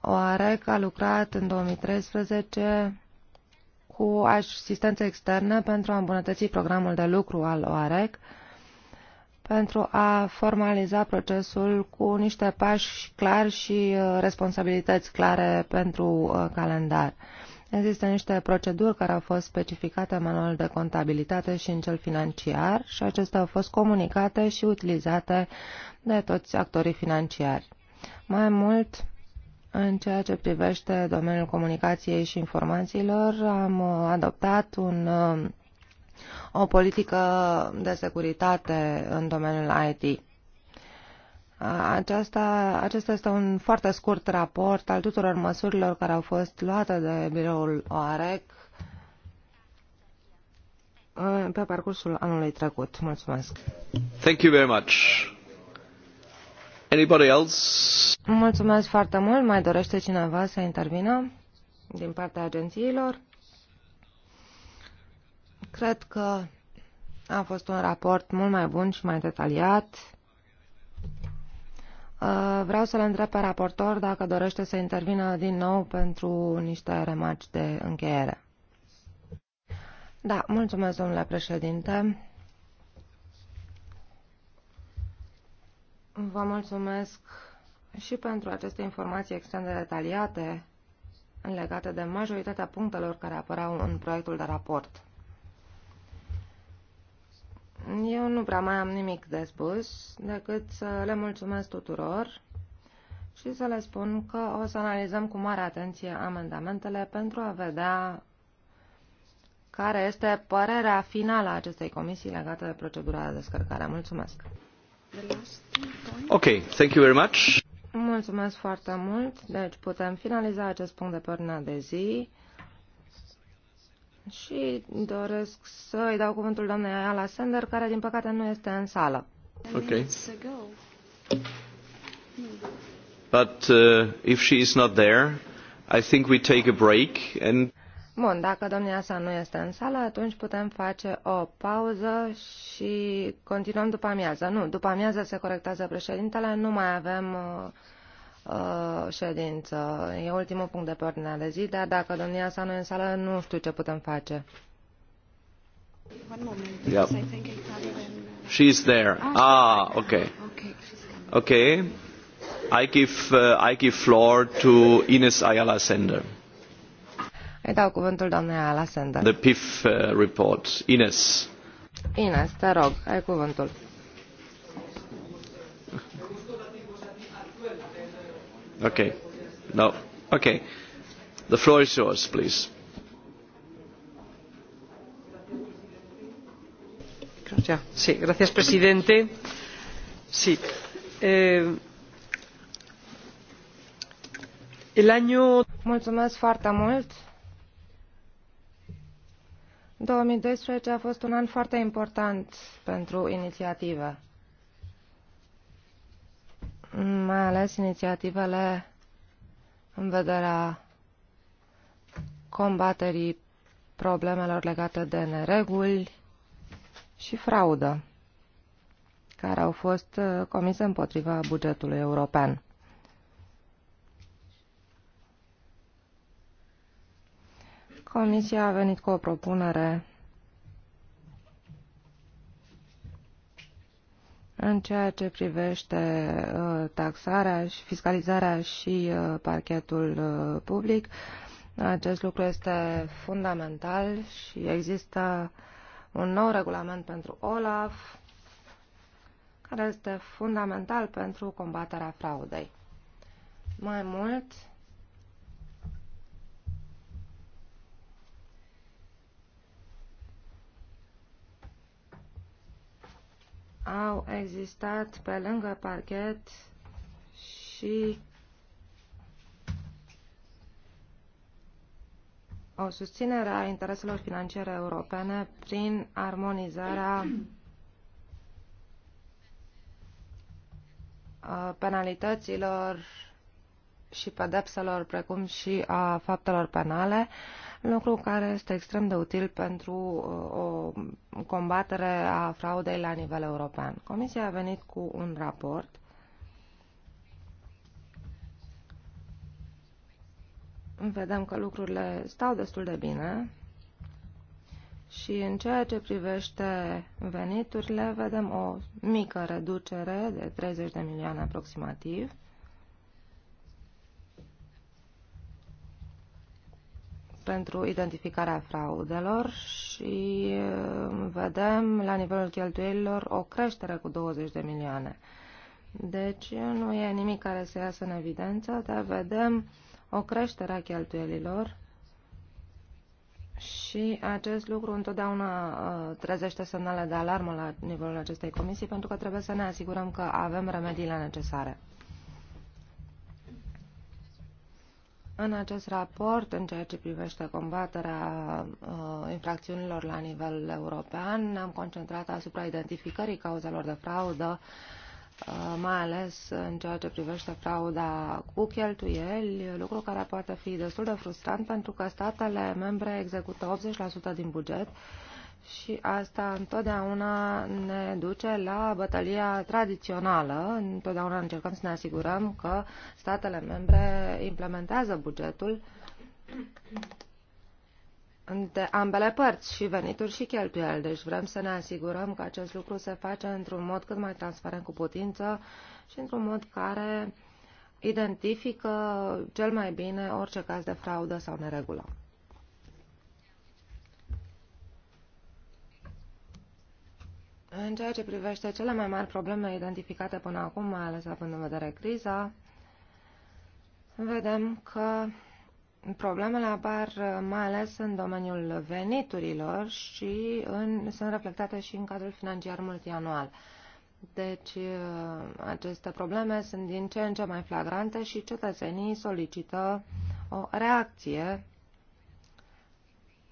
OAREC a lucrat în 2013 cu asistență externă pentru a îmbunătăți programul de lucru al OAREC, pentru a formaliza procesul cu niște pași clari și uh, responsabilități clare pentru uh, calendar. Există niște proceduri care au fost specificate în manualul de contabilitate și în cel financiar și acestea au fost comunicate și utilizate de toți actorii financiari. Mai mult, în ceea ce privește domeniul comunicației și informațiilor, am uh, adoptat un, uh, o politică de securitate în domeniul IT. Aceasta, acesta este un foarte scurt raport al tuturor măsurilor care au fost luate de biroul OAREC uh, pe parcursul anului trecut. Mulțumesc! Thank you very much. Anybody else? Mulțumesc foarte mult. Mai dorește cineva să intervină din partea agențiilor? Cred că a fost un raport mult mai bun și mai detaliat. Uh, vreau să le întreb pe raportor dacă dorește să intervină din nou pentru niște remarci de încheiere. Da, mulțumesc, domnule președinte. Vă mulțumesc și pentru aceste informații extrem de detaliate legate de majoritatea punctelor care apăreau în proiectul de raport. Eu nu prea mai am nimic de spus decât să le mulțumesc tuturor și să le spun că o să analizăm cu mare atenție amendamentele pentru a vedea care este părerea finală a acestei comisii legată de procedura de descărcare. Mulțumesc! Ok, thank you very much. Mulțumesc foarte mult. Deci putem finaliza acest punct de până de zi. Și doresc să îi dau cuvântul doamnei Ayala Sender, care din păcate nu este în sală. Ok. But uh, if she is not there, I think we take a break and Bun, dacă domnia sa nu este în sală, atunci putem face o pauză și continuăm după amiază. Nu, după amiază se corectează președintele, nu mai avem uh, uh ședință. E ultimul punct de pe ordinea de zi, dar dacă domnia sa nu e în sală, nu știu ce putem face. Yep. yeah. Uh, she's there. Ah, ah okay. Okay. I give uh, I give floor to Ines Ayala Sender. Îi dau cuvântul doamnei Ala The PIF uh, report. Ines. Ines, te rog, ai cuvântul. Okay. No. Okay. The floor is yours, please. Sí, gracias, presidente. Sí. Eh, el año. Mulțumesc foarte mult. 2012 a fost un an foarte important pentru inițiative, mai ales inițiativele în vederea combaterii problemelor legate de nereguli și fraudă care au fost uh, comise împotriva bugetului european. Comisia a venit cu o propunere în ceea ce privește uh, taxarea și fiscalizarea și uh, parchetul uh, public. Acest lucru este fundamental și există un nou regulament pentru OLAF care este fundamental pentru combaterea fraudei. Mai mult, au existat pe lângă parchet și o susținere a intereselor financiare europene prin armonizarea uh, penalităților și pedepselor, precum și a faptelor penale, uh, lucru care este extrem de util pentru uh, o combatere a fraudei la nivel european. Comisia a venit cu un raport vedem că lucrurile stau destul de bine și în ceea ce privește veniturile vedem o mică reducere de 30 de milioane aproximativ pentru identificarea fraudelor și uh, vedem la nivelul cheltuielilor o creștere cu 20 de milioane. Deci nu e nimic care să iasă în evidență, dar vedem o creștere a cheltuielilor și acest lucru întotdeauna uh, trezește semnale de alarmă la nivelul acestei comisii pentru că trebuie să ne asigurăm că avem remediile necesare. În acest raport, în ceea ce privește combaterea uh, infracțiunilor la nivel european, ne-am concentrat asupra identificării cauzelor de fraudă, uh, mai ales în ceea ce privește frauda cu cheltuieli, lucru care poate fi destul de frustrant pentru că statele membre execută 80% din buget, uh, și asta întotdeauna ne duce la bătălia tradițională. Întotdeauna încercăm să ne asigurăm că statele membre implementează bugetul de ambele părți, și venituri și cheltuieli. Deci vrem să ne asigurăm că acest lucru se face într-un mod cât mai transparent cu putință și într-un mod care identifică cel mai bine orice caz de fraudă sau neregulă. În ceea ce privește cele mai mari probleme identificate până acum, mai ales având în vedere criza, vedem că problemele apar mai ales în domeniul veniturilor și în, sunt reflectate și în cadrul financiar multianual. Deci aceste probleme sunt din ce în ce mai flagrante și cetățenii solicită o reacție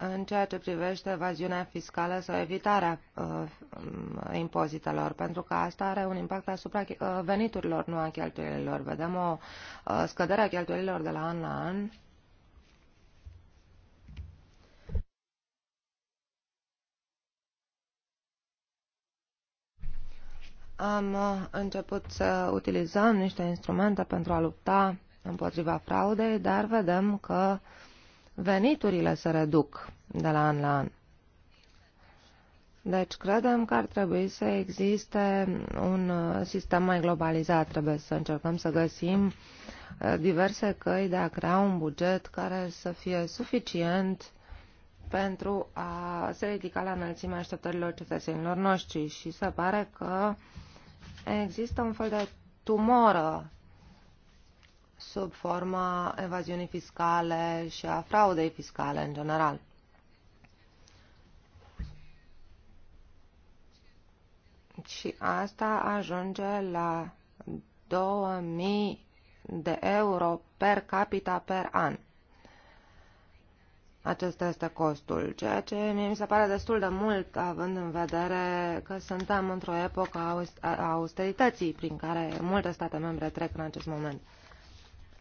în ceea ce privește evaziunea fiscală sau evitarea uh, um, impozitelor, pentru că asta are un impact asupra uh, veniturilor, nu a cheltuielilor. Vedem o uh, scădere a cheltuielilor de la an la an. Am uh, început să utilizăm niște instrumente pentru a lupta împotriva fraudei, dar vedem că uh, veniturile se reduc de la an la an. Deci credem că ar trebui să existe un uh, sistem mai globalizat. Trebuie să încercăm să găsim uh, diverse căi de a crea un buget care să fie suficient pentru a se ridica la înălțimea așteptărilor cetățenilor noștri și se pare că există un fel de tumoră sub forma evaziunii fiscale și a fraudei fiscale în general. Și asta ajunge la 2000 de euro per capita per an. Acesta este costul, ceea ce mie mi se pare destul de mult, având în vedere că suntem într-o epocă a austerității prin care multe state membre trec în acest moment.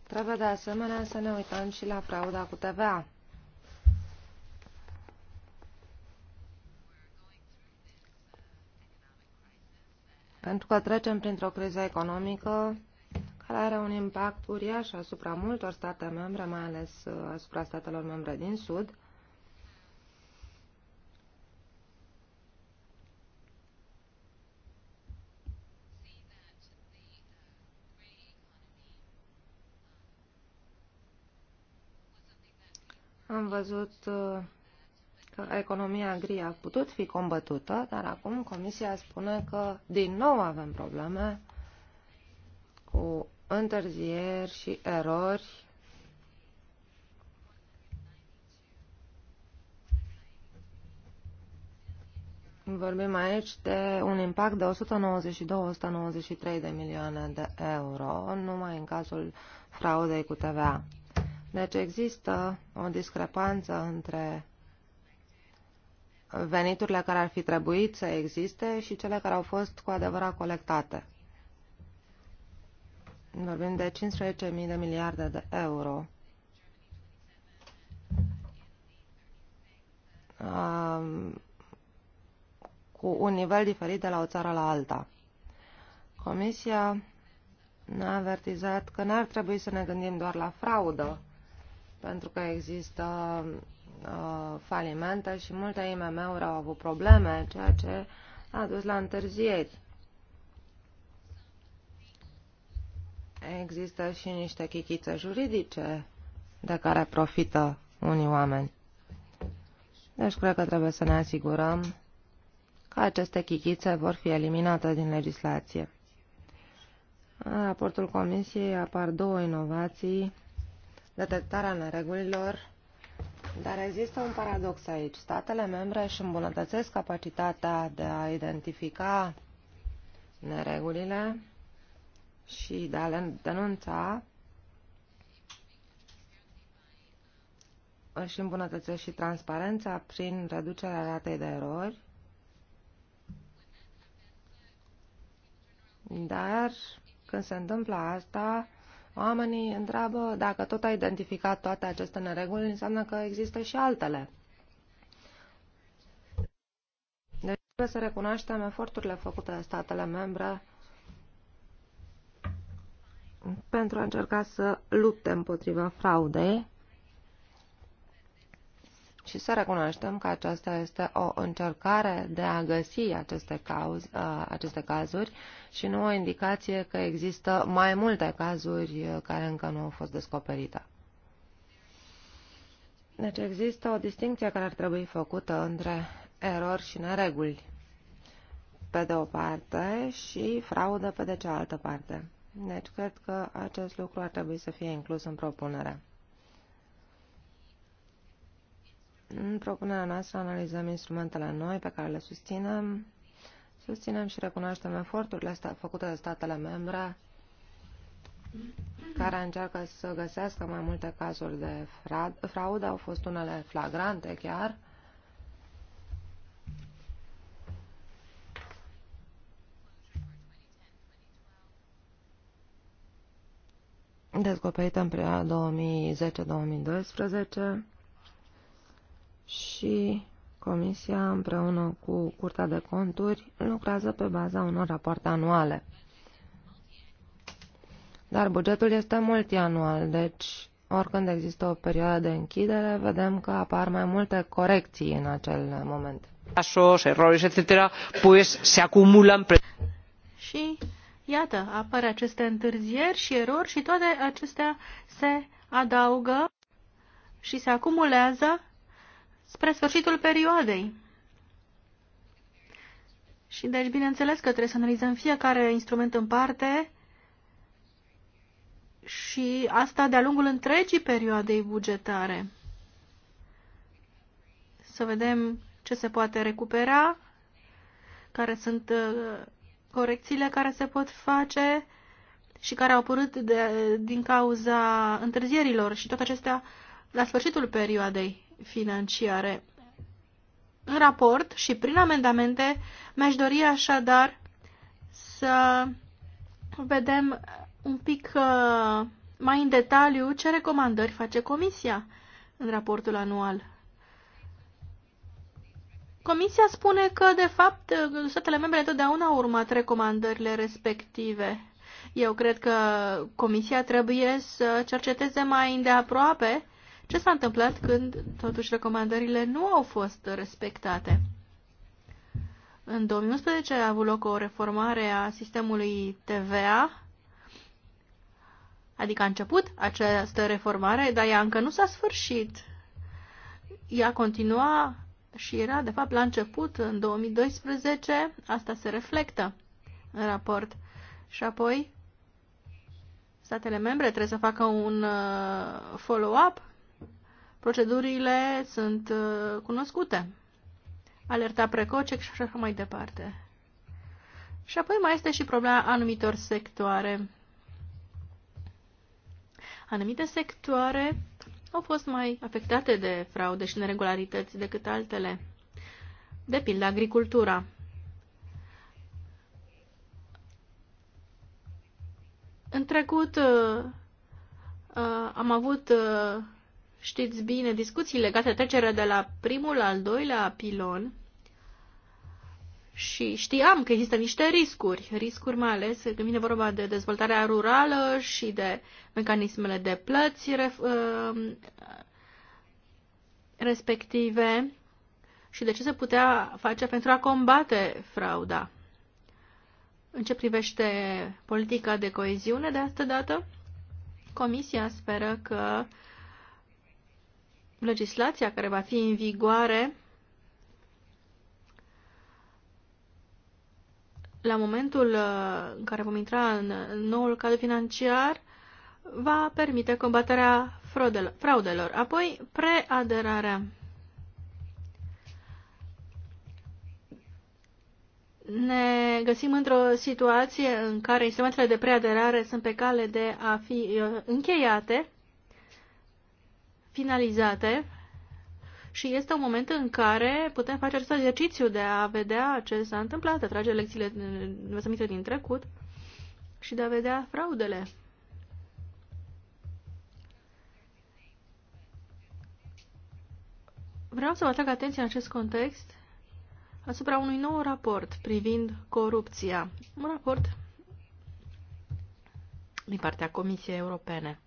Trebuie de asemenea să ne uităm și la frauda cu TVA. Pentru că trecem printr-o criză economică care are un impact uriaș asupra multor state membre, mai ales uh, asupra statelor membre din Sud, am văzut uh, că economia gri a putut fi combătută, dar acum Comisia spune că din nou avem probleme cu întârzieri și erori Vorbim aici de un impact de 192-193 de milioane de euro, numai în cazul fraudei cu TVA. Deci există o discrepanță între veniturile care ar fi trebuit să existe și cele care au fost cu adevărat colectate. Vorbim de 15.000 de miliarde de euro. cu un nivel diferit de la o țară la alta. Comisia ne-a avertizat că n-ar trebui să ne gândim doar la fraudă, pentru că există uh, falimente și multe IMM-uri au avut probleme, ceea ce a dus la întârzieri. Există și niște chichițe juridice de care profită unii oameni. Deci cred că trebuie să ne asigurăm că aceste chichițe vor fi eliminate din legislație. În raportul Comisiei apar două inovații detectarea neregulilor, dar există un paradox aici. Statele membre își îmbunătățesc capacitatea de a identifica neregulile și de a le denunța, își îmbunătățesc și transparența prin reducerea ratei de erori, dar când se întâmplă asta, Oamenii întreabă dacă tot ai identificat toate aceste nereguli, înseamnă că există și altele. Deci trebuie să recunoaștem eforturile făcute de statele membre pentru a încerca să lupte împotriva fraudei și să recunoaștem că aceasta este o încercare de a găsi aceste, cauz, aceste cazuri și nu o indicație că există mai multe cazuri care încă nu au fost descoperite. Deci există o distinție care ar trebui făcută între erori și nereguli pe de o parte și fraudă pe de cealaltă parte. Deci cred că acest lucru ar trebui să fie inclus în propunere. În propunerea noastră analizăm instrumentele noi pe care le susținem, susținem și recunoaștem eforturile făcute de statele membre care încearcă să găsească mai multe cazuri de fraudă, au fost unele flagrante chiar, descoperită în perioada 2010-2012 și Comisia, împreună cu Curtea de Conturi, lucrează pe baza unor rapoarte anuale. Dar bugetul este multianual, deci oricând există o perioadă de închidere, vedem că apar mai multe corecții în acel moment. Casos, erori, etc., pues se acumulan. Și iată, apar aceste întârzieri și erori și toate acestea se adaugă și se acumulează spre sfârșitul perioadei. Și deci, bineînțeles că trebuie să analizăm fiecare instrument în parte și asta de-a lungul întregii perioadei bugetare. Să vedem ce se poate recupera, care sunt uh, corecțiile care se pot face și care au apărut de, din cauza întârzierilor și toate acestea la sfârșitul perioadei financiare. În raport și prin amendamente mi-aș dori așadar să vedem un pic uh, mai în detaliu ce recomandări face Comisia în raportul anual. Comisia spune că, de fapt, statele membre întotdeauna au urmat recomandările respective. Eu cred că Comisia trebuie să cerceteze mai îndeaproape ce s-a întâmplat când, totuși, recomandările nu au fost respectate? În 2011 a avut loc o reformare a sistemului TVA, adică a început această reformare, dar ea încă nu s-a sfârșit. Ea continua și era, de fapt, la început, în 2012, asta se reflectă în raport. Și apoi, statele membre trebuie să facă un uh, follow-up Procedurile sunt uh, cunoscute. Alerta precoce și așa mai departe. Și apoi mai este și problema anumitor sectoare. Anumite sectoare au fost mai afectate de fraude și neregularități decât altele. De pildă, agricultura. În trecut uh, uh, am avut Știți bine, discuții legate de trecerea de la primul la al doilea pilon și știam că există niște riscuri, riscuri mai ales când vine vorba de dezvoltarea rurală și de mecanismele de plăți uh, respective și de ce se putea face pentru a combate frauda. În ce privește politica de coeziune de astă dată, Comisia speră că uh, legislația care va fi în vigoare la momentul uh, în care vom intra în noul cadru financiar va permite combaterea fraudelor. Apoi, preaderarea. ne găsim într-o situație în care instrumentele de preaderare sunt pe cale de a fi uh, încheiate finalizate și este un moment în care putem face acest exercițiu de a vedea ce s-a întâmplat, de a trage lecțiile învățămite din trecut și de a vedea fraudele. Vreau să vă atrag atenția în acest context asupra unui nou raport privind corupția. Un raport din partea Comisiei Europene.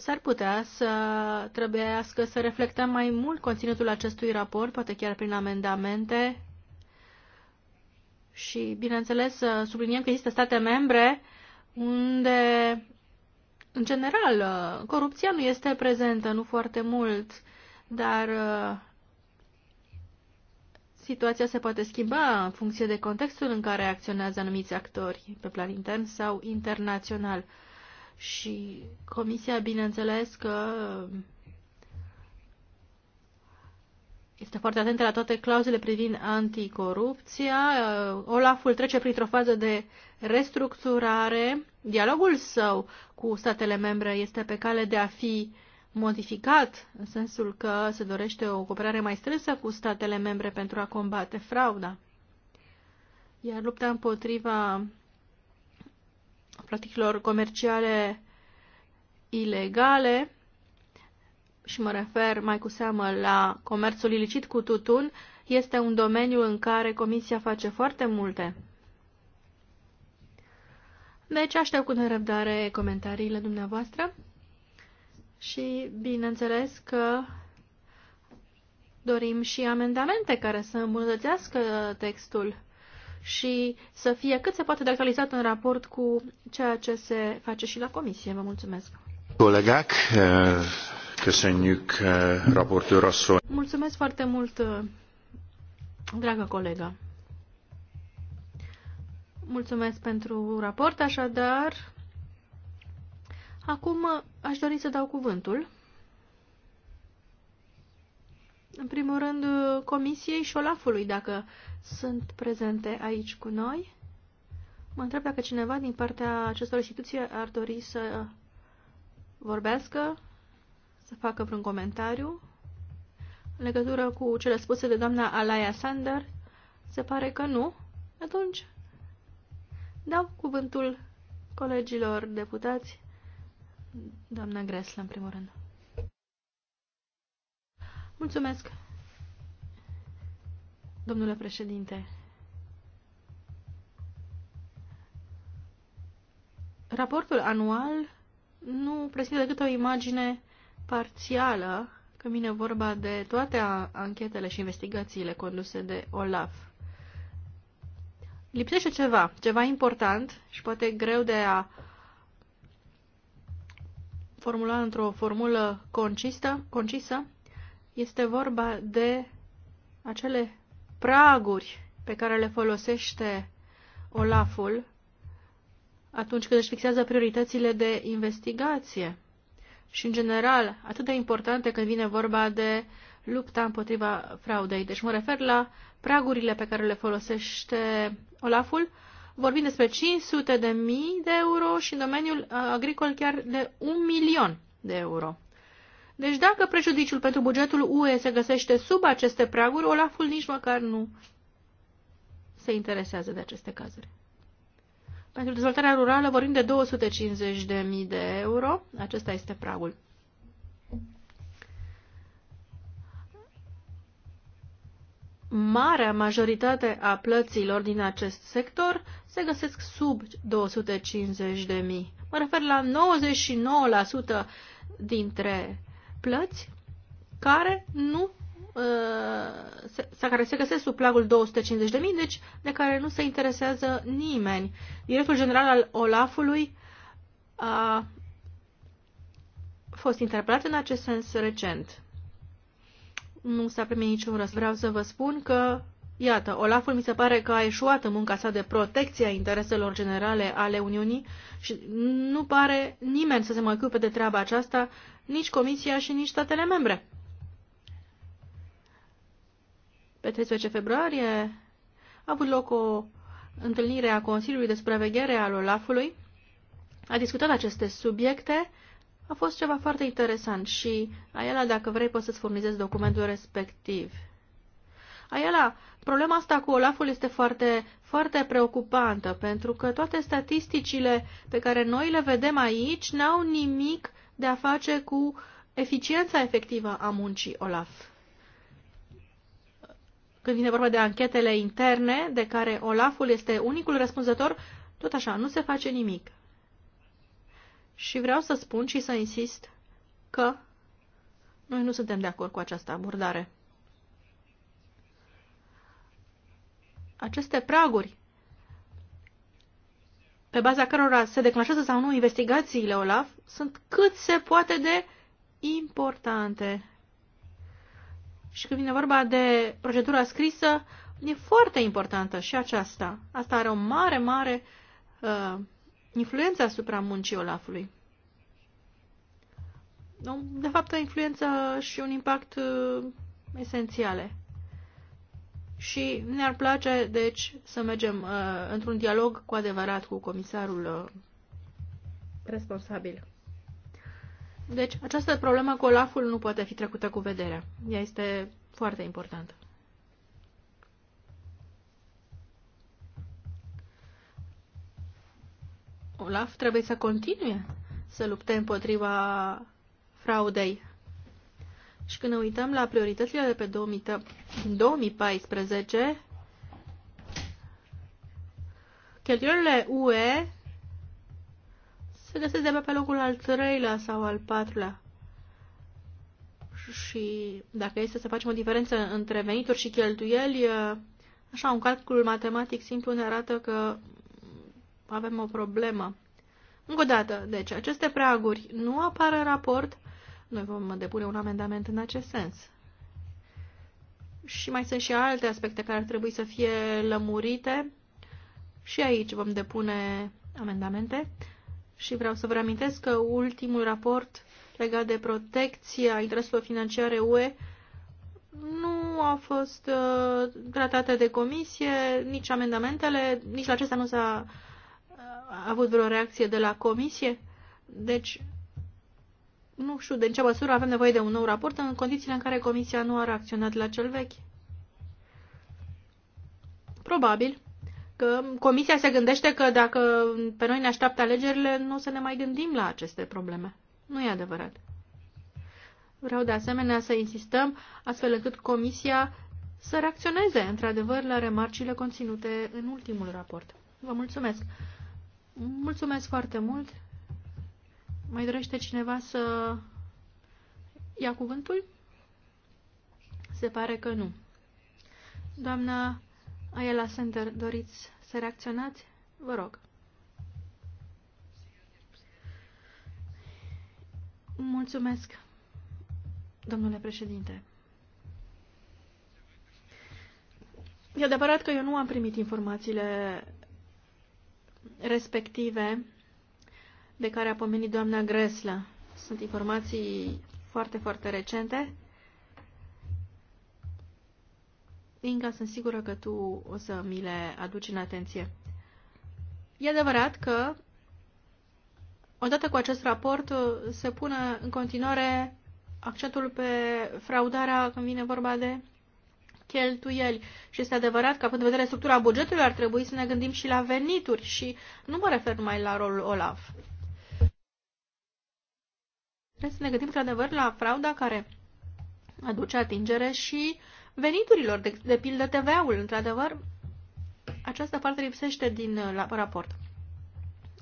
s-ar putea să trebuiască să reflectăm mai mult conținutul acestui raport, poate chiar prin amendamente. Și, bineînțeles, să subliniem că există state membre unde, în general, corupția nu este prezentă, nu foarte mult, dar uh, situația se poate schimba în funcție de contextul în care acționează anumiți actori pe plan intern sau internațional și Comisia, bineînțeles că este foarte atentă la toate clauzele privind anticorupția. Olaful trece printr-o fază de restructurare. Dialogul său cu statele membre este pe cale de a fi modificat, în sensul că se dorește o cooperare mai strânsă cu statele membre pentru a combate frauda. Iar lupta împotriva practicilor comerciale ilegale și mă refer mai cu seamă la comerțul ilicit cu tutun, este un domeniu în care Comisia face foarte multe. Deci aștept cu nerăbdare comentariile dumneavoastră și bineînțeles că dorim și amendamente care să îmbunătățească textul și să fie cât se poate de actualizat în raport cu ceea ce se face și la Comisie. Vă mulțumesc. Colegac, eh, eh, raportul Raso. Mulțumesc foarte mult, eh, dragă colegă. Mulțumesc pentru raport, așadar. Acum aș dori să dau cuvântul. În primul rând, Comisiei și Olafului, dacă sunt prezente aici cu noi. Mă întreb dacă cineva din partea acestor instituții ar dori să vorbească, să facă vreun comentariu în legătură cu cele spuse de doamna Alaya Sander. Se pare că nu. Atunci dau cuvântul colegilor deputați. Doamna Gresla, în primul rând. Mulțumesc! domnule președinte. Raportul anual nu prezintă decât o imagine parțială când vine vorba de toate anchetele și investigațiile conduse de OLAF. Lipsește ceva, ceva important și poate greu de a formula într-o formulă concisă, concisă, este vorba de acele praguri pe care le folosește Olaful atunci când își fixează prioritățile de investigație și, în general, atât de importante când vine vorba de lupta împotriva fraudei. Deci mă refer la pragurile pe care le folosește Olaful, vorbim despre 500 de mii de euro și în domeniul agricol chiar de un milion de euro. Deci dacă prejudiciul pentru bugetul UE se găsește sub aceste praguri, Olaful nici măcar nu se interesează de aceste cazuri. Pentru dezvoltarea rurală vorbim de 250.000 de euro. Acesta este pragul. Marea majoritate a plăților din acest sector se găsesc sub 250.000. Mă refer la 99% dintre plăți care nu uh, care se găsesc sub plagul 250.000, deci de care nu se interesează nimeni. Directul general al Olafului a fost interpelat în acest sens recent. Nu s-a primit niciun răspuns. Vreau să vă spun că Iată, Olaful mi se pare că a eșuat în munca sa de protecție a intereselor generale ale Uniunii și nu pare nimeni să se mai ocupe de treaba aceasta, nici Comisia și nici statele membre. Pe 13 februarie a avut loc o întâlnire a Consiliului de Supraveghere al Olafului. A discutat aceste subiecte. A fost ceva foarte interesant și, Aiela, dacă vrei, poți să-ți furnizezi documentul respectiv. Aiela, problema asta cu Olaful este foarte, foarte preocupantă, pentru că toate statisticile pe care noi le vedem aici n-au nimic de a face cu eficiența efectivă a muncii Olaf. Când vine vorba de anchetele interne, de care Olaful este unicul răspunzător, tot așa, nu se face nimic. Și vreau să spun și să insist că noi nu suntem de acord cu această abordare. aceste praguri pe baza cărora se declanșează sau nu investigațiile OLAF sunt cât se poate de importante. Și când vine vorba de procedura scrisă, e foarte importantă și aceasta. Asta are o mare, mare uh, influență asupra muncii Olafului. De fapt, o influență și un impact uh, esențiale și ne-ar place, deci, să mergem uh, într-un dialog cu adevărat cu comisarul uh, responsabil. Deci, această problemă cu Olaful nu poate fi trecută cu vederea. Ea este foarte importantă. Olaf trebuie să continue să lupte împotriva fraudei și când ne uităm la prioritățile de pe 2014, cheltuielile UE se găsesc de pe locul al treilea sau al patrulea. Și dacă este să facem o diferență între venituri și cheltuieli, așa, un calcul matematic simplu ne arată că avem o problemă. Încă o dată, deci, aceste preaguri nu apar în raport, noi vom depune un amendament în acest sens. Și mai sunt și alte aspecte care ar trebui să fie lămurite. Și aici vom depune amendamente. Și vreau să vă reamintesc că ultimul raport legat de protecția intereselor financiare UE nu au fost uh, tratate de comisie, nici amendamentele, nici la acesta nu s-a uh, avut vreo reacție de la comisie. Deci nu știu de în ce măsură avem nevoie de un nou raport în condițiile în care Comisia nu a reacționat la cel vechi. Probabil că Comisia se gândește că dacă pe noi ne așteaptă alegerile, nu o să ne mai gândim la aceste probleme. Nu e adevărat. Vreau de asemenea să insistăm astfel încât Comisia să reacționeze într-adevăr la remarcile conținute în ultimul raport. Vă mulțumesc! Mulțumesc foarte mult! Mai dorește cineva să ia cuvântul? Se pare că nu. Doamna Ayala Center, doriți să reacționați? Vă rog. Mulțumesc, domnule președinte. E adevărat că eu nu am primit informațiile respective de care a pomenit doamna Gresla. Sunt informații foarte, foarte recente. Inga, sunt sigură că tu o să mi le aduci în atenție. E adevărat că odată cu acest raport se pune în continuare accentul pe fraudarea când vine vorba de cheltuieli. Și este adevărat că, având în vedere structura bugetului, ar trebui să ne gândim și la venituri și nu mă refer numai la rolul OLAF. Trebuie să ne gândim, într-adevăr, la frauda care aduce atingere și veniturilor, de, de pildă TVA-ul. Într-adevăr, această parte lipsește din uh, la, raport.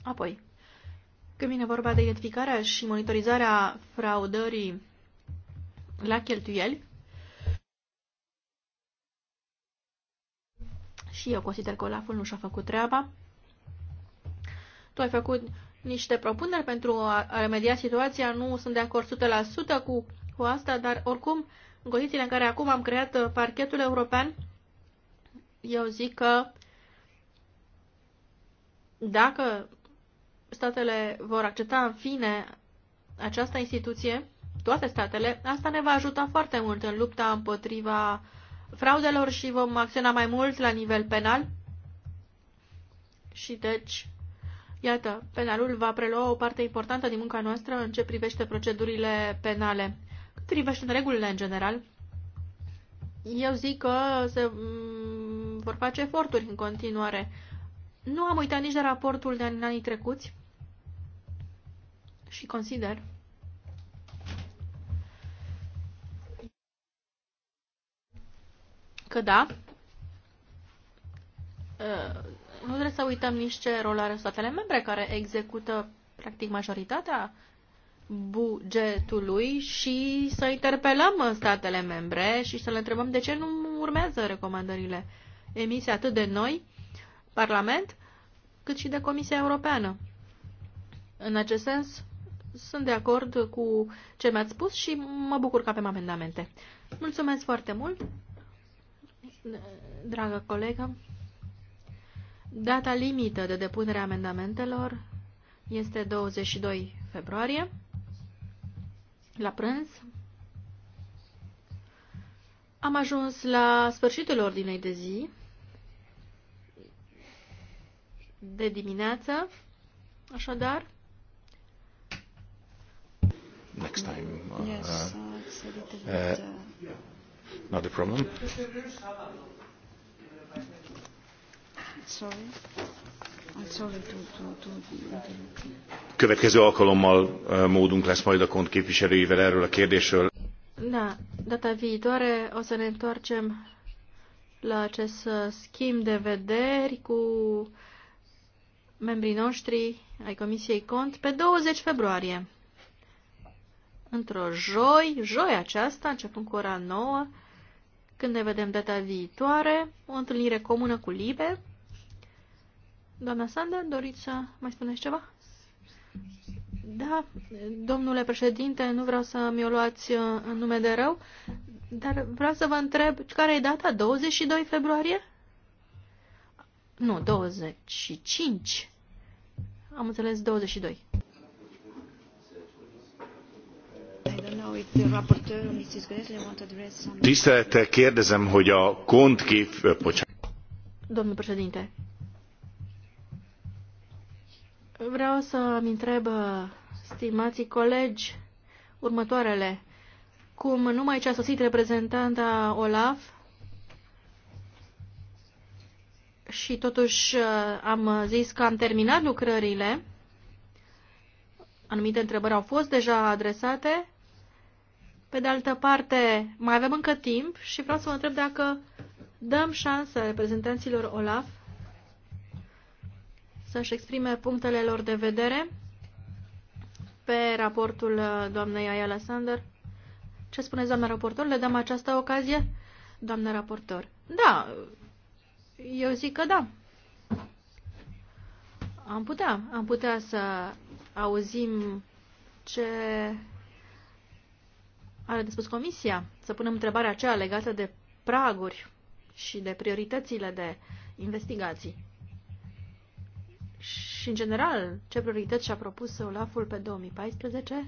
Apoi, când vine vorba de identificarea și monitorizarea fraudării la cheltuieli, și eu consider că Olaful nu și-a făcut treaba. Tu ai făcut niște propuneri pentru a remedia situația. Nu sunt de acord 100% cu, cu asta, dar oricum, în condițiile în care acum am creat uh, parchetul european, eu zic că dacă statele vor accepta în fine această instituție, toate statele, asta ne va ajuta foarte mult în lupta împotriva fraudelor și vom acționa mai mult la nivel penal. Și deci Iată, penalul va prelua o parte importantă din munca noastră în ce privește procedurile penale. Cât privește regulile în general, eu zic că se mm, vor face eforturi în continuare. Nu am uitat nici de raportul de anii trecuți și consider că da, nu trebuie să uităm nici ce rol are statele membre care execută practic majoritatea bugetului și să interpelăm statele membre și să le întrebăm de ce nu urmează recomandările emise atât de noi, Parlament, cât și de Comisia Europeană. În acest sens, sunt de acord cu ce mi-ați spus și mă bucur că avem amendamente. Mulțumesc foarte mult, dragă colegă. Data limită de depunere a amendamentelor este 22 februarie, la prânz. Am ajuns la sfârșitul ordinei de zi, de dimineață, așadar. Next time. Uh, yes, uh, uh, not a problem. Sorry. Következő alkalommal módunk lesz majd a kont képviselőivel erről a kérdésről. Na, data viitoare o să ne întoarcem la acest schimb de vederi cu membrii noștri ai Comisiei Cont pe 20 februarie. Într-o joi, joi aceasta, începând cu ora 9, când ne vedem data viitoare, o întâlnire comună cu Liber. Doamna Sander, doriți să mai spuneți ceva? Da, domnule președinte, nu vreau să mi-o luați uh, în nume de rău, dar vreau să vă întreb, care e data? 22 februarie? Nu, 25. Am înțeles 22. Tisztelettel kérdezem, hogy a kont kép... Domnul președinte, Vreau să-mi întreb, stimații colegi, următoarele. Cum numai ce a sosit reprezentanta Olaf și totuși uh, am zis că am terminat lucrările, anumite întrebări au fost deja adresate, pe de altă parte mai avem încă timp și vreau să vă întreb dacă dăm șansa reprezentanților Olaf să-și exprime punctele lor de vedere pe raportul uh, doamnei Ayala Sander. Ce spuneți, doamna raportor? Le dăm această ocazie? Doamna raportor. Da, eu zic că da. Am putea, am putea să auzim ce are de spus comisia, să punem întrebarea aceea legată de praguri și de prioritățile de investigații și, în general, ce priorități și-a propus Olaful pe 2014?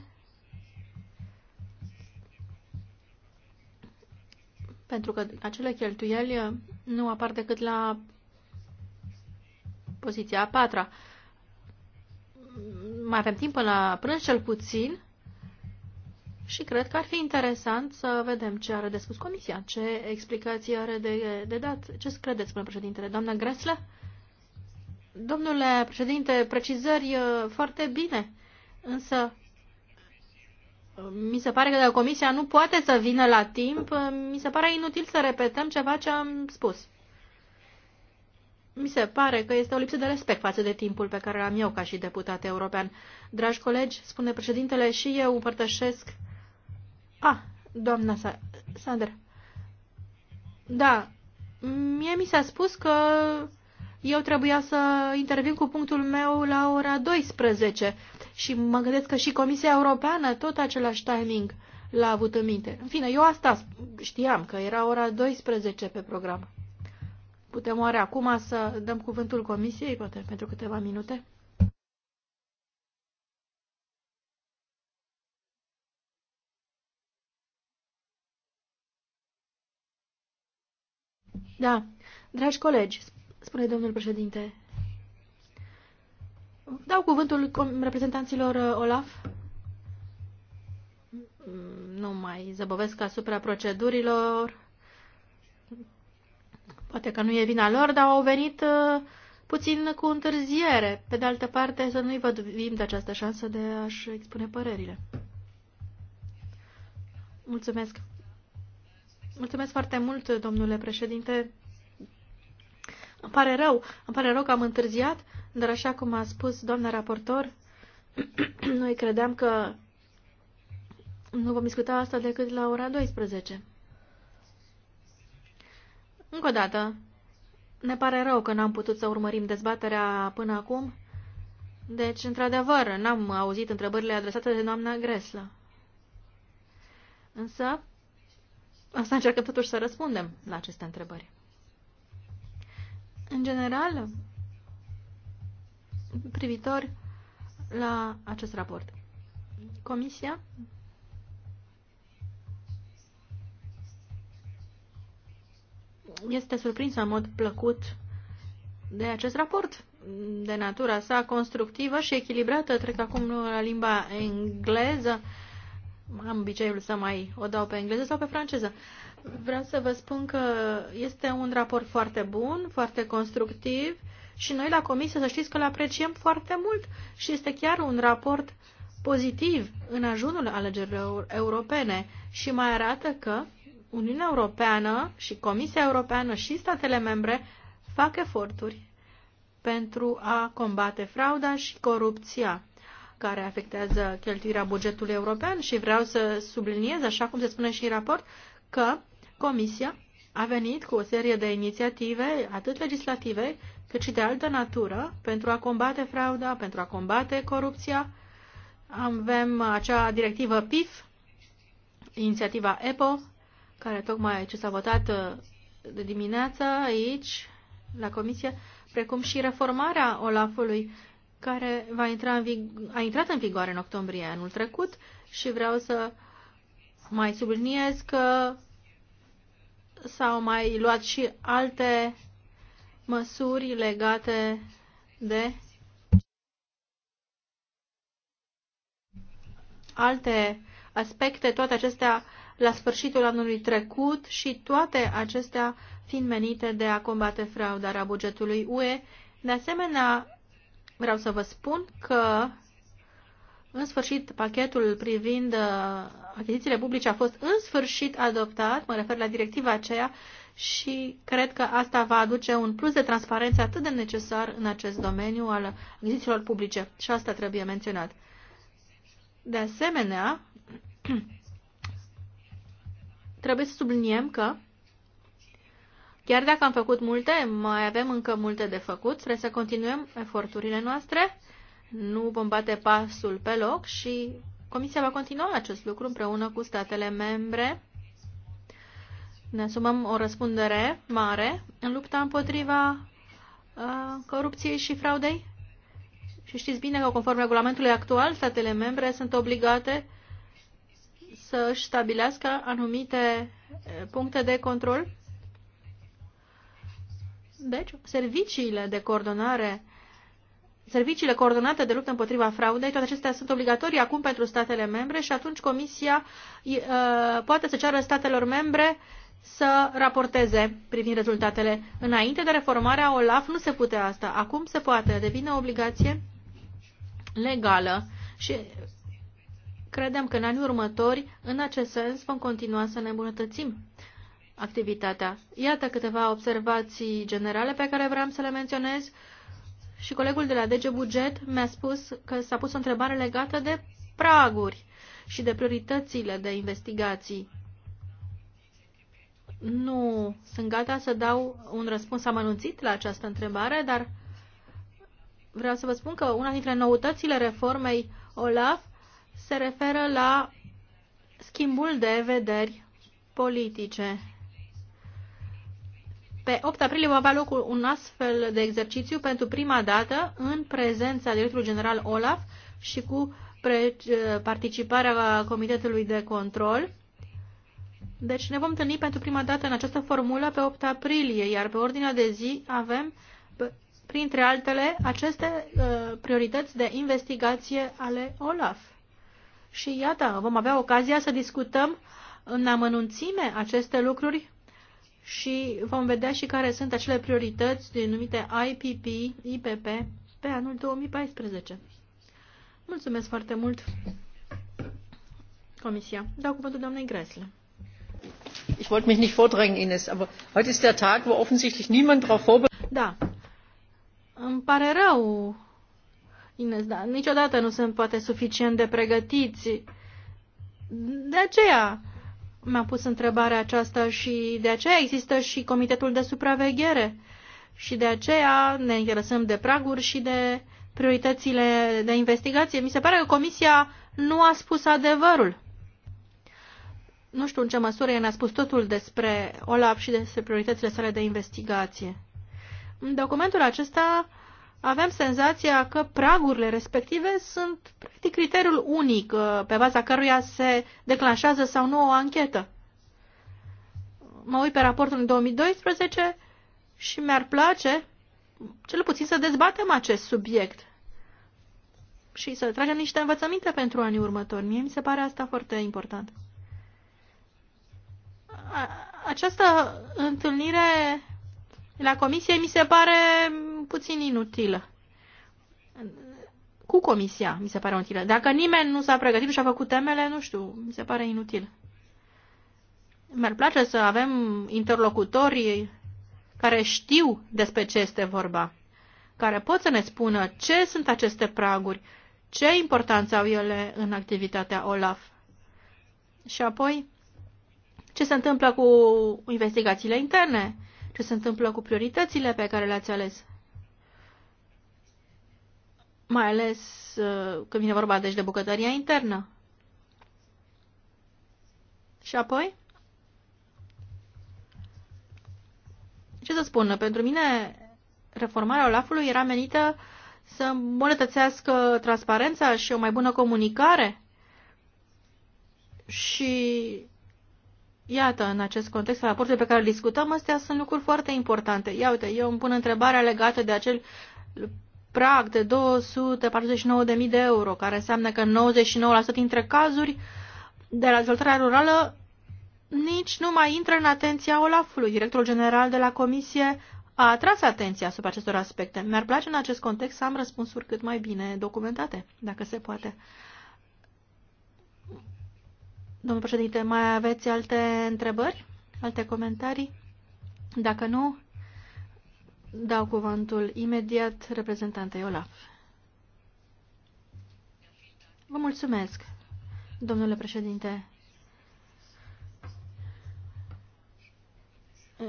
Pentru că acele cheltuieli nu apar decât la poziția a patra. Mai avem timp până la prânz, cel puțin, și cred că ar fi interesant să vedem ce are de spus Comisia, ce explicații are de, de dat. Ce credeți, spune președintele? Doamna Gresle? Domnule președinte, precizări uh, foarte bine, însă mi se pare că de comisia nu poate să vină la timp, uh, mi se pare inutil să repetăm ceva ce am spus. Mi se pare că este o lipsă de respect față de timpul pe care l-am eu ca și deputat european. Dragi colegi, spune președintele, și eu împărtășesc... Ah, doamna Sa Sander. Da, mie mi s-a spus că eu trebuia să intervin cu punctul meu la ora 12 și mă gândesc că și Comisia Europeană tot același timing l-a avut în minte. În fine, eu asta știam, că era ora 12 pe program. Putem oare acum să dăm cuvântul Comisiei, poate, pentru câteva minute? Da, dragi colegi, spune domnul președinte. Dau cuvântul reprezentanților uh, OLAF. Mm, nu mai zăbovesc asupra procedurilor. Poate că nu e vina lor, dar au venit uh, puțin cu întârziere. Pe de altă parte, să nu-i văduvim de această șansă de a-și expune părerile. Mulțumesc. Mulțumesc foarte mult, domnule președinte. Îmi pare rău, îmi pare rău că am întârziat, dar așa cum a spus doamna raportor, noi credeam că nu vom discuta asta decât la ora 12. Încă o dată, ne pare rău că n-am putut să urmărim dezbaterea până acum. Deci, într-adevăr, n-am auzit întrebările adresate de doamna Greslă. Însă, asta încercăm totuși să răspundem la aceste întrebări. În general, privitor la acest raport, Comisia este surprinsă în mod plăcut de acest raport, de natura sa constructivă și echilibrată. Trec acum la limba engleză. Am obiceiul să mai o dau pe engleză sau pe franceză. Uh, Vreau să vă spun că este un raport foarte bun, foarte constructiv și noi la comisie să știți că îl apreciem foarte mult și este chiar un raport pozitiv în ajunul alegerilor europene și mai arată că Uniunea Europeană și Comisia Europeană și statele membre fac eforturi pentru a combate frauda și corupția care afectează cheltuirea bugetului european și vreau să subliniez, așa cum se spune și în raport, că Comisia a venit cu o serie de inițiative, atât legislative, cât și de altă natură, pentru a combate frauda, pentru a combate corupția. Avem acea directivă PIF, inițiativa EPO, care tocmai ce s-a votat uh, de dimineață aici, la Comisie, precum și reformarea Olafului, care va intra în vigo- a intrat în vigoare în octombrie anul trecut și vreau să mai subliniez că s-au mai luat și alte măsuri legate de alte aspecte, toate acestea la sfârșitul anului trecut și toate acestea fiind menite de a combate fraudarea bugetului UE. De asemenea, vreau să vă spun că, în sfârșit, pachetul privind uh, achizițiile publice a fost în sfârșit adoptat, mă refer la directiva aceea, și cred că asta va aduce un plus de transparență atât de necesar în acest domeniu al achizițiilor publice. Și asta trebuie menționat. De asemenea, trebuie să subliniem că Chiar dacă am făcut multe, mai avem încă multe de făcut, trebuie să continuăm eforturile noastre, nu vom bate pasul pe loc și Comisia va continua acest lucru împreună cu statele membre. Ne asumăm o răspundere mare în lupta împotriva uh, corupției și fraudei. Și știți bine că, conform regulamentului actual, statele membre sunt obligate să își stabilească anumite uh, puncte de control. Deci, serviciile de coordonare serviciile coordonate de luptă împotriva fraudei, toate acestea sunt obligatorii acum pentru statele membre și atunci Comisia poate să ceară statelor membre să raporteze privind rezultatele. Înainte de reformarea OLAF nu se putea asta. Acum se poate. Devine o obligație legală și credem că în anii următori, în acest sens, vom continua să ne îmbunătățim activitatea. Iată câteva observații generale pe care vreau să le menționez și colegul de la DG Buget mi-a spus că s-a pus o întrebare legată de praguri și de prioritățile de investigații. Nu sunt gata să dau un răspuns amănunțit la această întrebare, dar vreau să vă spun că una dintre noutățile reformei OLAF se referă la schimbul de vederi politice. Pe 8 aprilie va avea loc un astfel de exercițiu pentru prima dată în prezența directorului general Olaf și cu eh, participarea Comitetului de Control. Deci ne vom întâlni pentru prima dată în această formulă pe 8 aprilie, iar pe ordinea de zi avem, printre altele, aceste eh, priorități de investigație ale OLAF. Și iată, vom avea ocazia să discutăm în amănunțime aceste lucruri și vom vedea și care sunt acele priorități denumite IPP, IPP, pe anul 2014. Mulțumesc foarte mult, Comisia. Dau cuvântul doamnei Gresle. Ich wollte mich nicht vordrängen, Ines, aber heute ist der Tag, wo offensichtlich niemand darauf vorbereitet Da. Îmi pare rău, Ines, dar niciodată nu sunt poate suficient de pregătiți. De aceea, mi-am pus întrebarea aceasta și de aceea există și Comitetul de Supraveghere și de aceea ne interesăm de praguri și de prioritățile de investigație. Mi se pare că Comisia nu a spus adevărul. Nu știu în ce măsură ne-a spus totul despre OLAP și despre prioritățile sale de investigație. În documentul acesta aveam senzația că pragurile respective sunt practic criteriul unic uh, pe baza căruia se declanșează sau nu o anchetă. Mă uit pe raportul în 2012 și mi-ar place cel puțin să dezbatem acest subiect și să tragem niște învățăminte pentru anii următori. Mie mi se pare asta foarte important. Această întâlnire la comisie mi se pare puțin inutilă. Cu comisia, mi se pare inutilă. Dacă nimeni nu s-a pregătit, și-a făcut temele, nu știu, mi se pare inutil. Mi-ar place să avem interlocutori care știu despre ce este vorba, care pot să ne spună ce sunt aceste praguri, ce importanță au ele în activitatea OLAF. Și apoi, ce se întâmplă cu investigațiile interne, ce se întâmplă cu prioritățile pe care le-ați ales mai ales uh, când vine vorba deci de bucătăria internă. Și apoi? Ce să spun, pentru mine reformarea Olafului era menită să îmbunătățească transparența și o mai bună comunicare. Și iată, în acest context, raportul pe care îl discutăm, astea sunt lucruri foarte importante. Ia uite, eu îmi pun întrebarea legată de acel prag de 249.000 de euro, care înseamnă că 99% dintre cazuri de la dezvoltarea rurală nici nu mai intră în atenția Olafului. Directorul general de la Comisie a atras atenția asupra acestor aspecte. Mi-ar place în acest context să am răspunsuri cât mai bine documentate, dacă se poate. Domnul președinte, mai aveți alte întrebări? Alte comentarii? Dacă nu, Dau cuvântul imediat reprezentantei Olaf. Vă mulțumesc, domnule președinte.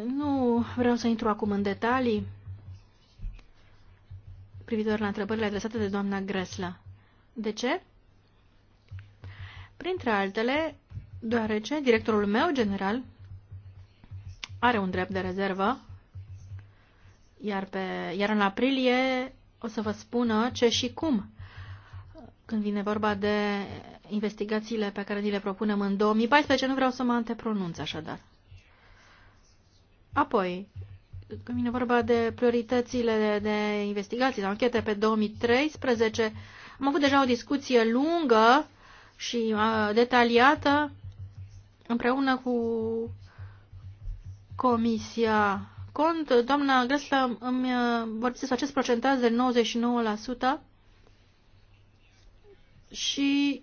Nu vreau să intru acum în detalii privitor la întrebările adresate de doamna Gresla. De ce? Printre altele, deoarece directorul meu general are un drept de rezervă iar, pe, iar în aprilie o să vă spună ce și cum când vine vorba de investigațiile pe care ni le propunem în 2014. Nu vreau să mă antepronunț așadar. Apoi, când vine vorba de prioritățile de, de investigații, de anchete pe 2013, am avut deja o discuție lungă și uh, detaliată împreună cu Comisia cont, doamna Gresla îmi uh, vorbise să acest procentaj de 99% și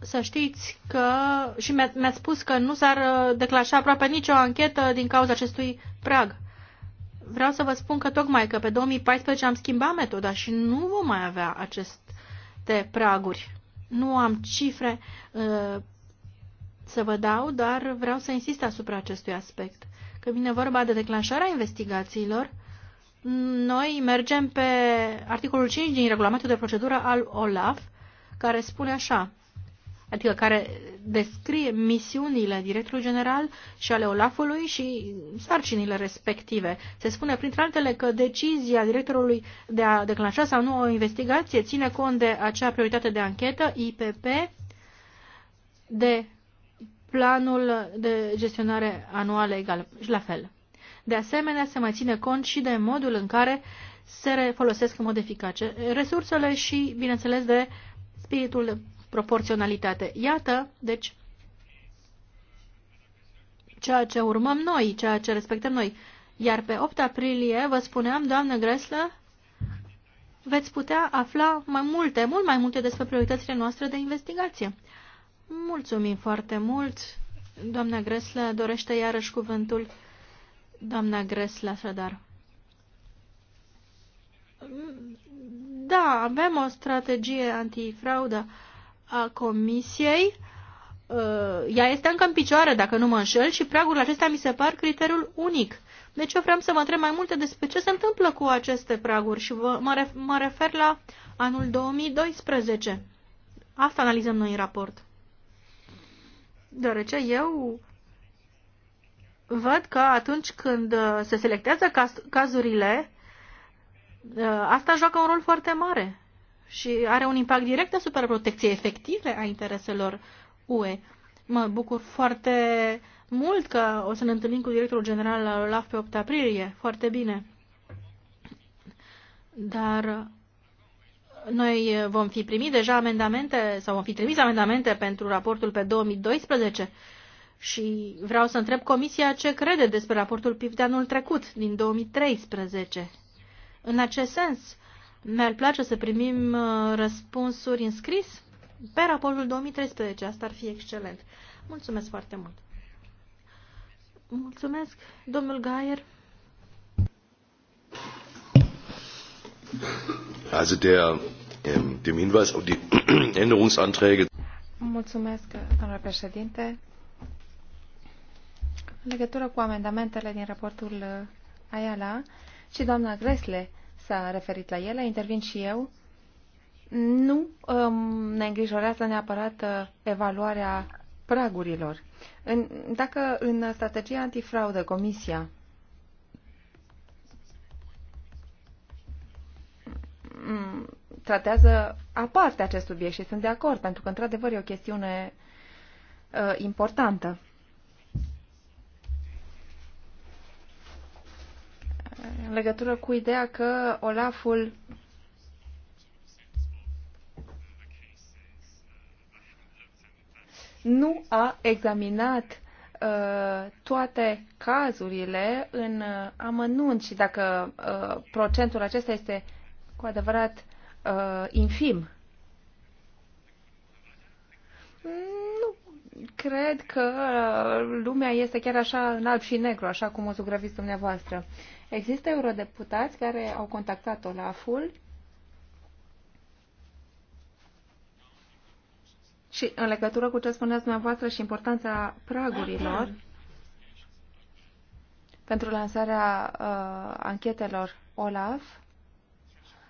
să știți că și mi-ați spus că nu s-ar uh, declanșa aproape nicio anchetă din cauza acestui prag. Vreau să vă spun că tocmai că pe 2014 am schimbat metoda și nu vom mai avea aceste praguri. Nu am cifre uh, să vă dau, dar vreau să insist asupra acestui aspect. Că vine vorba de declanșarea investigațiilor, noi mergem pe articolul 5 din regulamentul de procedură al OLAF, care spune așa, adică care descrie misiunile directorului general și ale Olafului și sarcinile respective. Se spune, printre altele, că decizia directorului de a declanșa sau nu o investigație ține cont de acea prioritate de anchetă, IPP, de planul de gestionare anuală egal și la fel. De asemenea, se mai ține cont și de modul în care se folosesc în mod eficace resursele și, bineînțeles, de spiritul de proporționalitate. Iată, deci, ceea ce urmăm noi, ceea ce respectăm noi. Iar pe 8 aprilie, vă spuneam, doamnă Greslă, veți putea afla mai multe, mult mai multe despre prioritățile noastre de investigație. Mulțumim foarte mult. Doamna Gresla dorește iarăși cuvântul. Doamna Gresla, așadar. Da, avem o strategie antifraudă a Comisiei. Uh, ea este încă în picioare, dacă nu mă înșel, și pragul acesta mi se par criteriul unic. Deci eu vreau să mă întreb mai multe despre ce se întâmplă cu aceste praguri și vă, mă, ref, mă refer la anul 2012. Asta analizăm noi în raport deoarece eu văd că atunci când uh, se selectează caz cazurile, uh, asta joacă un rol foarte mare și are un impact direct asupra protecției efective a intereselor UE. Mă bucur foarte mult că o să ne întâlnim cu directorul general la OLAF pe 8 aprilie. Foarte bine. Dar noi eh, vom fi primit deja amendamente sau vom fi trimis amendamente pentru raportul pe 2012 și vreau să întreb Comisia ce crede despre raportul PIF de anul trecut, din 2013. În acest sens, mi-ar place să primim eh, răspunsuri în scris pe raportul 2013. Asta ar fi excelent. Mulțumesc foarte mult. Mulțumesc, domnul Gaier. Also der, ähm, dem Hinweis auf die Änderungsanträge. Mulțumesc, domnule președinte. În legătură cu amendamentele din raportul uh, Ayala și doamna Gresle s-a referit la ele, intervin și eu. Nu um, ne îngrijorează neapărat uh, evaluarea pragurilor. În, dacă în strategia antifraudă Comisia tratează aparte acest subiect și sunt de acord, pentru că, într-adevăr, e o chestiune uh, importantă. În legătură cu ideea că Olaful nu a examinat uh, toate cazurile în uh, amănunt și dacă uh, procentul acesta este cu adevărat uh, infim. Nu cred că lumea este chiar așa în alb și negru, așa cum o sugraviți dumneavoastră. Există eurodeputați care au contactat Olaful și în legătură cu ce spuneați dumneavoastră și importanța pragurilor pentru lansarea uh, anchetelor Olaf,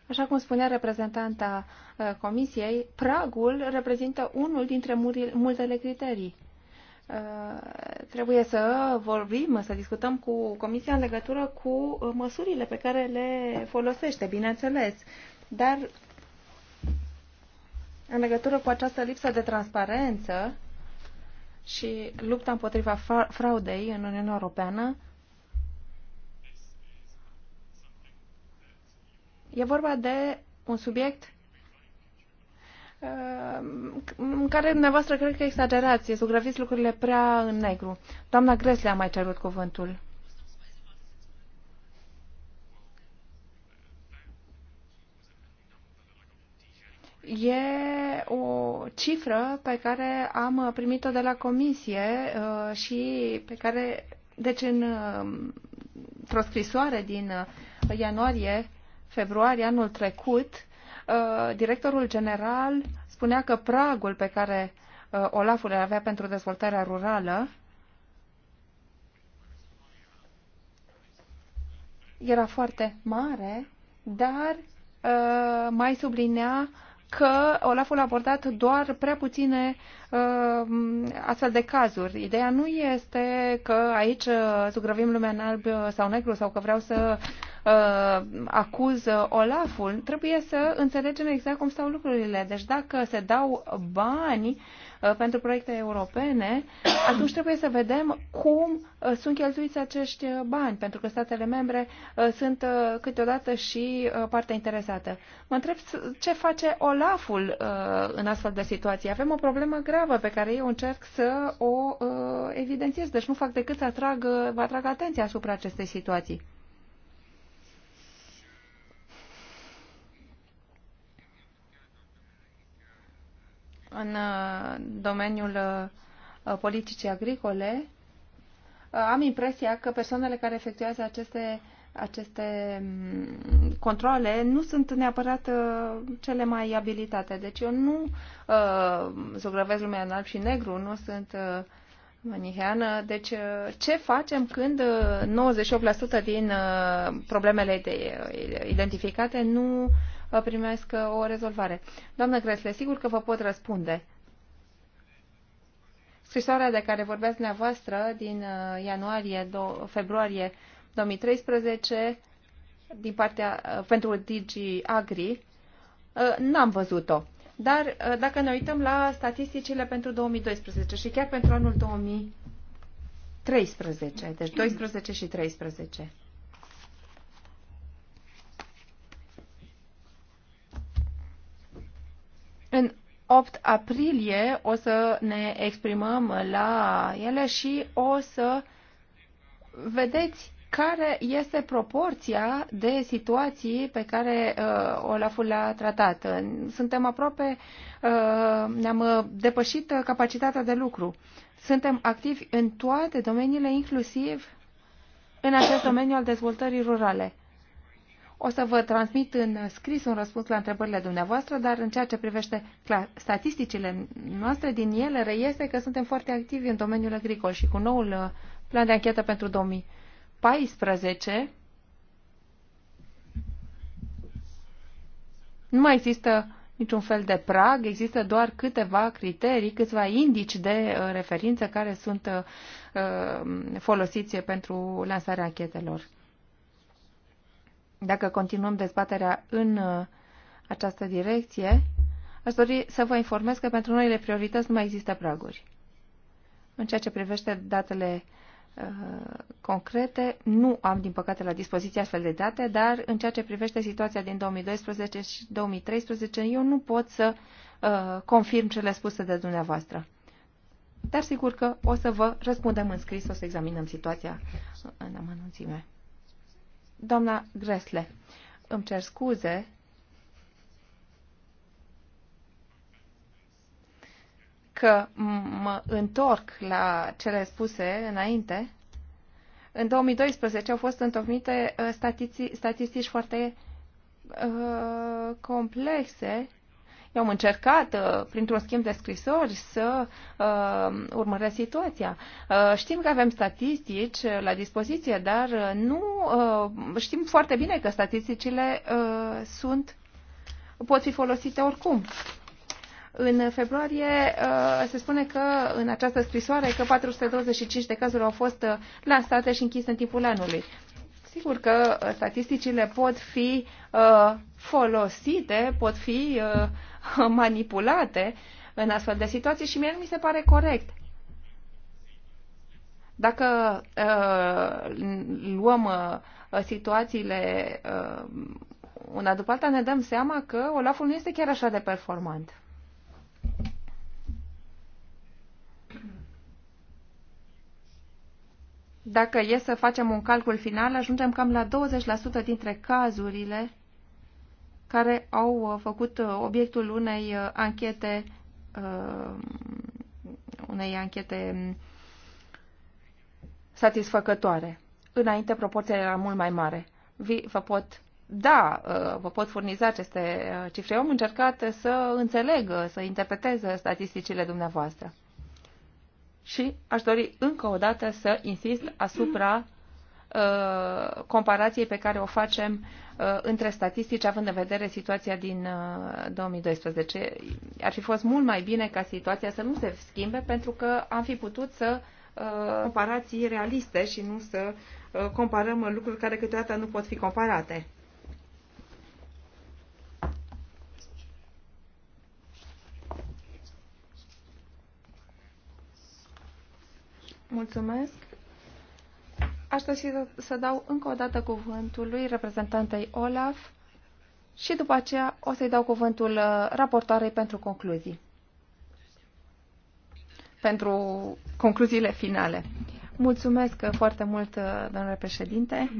Așa cum spunea reprezentanta uh, Comisiei, pragul reprezintă unul dintre multele criterii. Uh, trebuie să vorbim, să discutăm cu Comisia în legătură cu uh, măsurile pe care le folosește, bineînțeles. Dar în legătură cu această lipsă de transparență și lupta împotriva fraudei în Uniunea Europeană, E vorba de un subiect uh, în care dumneavoastră cred că exagerați, sugrăviți lucrurile prea în negru. Doamna Gresle a mai cerut cuvântul. E o cifră pe care am primit-o de la comisie uh, și pe care, deci în, uh, într-o scrisoare din ianuarie februarie anul trecut, uh, directorul general spunea că pragul pe care uh, Olaful îl avea pentru dezvoltarea rurală era foarte mare, dar uh, mai sublinea că Olaful a abordat doar prea puține uh, astfel de cazuri. Ideea nu este că aici zugrăvim lumea în alb sau negru sau că vreau să uh, acuză Olaful, trebuie să înțelegem exact cum stau lucrurile. Deci dacă se dau bani uh, pentru proiecte europene, atunci trebuie să vedem cum uh, sunt cheltuiți acești bani, pentru că statele membre uh, sunt câteodată și partea interesată. Mă întreb ce face Olaful în astfel de situații. Avem o problemă gravă pe care eu încerc să o evidențiez, deci nu fac decât să atrag, vă atrag atenția asupra acestei situații. în uh, domeniul uh, politicii agricole, uh, am impresia că persoanele care efectuează aceste, aceste mm, controle nu sunt neapărat cele mai abilitate. Deci eu nu uh, zugrăvesc lumea în alb și negru, nu sunt uh, maniheană. Deci ce facem când 98% din problemele identificate nu primesc uh, o rezolvare. Doamnă Cresle, sigur că vă pot răspunde. Scrisoarea de care vorbeați dumneavoastră din uh, ianuarie, do, februarie 2013 din partea, uh, pentru Digi Agri, n-am văzut-o. Dar dacă ne uităm la statisticile pentru 2012 și chiar pentru anul 2013, deci 12 și 13, În 8 aprilie o să ne exprimăm la ele și o să vedeți care este proporția de situații pe care uh, Olaful l a tratat. Suntem aproape, uh, ne-am depășit capacitatea de lucru. Suntem activi în toate domeniile, inclusiv în acest domeniu al dezvoltării rurale. O să vă transmit în scris un răspuns la întrebările dumneavoastră, dar în ceea ce privește statisticile noastre, din ele reiese că suntem foarte activi în domeniul agricol și cu noul uh, plan de anchetă pentru 2014 nu mai există niciun fel de prag, există doar câteva criterii, câțiva indici de uh, referință care sunt uh, folosiți pentru lansarea anchetelor. Dacă continuăm dezbaterea în uh, această direcție, aș dori să vă informez că pentru noile priorități nu mai există praguri. În ceea ce privește datele uh, concrete. Nu am, din păcate, la dispoziție astfel de date, dar în ceea ce privește situația din 2012 și 2013, eu nu pot să uh, confirm cele spuse de dumneavoastră. Dar sigur că o să vă răspundem în scris, o să examinăm situația în amănunțime. Doamna Gresle, îmi cer scuze. că mă întorc la cele spuse înainte. În 2012 au fost întocmite uh, statistici foarte uh, complexe eu am încercat, uh, printr-un schimb de scrisori, să uh, urmăresc situația. Uh, știm că avem statistici uh, la dispoziție, dar uh, nu uh, știm foarte bine că statisticile uh, sunt pot fi folosite oricum. În februarie se spune că în această scrisoare că 425 de cazuri au fost lansate și închise în timpul anului. Sigur că statisticile pot fi folosite, pot fi manipulate în astfel de situații și mie nu mi se pare corect. Dacă uh, luăm uh, situațiile uh, una după alta, ne dăm seama că Olaful nu este chiar așa de performant. Dacă e să facem un calcul final, ajungem cam la 20% dintre cazurile care au uh, făcut uh, obiectul unei uh, anchete unei anchete um, satisfăcătoare. Înainte proporția era mult mai mare. Vă pot da, vă pot furniza aceste cifre. Eu am încercat să înțeleg, să interpretez statisticile dumneavoastră. Și aș dori încă o dată să insist asupra Uh, comparației pe care o facem uh, între statistici, având în vedere situația din 2012. Uh, Ar fi fost mult mai bine ca situația să nu se schimbe, pentru că am fi putut să comparații realiste și nu să comparăm lucruri care câteodată nu pot fi comparate. Mulțumesc aș dori să dau încă o dată cuvântul lui reprezentantei Olaf și după aceea o să-i dau cuvântul uh, raportoarei pentru concluzii. Pentru concluziile finale. Mulțumesc foarte mult, uh, domnule președinte.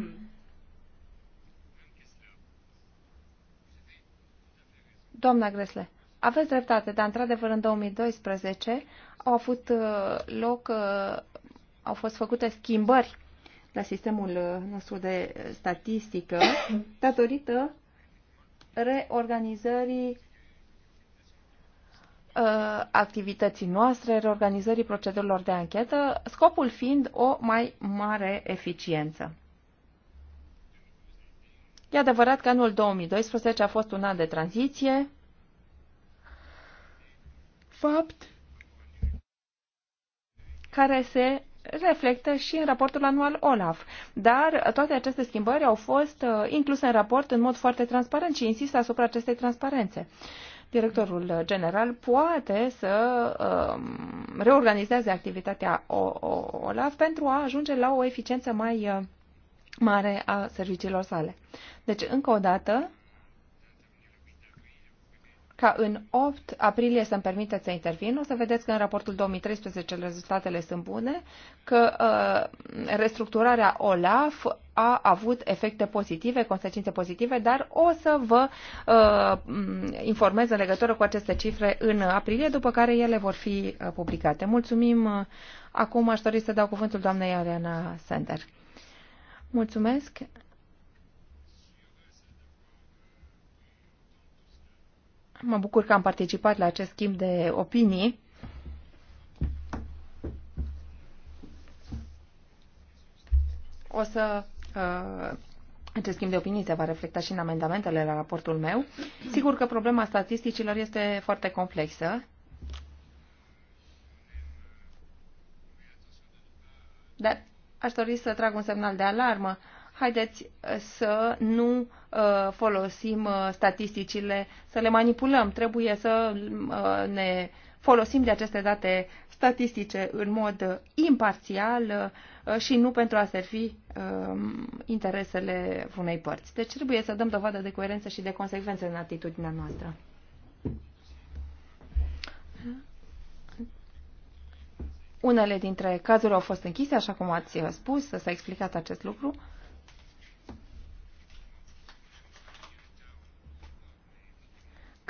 Doamna Gresle, aveți dreptate, dar într-adevăr în 2012 au avut uh, loc, au fost făcute schimbări la sistemul nostru de statistică datorită reorganizării uh, activității noastre, reorganizării procedurilor de anchetă, scopul fiind o mai mare eficiență. E adevărat că anul 2012 a fost un an de tranziție, fapt care se reflectă și în raportul anual OLAF. Dar toate aceste schimbări au fost uh, incluse în raport în mod foarte transparent și insistă asupra acestei transparențe directorul general poate să um, reorganizeze activitatea OLAF pentru a ajunge la o eficiență mai uh, mare a serviciilor sale. Deci, încă o dată, ca în 8 aprilie să-mi permiteți să intervin. O să vedeți că în raportul 2013 rezultatele sunt bune, că uh, restructurarea OLAF a avut efecte pozitive, consecințe pozitive, dar o să vă uh, informez în legătură cu aceste cifre în aprilie, după care ele vor fi uh, publicate. Mulțumim. Acum aș dori să dau cuvântul doamnei Ariana Sander. Mulțumesc. Mă bucur că am participat la acest schimb de opinii. O să uh, acest schimb de opinii se va reflecta și în amendamentele la raportul meu. Sigur că problema statisticilor este foarte complexă. Dar aș dori să trag un semnal de alarmă. Haideți uh, să nu Uh, folosim uh, statisticile, să le manipulăm. Trebuie să uh, ne folosim de aceste date statistice în mod imparțial și nu pentru a servi um, interesele unei părți. Deci trebuie să dăm dovadă de coerență și de consecvență în atitudinea noastră. Unele dintre cazuri au fost închise, așa cum ați spus, s-a explicat acest lucru.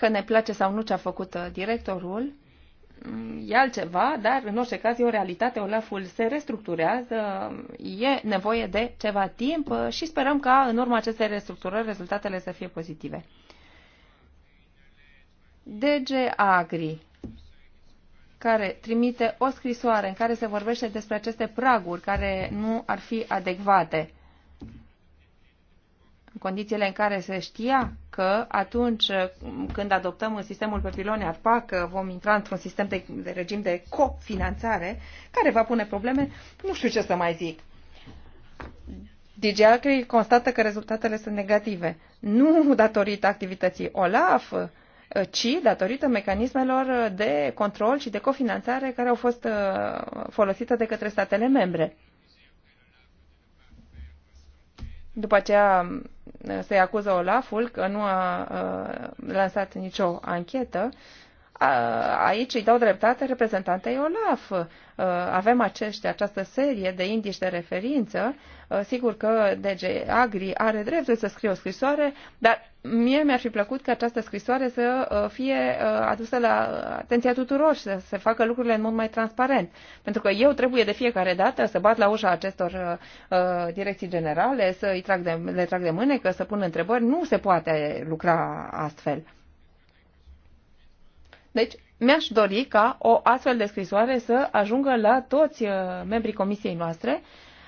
Că ne place sau nu ce a făcut uh, directorul, mm, e altceva, dar în orice caz e o realitate, Olaful se restructurează, e nevoie de ceva timp uh, și sperăm ca în urma acestei restructurări rezultatele să fie pozitive. DG Agri, care trimite o scrisoare în care se vorbește despre aceste praguri care nu ar fi adecvate condițiile în care se știa că atunci uh, când adoptăm în sistemul pe pilone ar vom intra într-un sistem de, de regim de cofinanțare care va pune probleme, nu știu ce să mai zic. DGACRI constată că rezultatele sunt negative, nu datorită activității OLAF, uh, ci datorită mecanismelor de control și de cofinanțare care au fost uh, folosite de către statele membre. După aceea se acuză Olaful că nu a lansat nicio anchetă aici îi dau dreptate reprezentantei OLAF. Avem acești, această serie de indici de referință. Sigur că DG Agri are dreptul să scrie o scrisoare, dar mie mi-ar fi plăcut ca această scrisoare să fie adusă la atenția tuturor și să se facă lucrurile în mod mai transparent. Pentru că eu trebuie de fiecare dată să bat la ușa acestor direcții generale, să îi trag de, le trag de mânecă, să pun întrebări. Nu se poate lucra astfel. Deci, mi-aș dori ca o astfel de scrisoare să ajungă la toți uh, membrii comisiei noastre,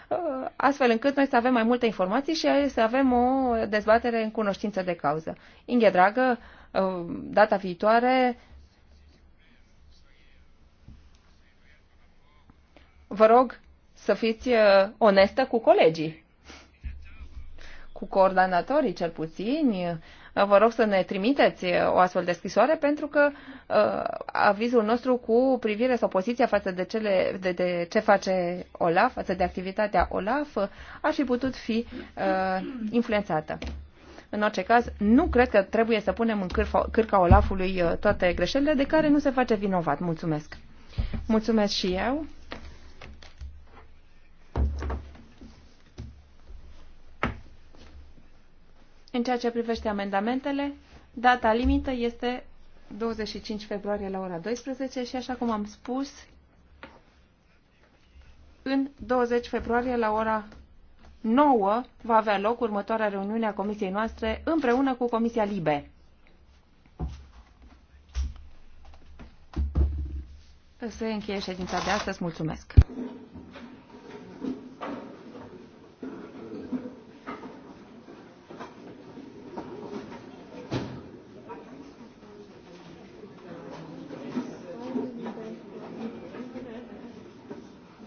uh, astfel încât noi să avem mai multe informații și să avem o dezbatere în cunoștință de cauză. Inghe Dragă, uh, data viitoare, vă rog să fiți onestă cu colegii, cu coordonatorii cel puțin, vă rog să ne trimiteți o astfel de scrisoare pentru că uh, avizul nostru cu privire sau poziția față de, cele, de, de ce face OLAF, față de activitatea OLAF, ar fi putut fi uh, influențată. În orice caz, nu cred că trebuie să punem în cârfa, cârca Olafului uh, toate greșelile de care nu se face vinovat. Mulțumesc! Mulțumesc și eu! În ceea ce privește amendamentele, data limită este 25 februarie la ora 12 și, așa cum am spus, în 20 februarie la ora 9 va avea loc următoarea reuniune a comisiei noastre împreună cu Comisia Libe. Să încheie ședința de astăzi. Mulțumesc!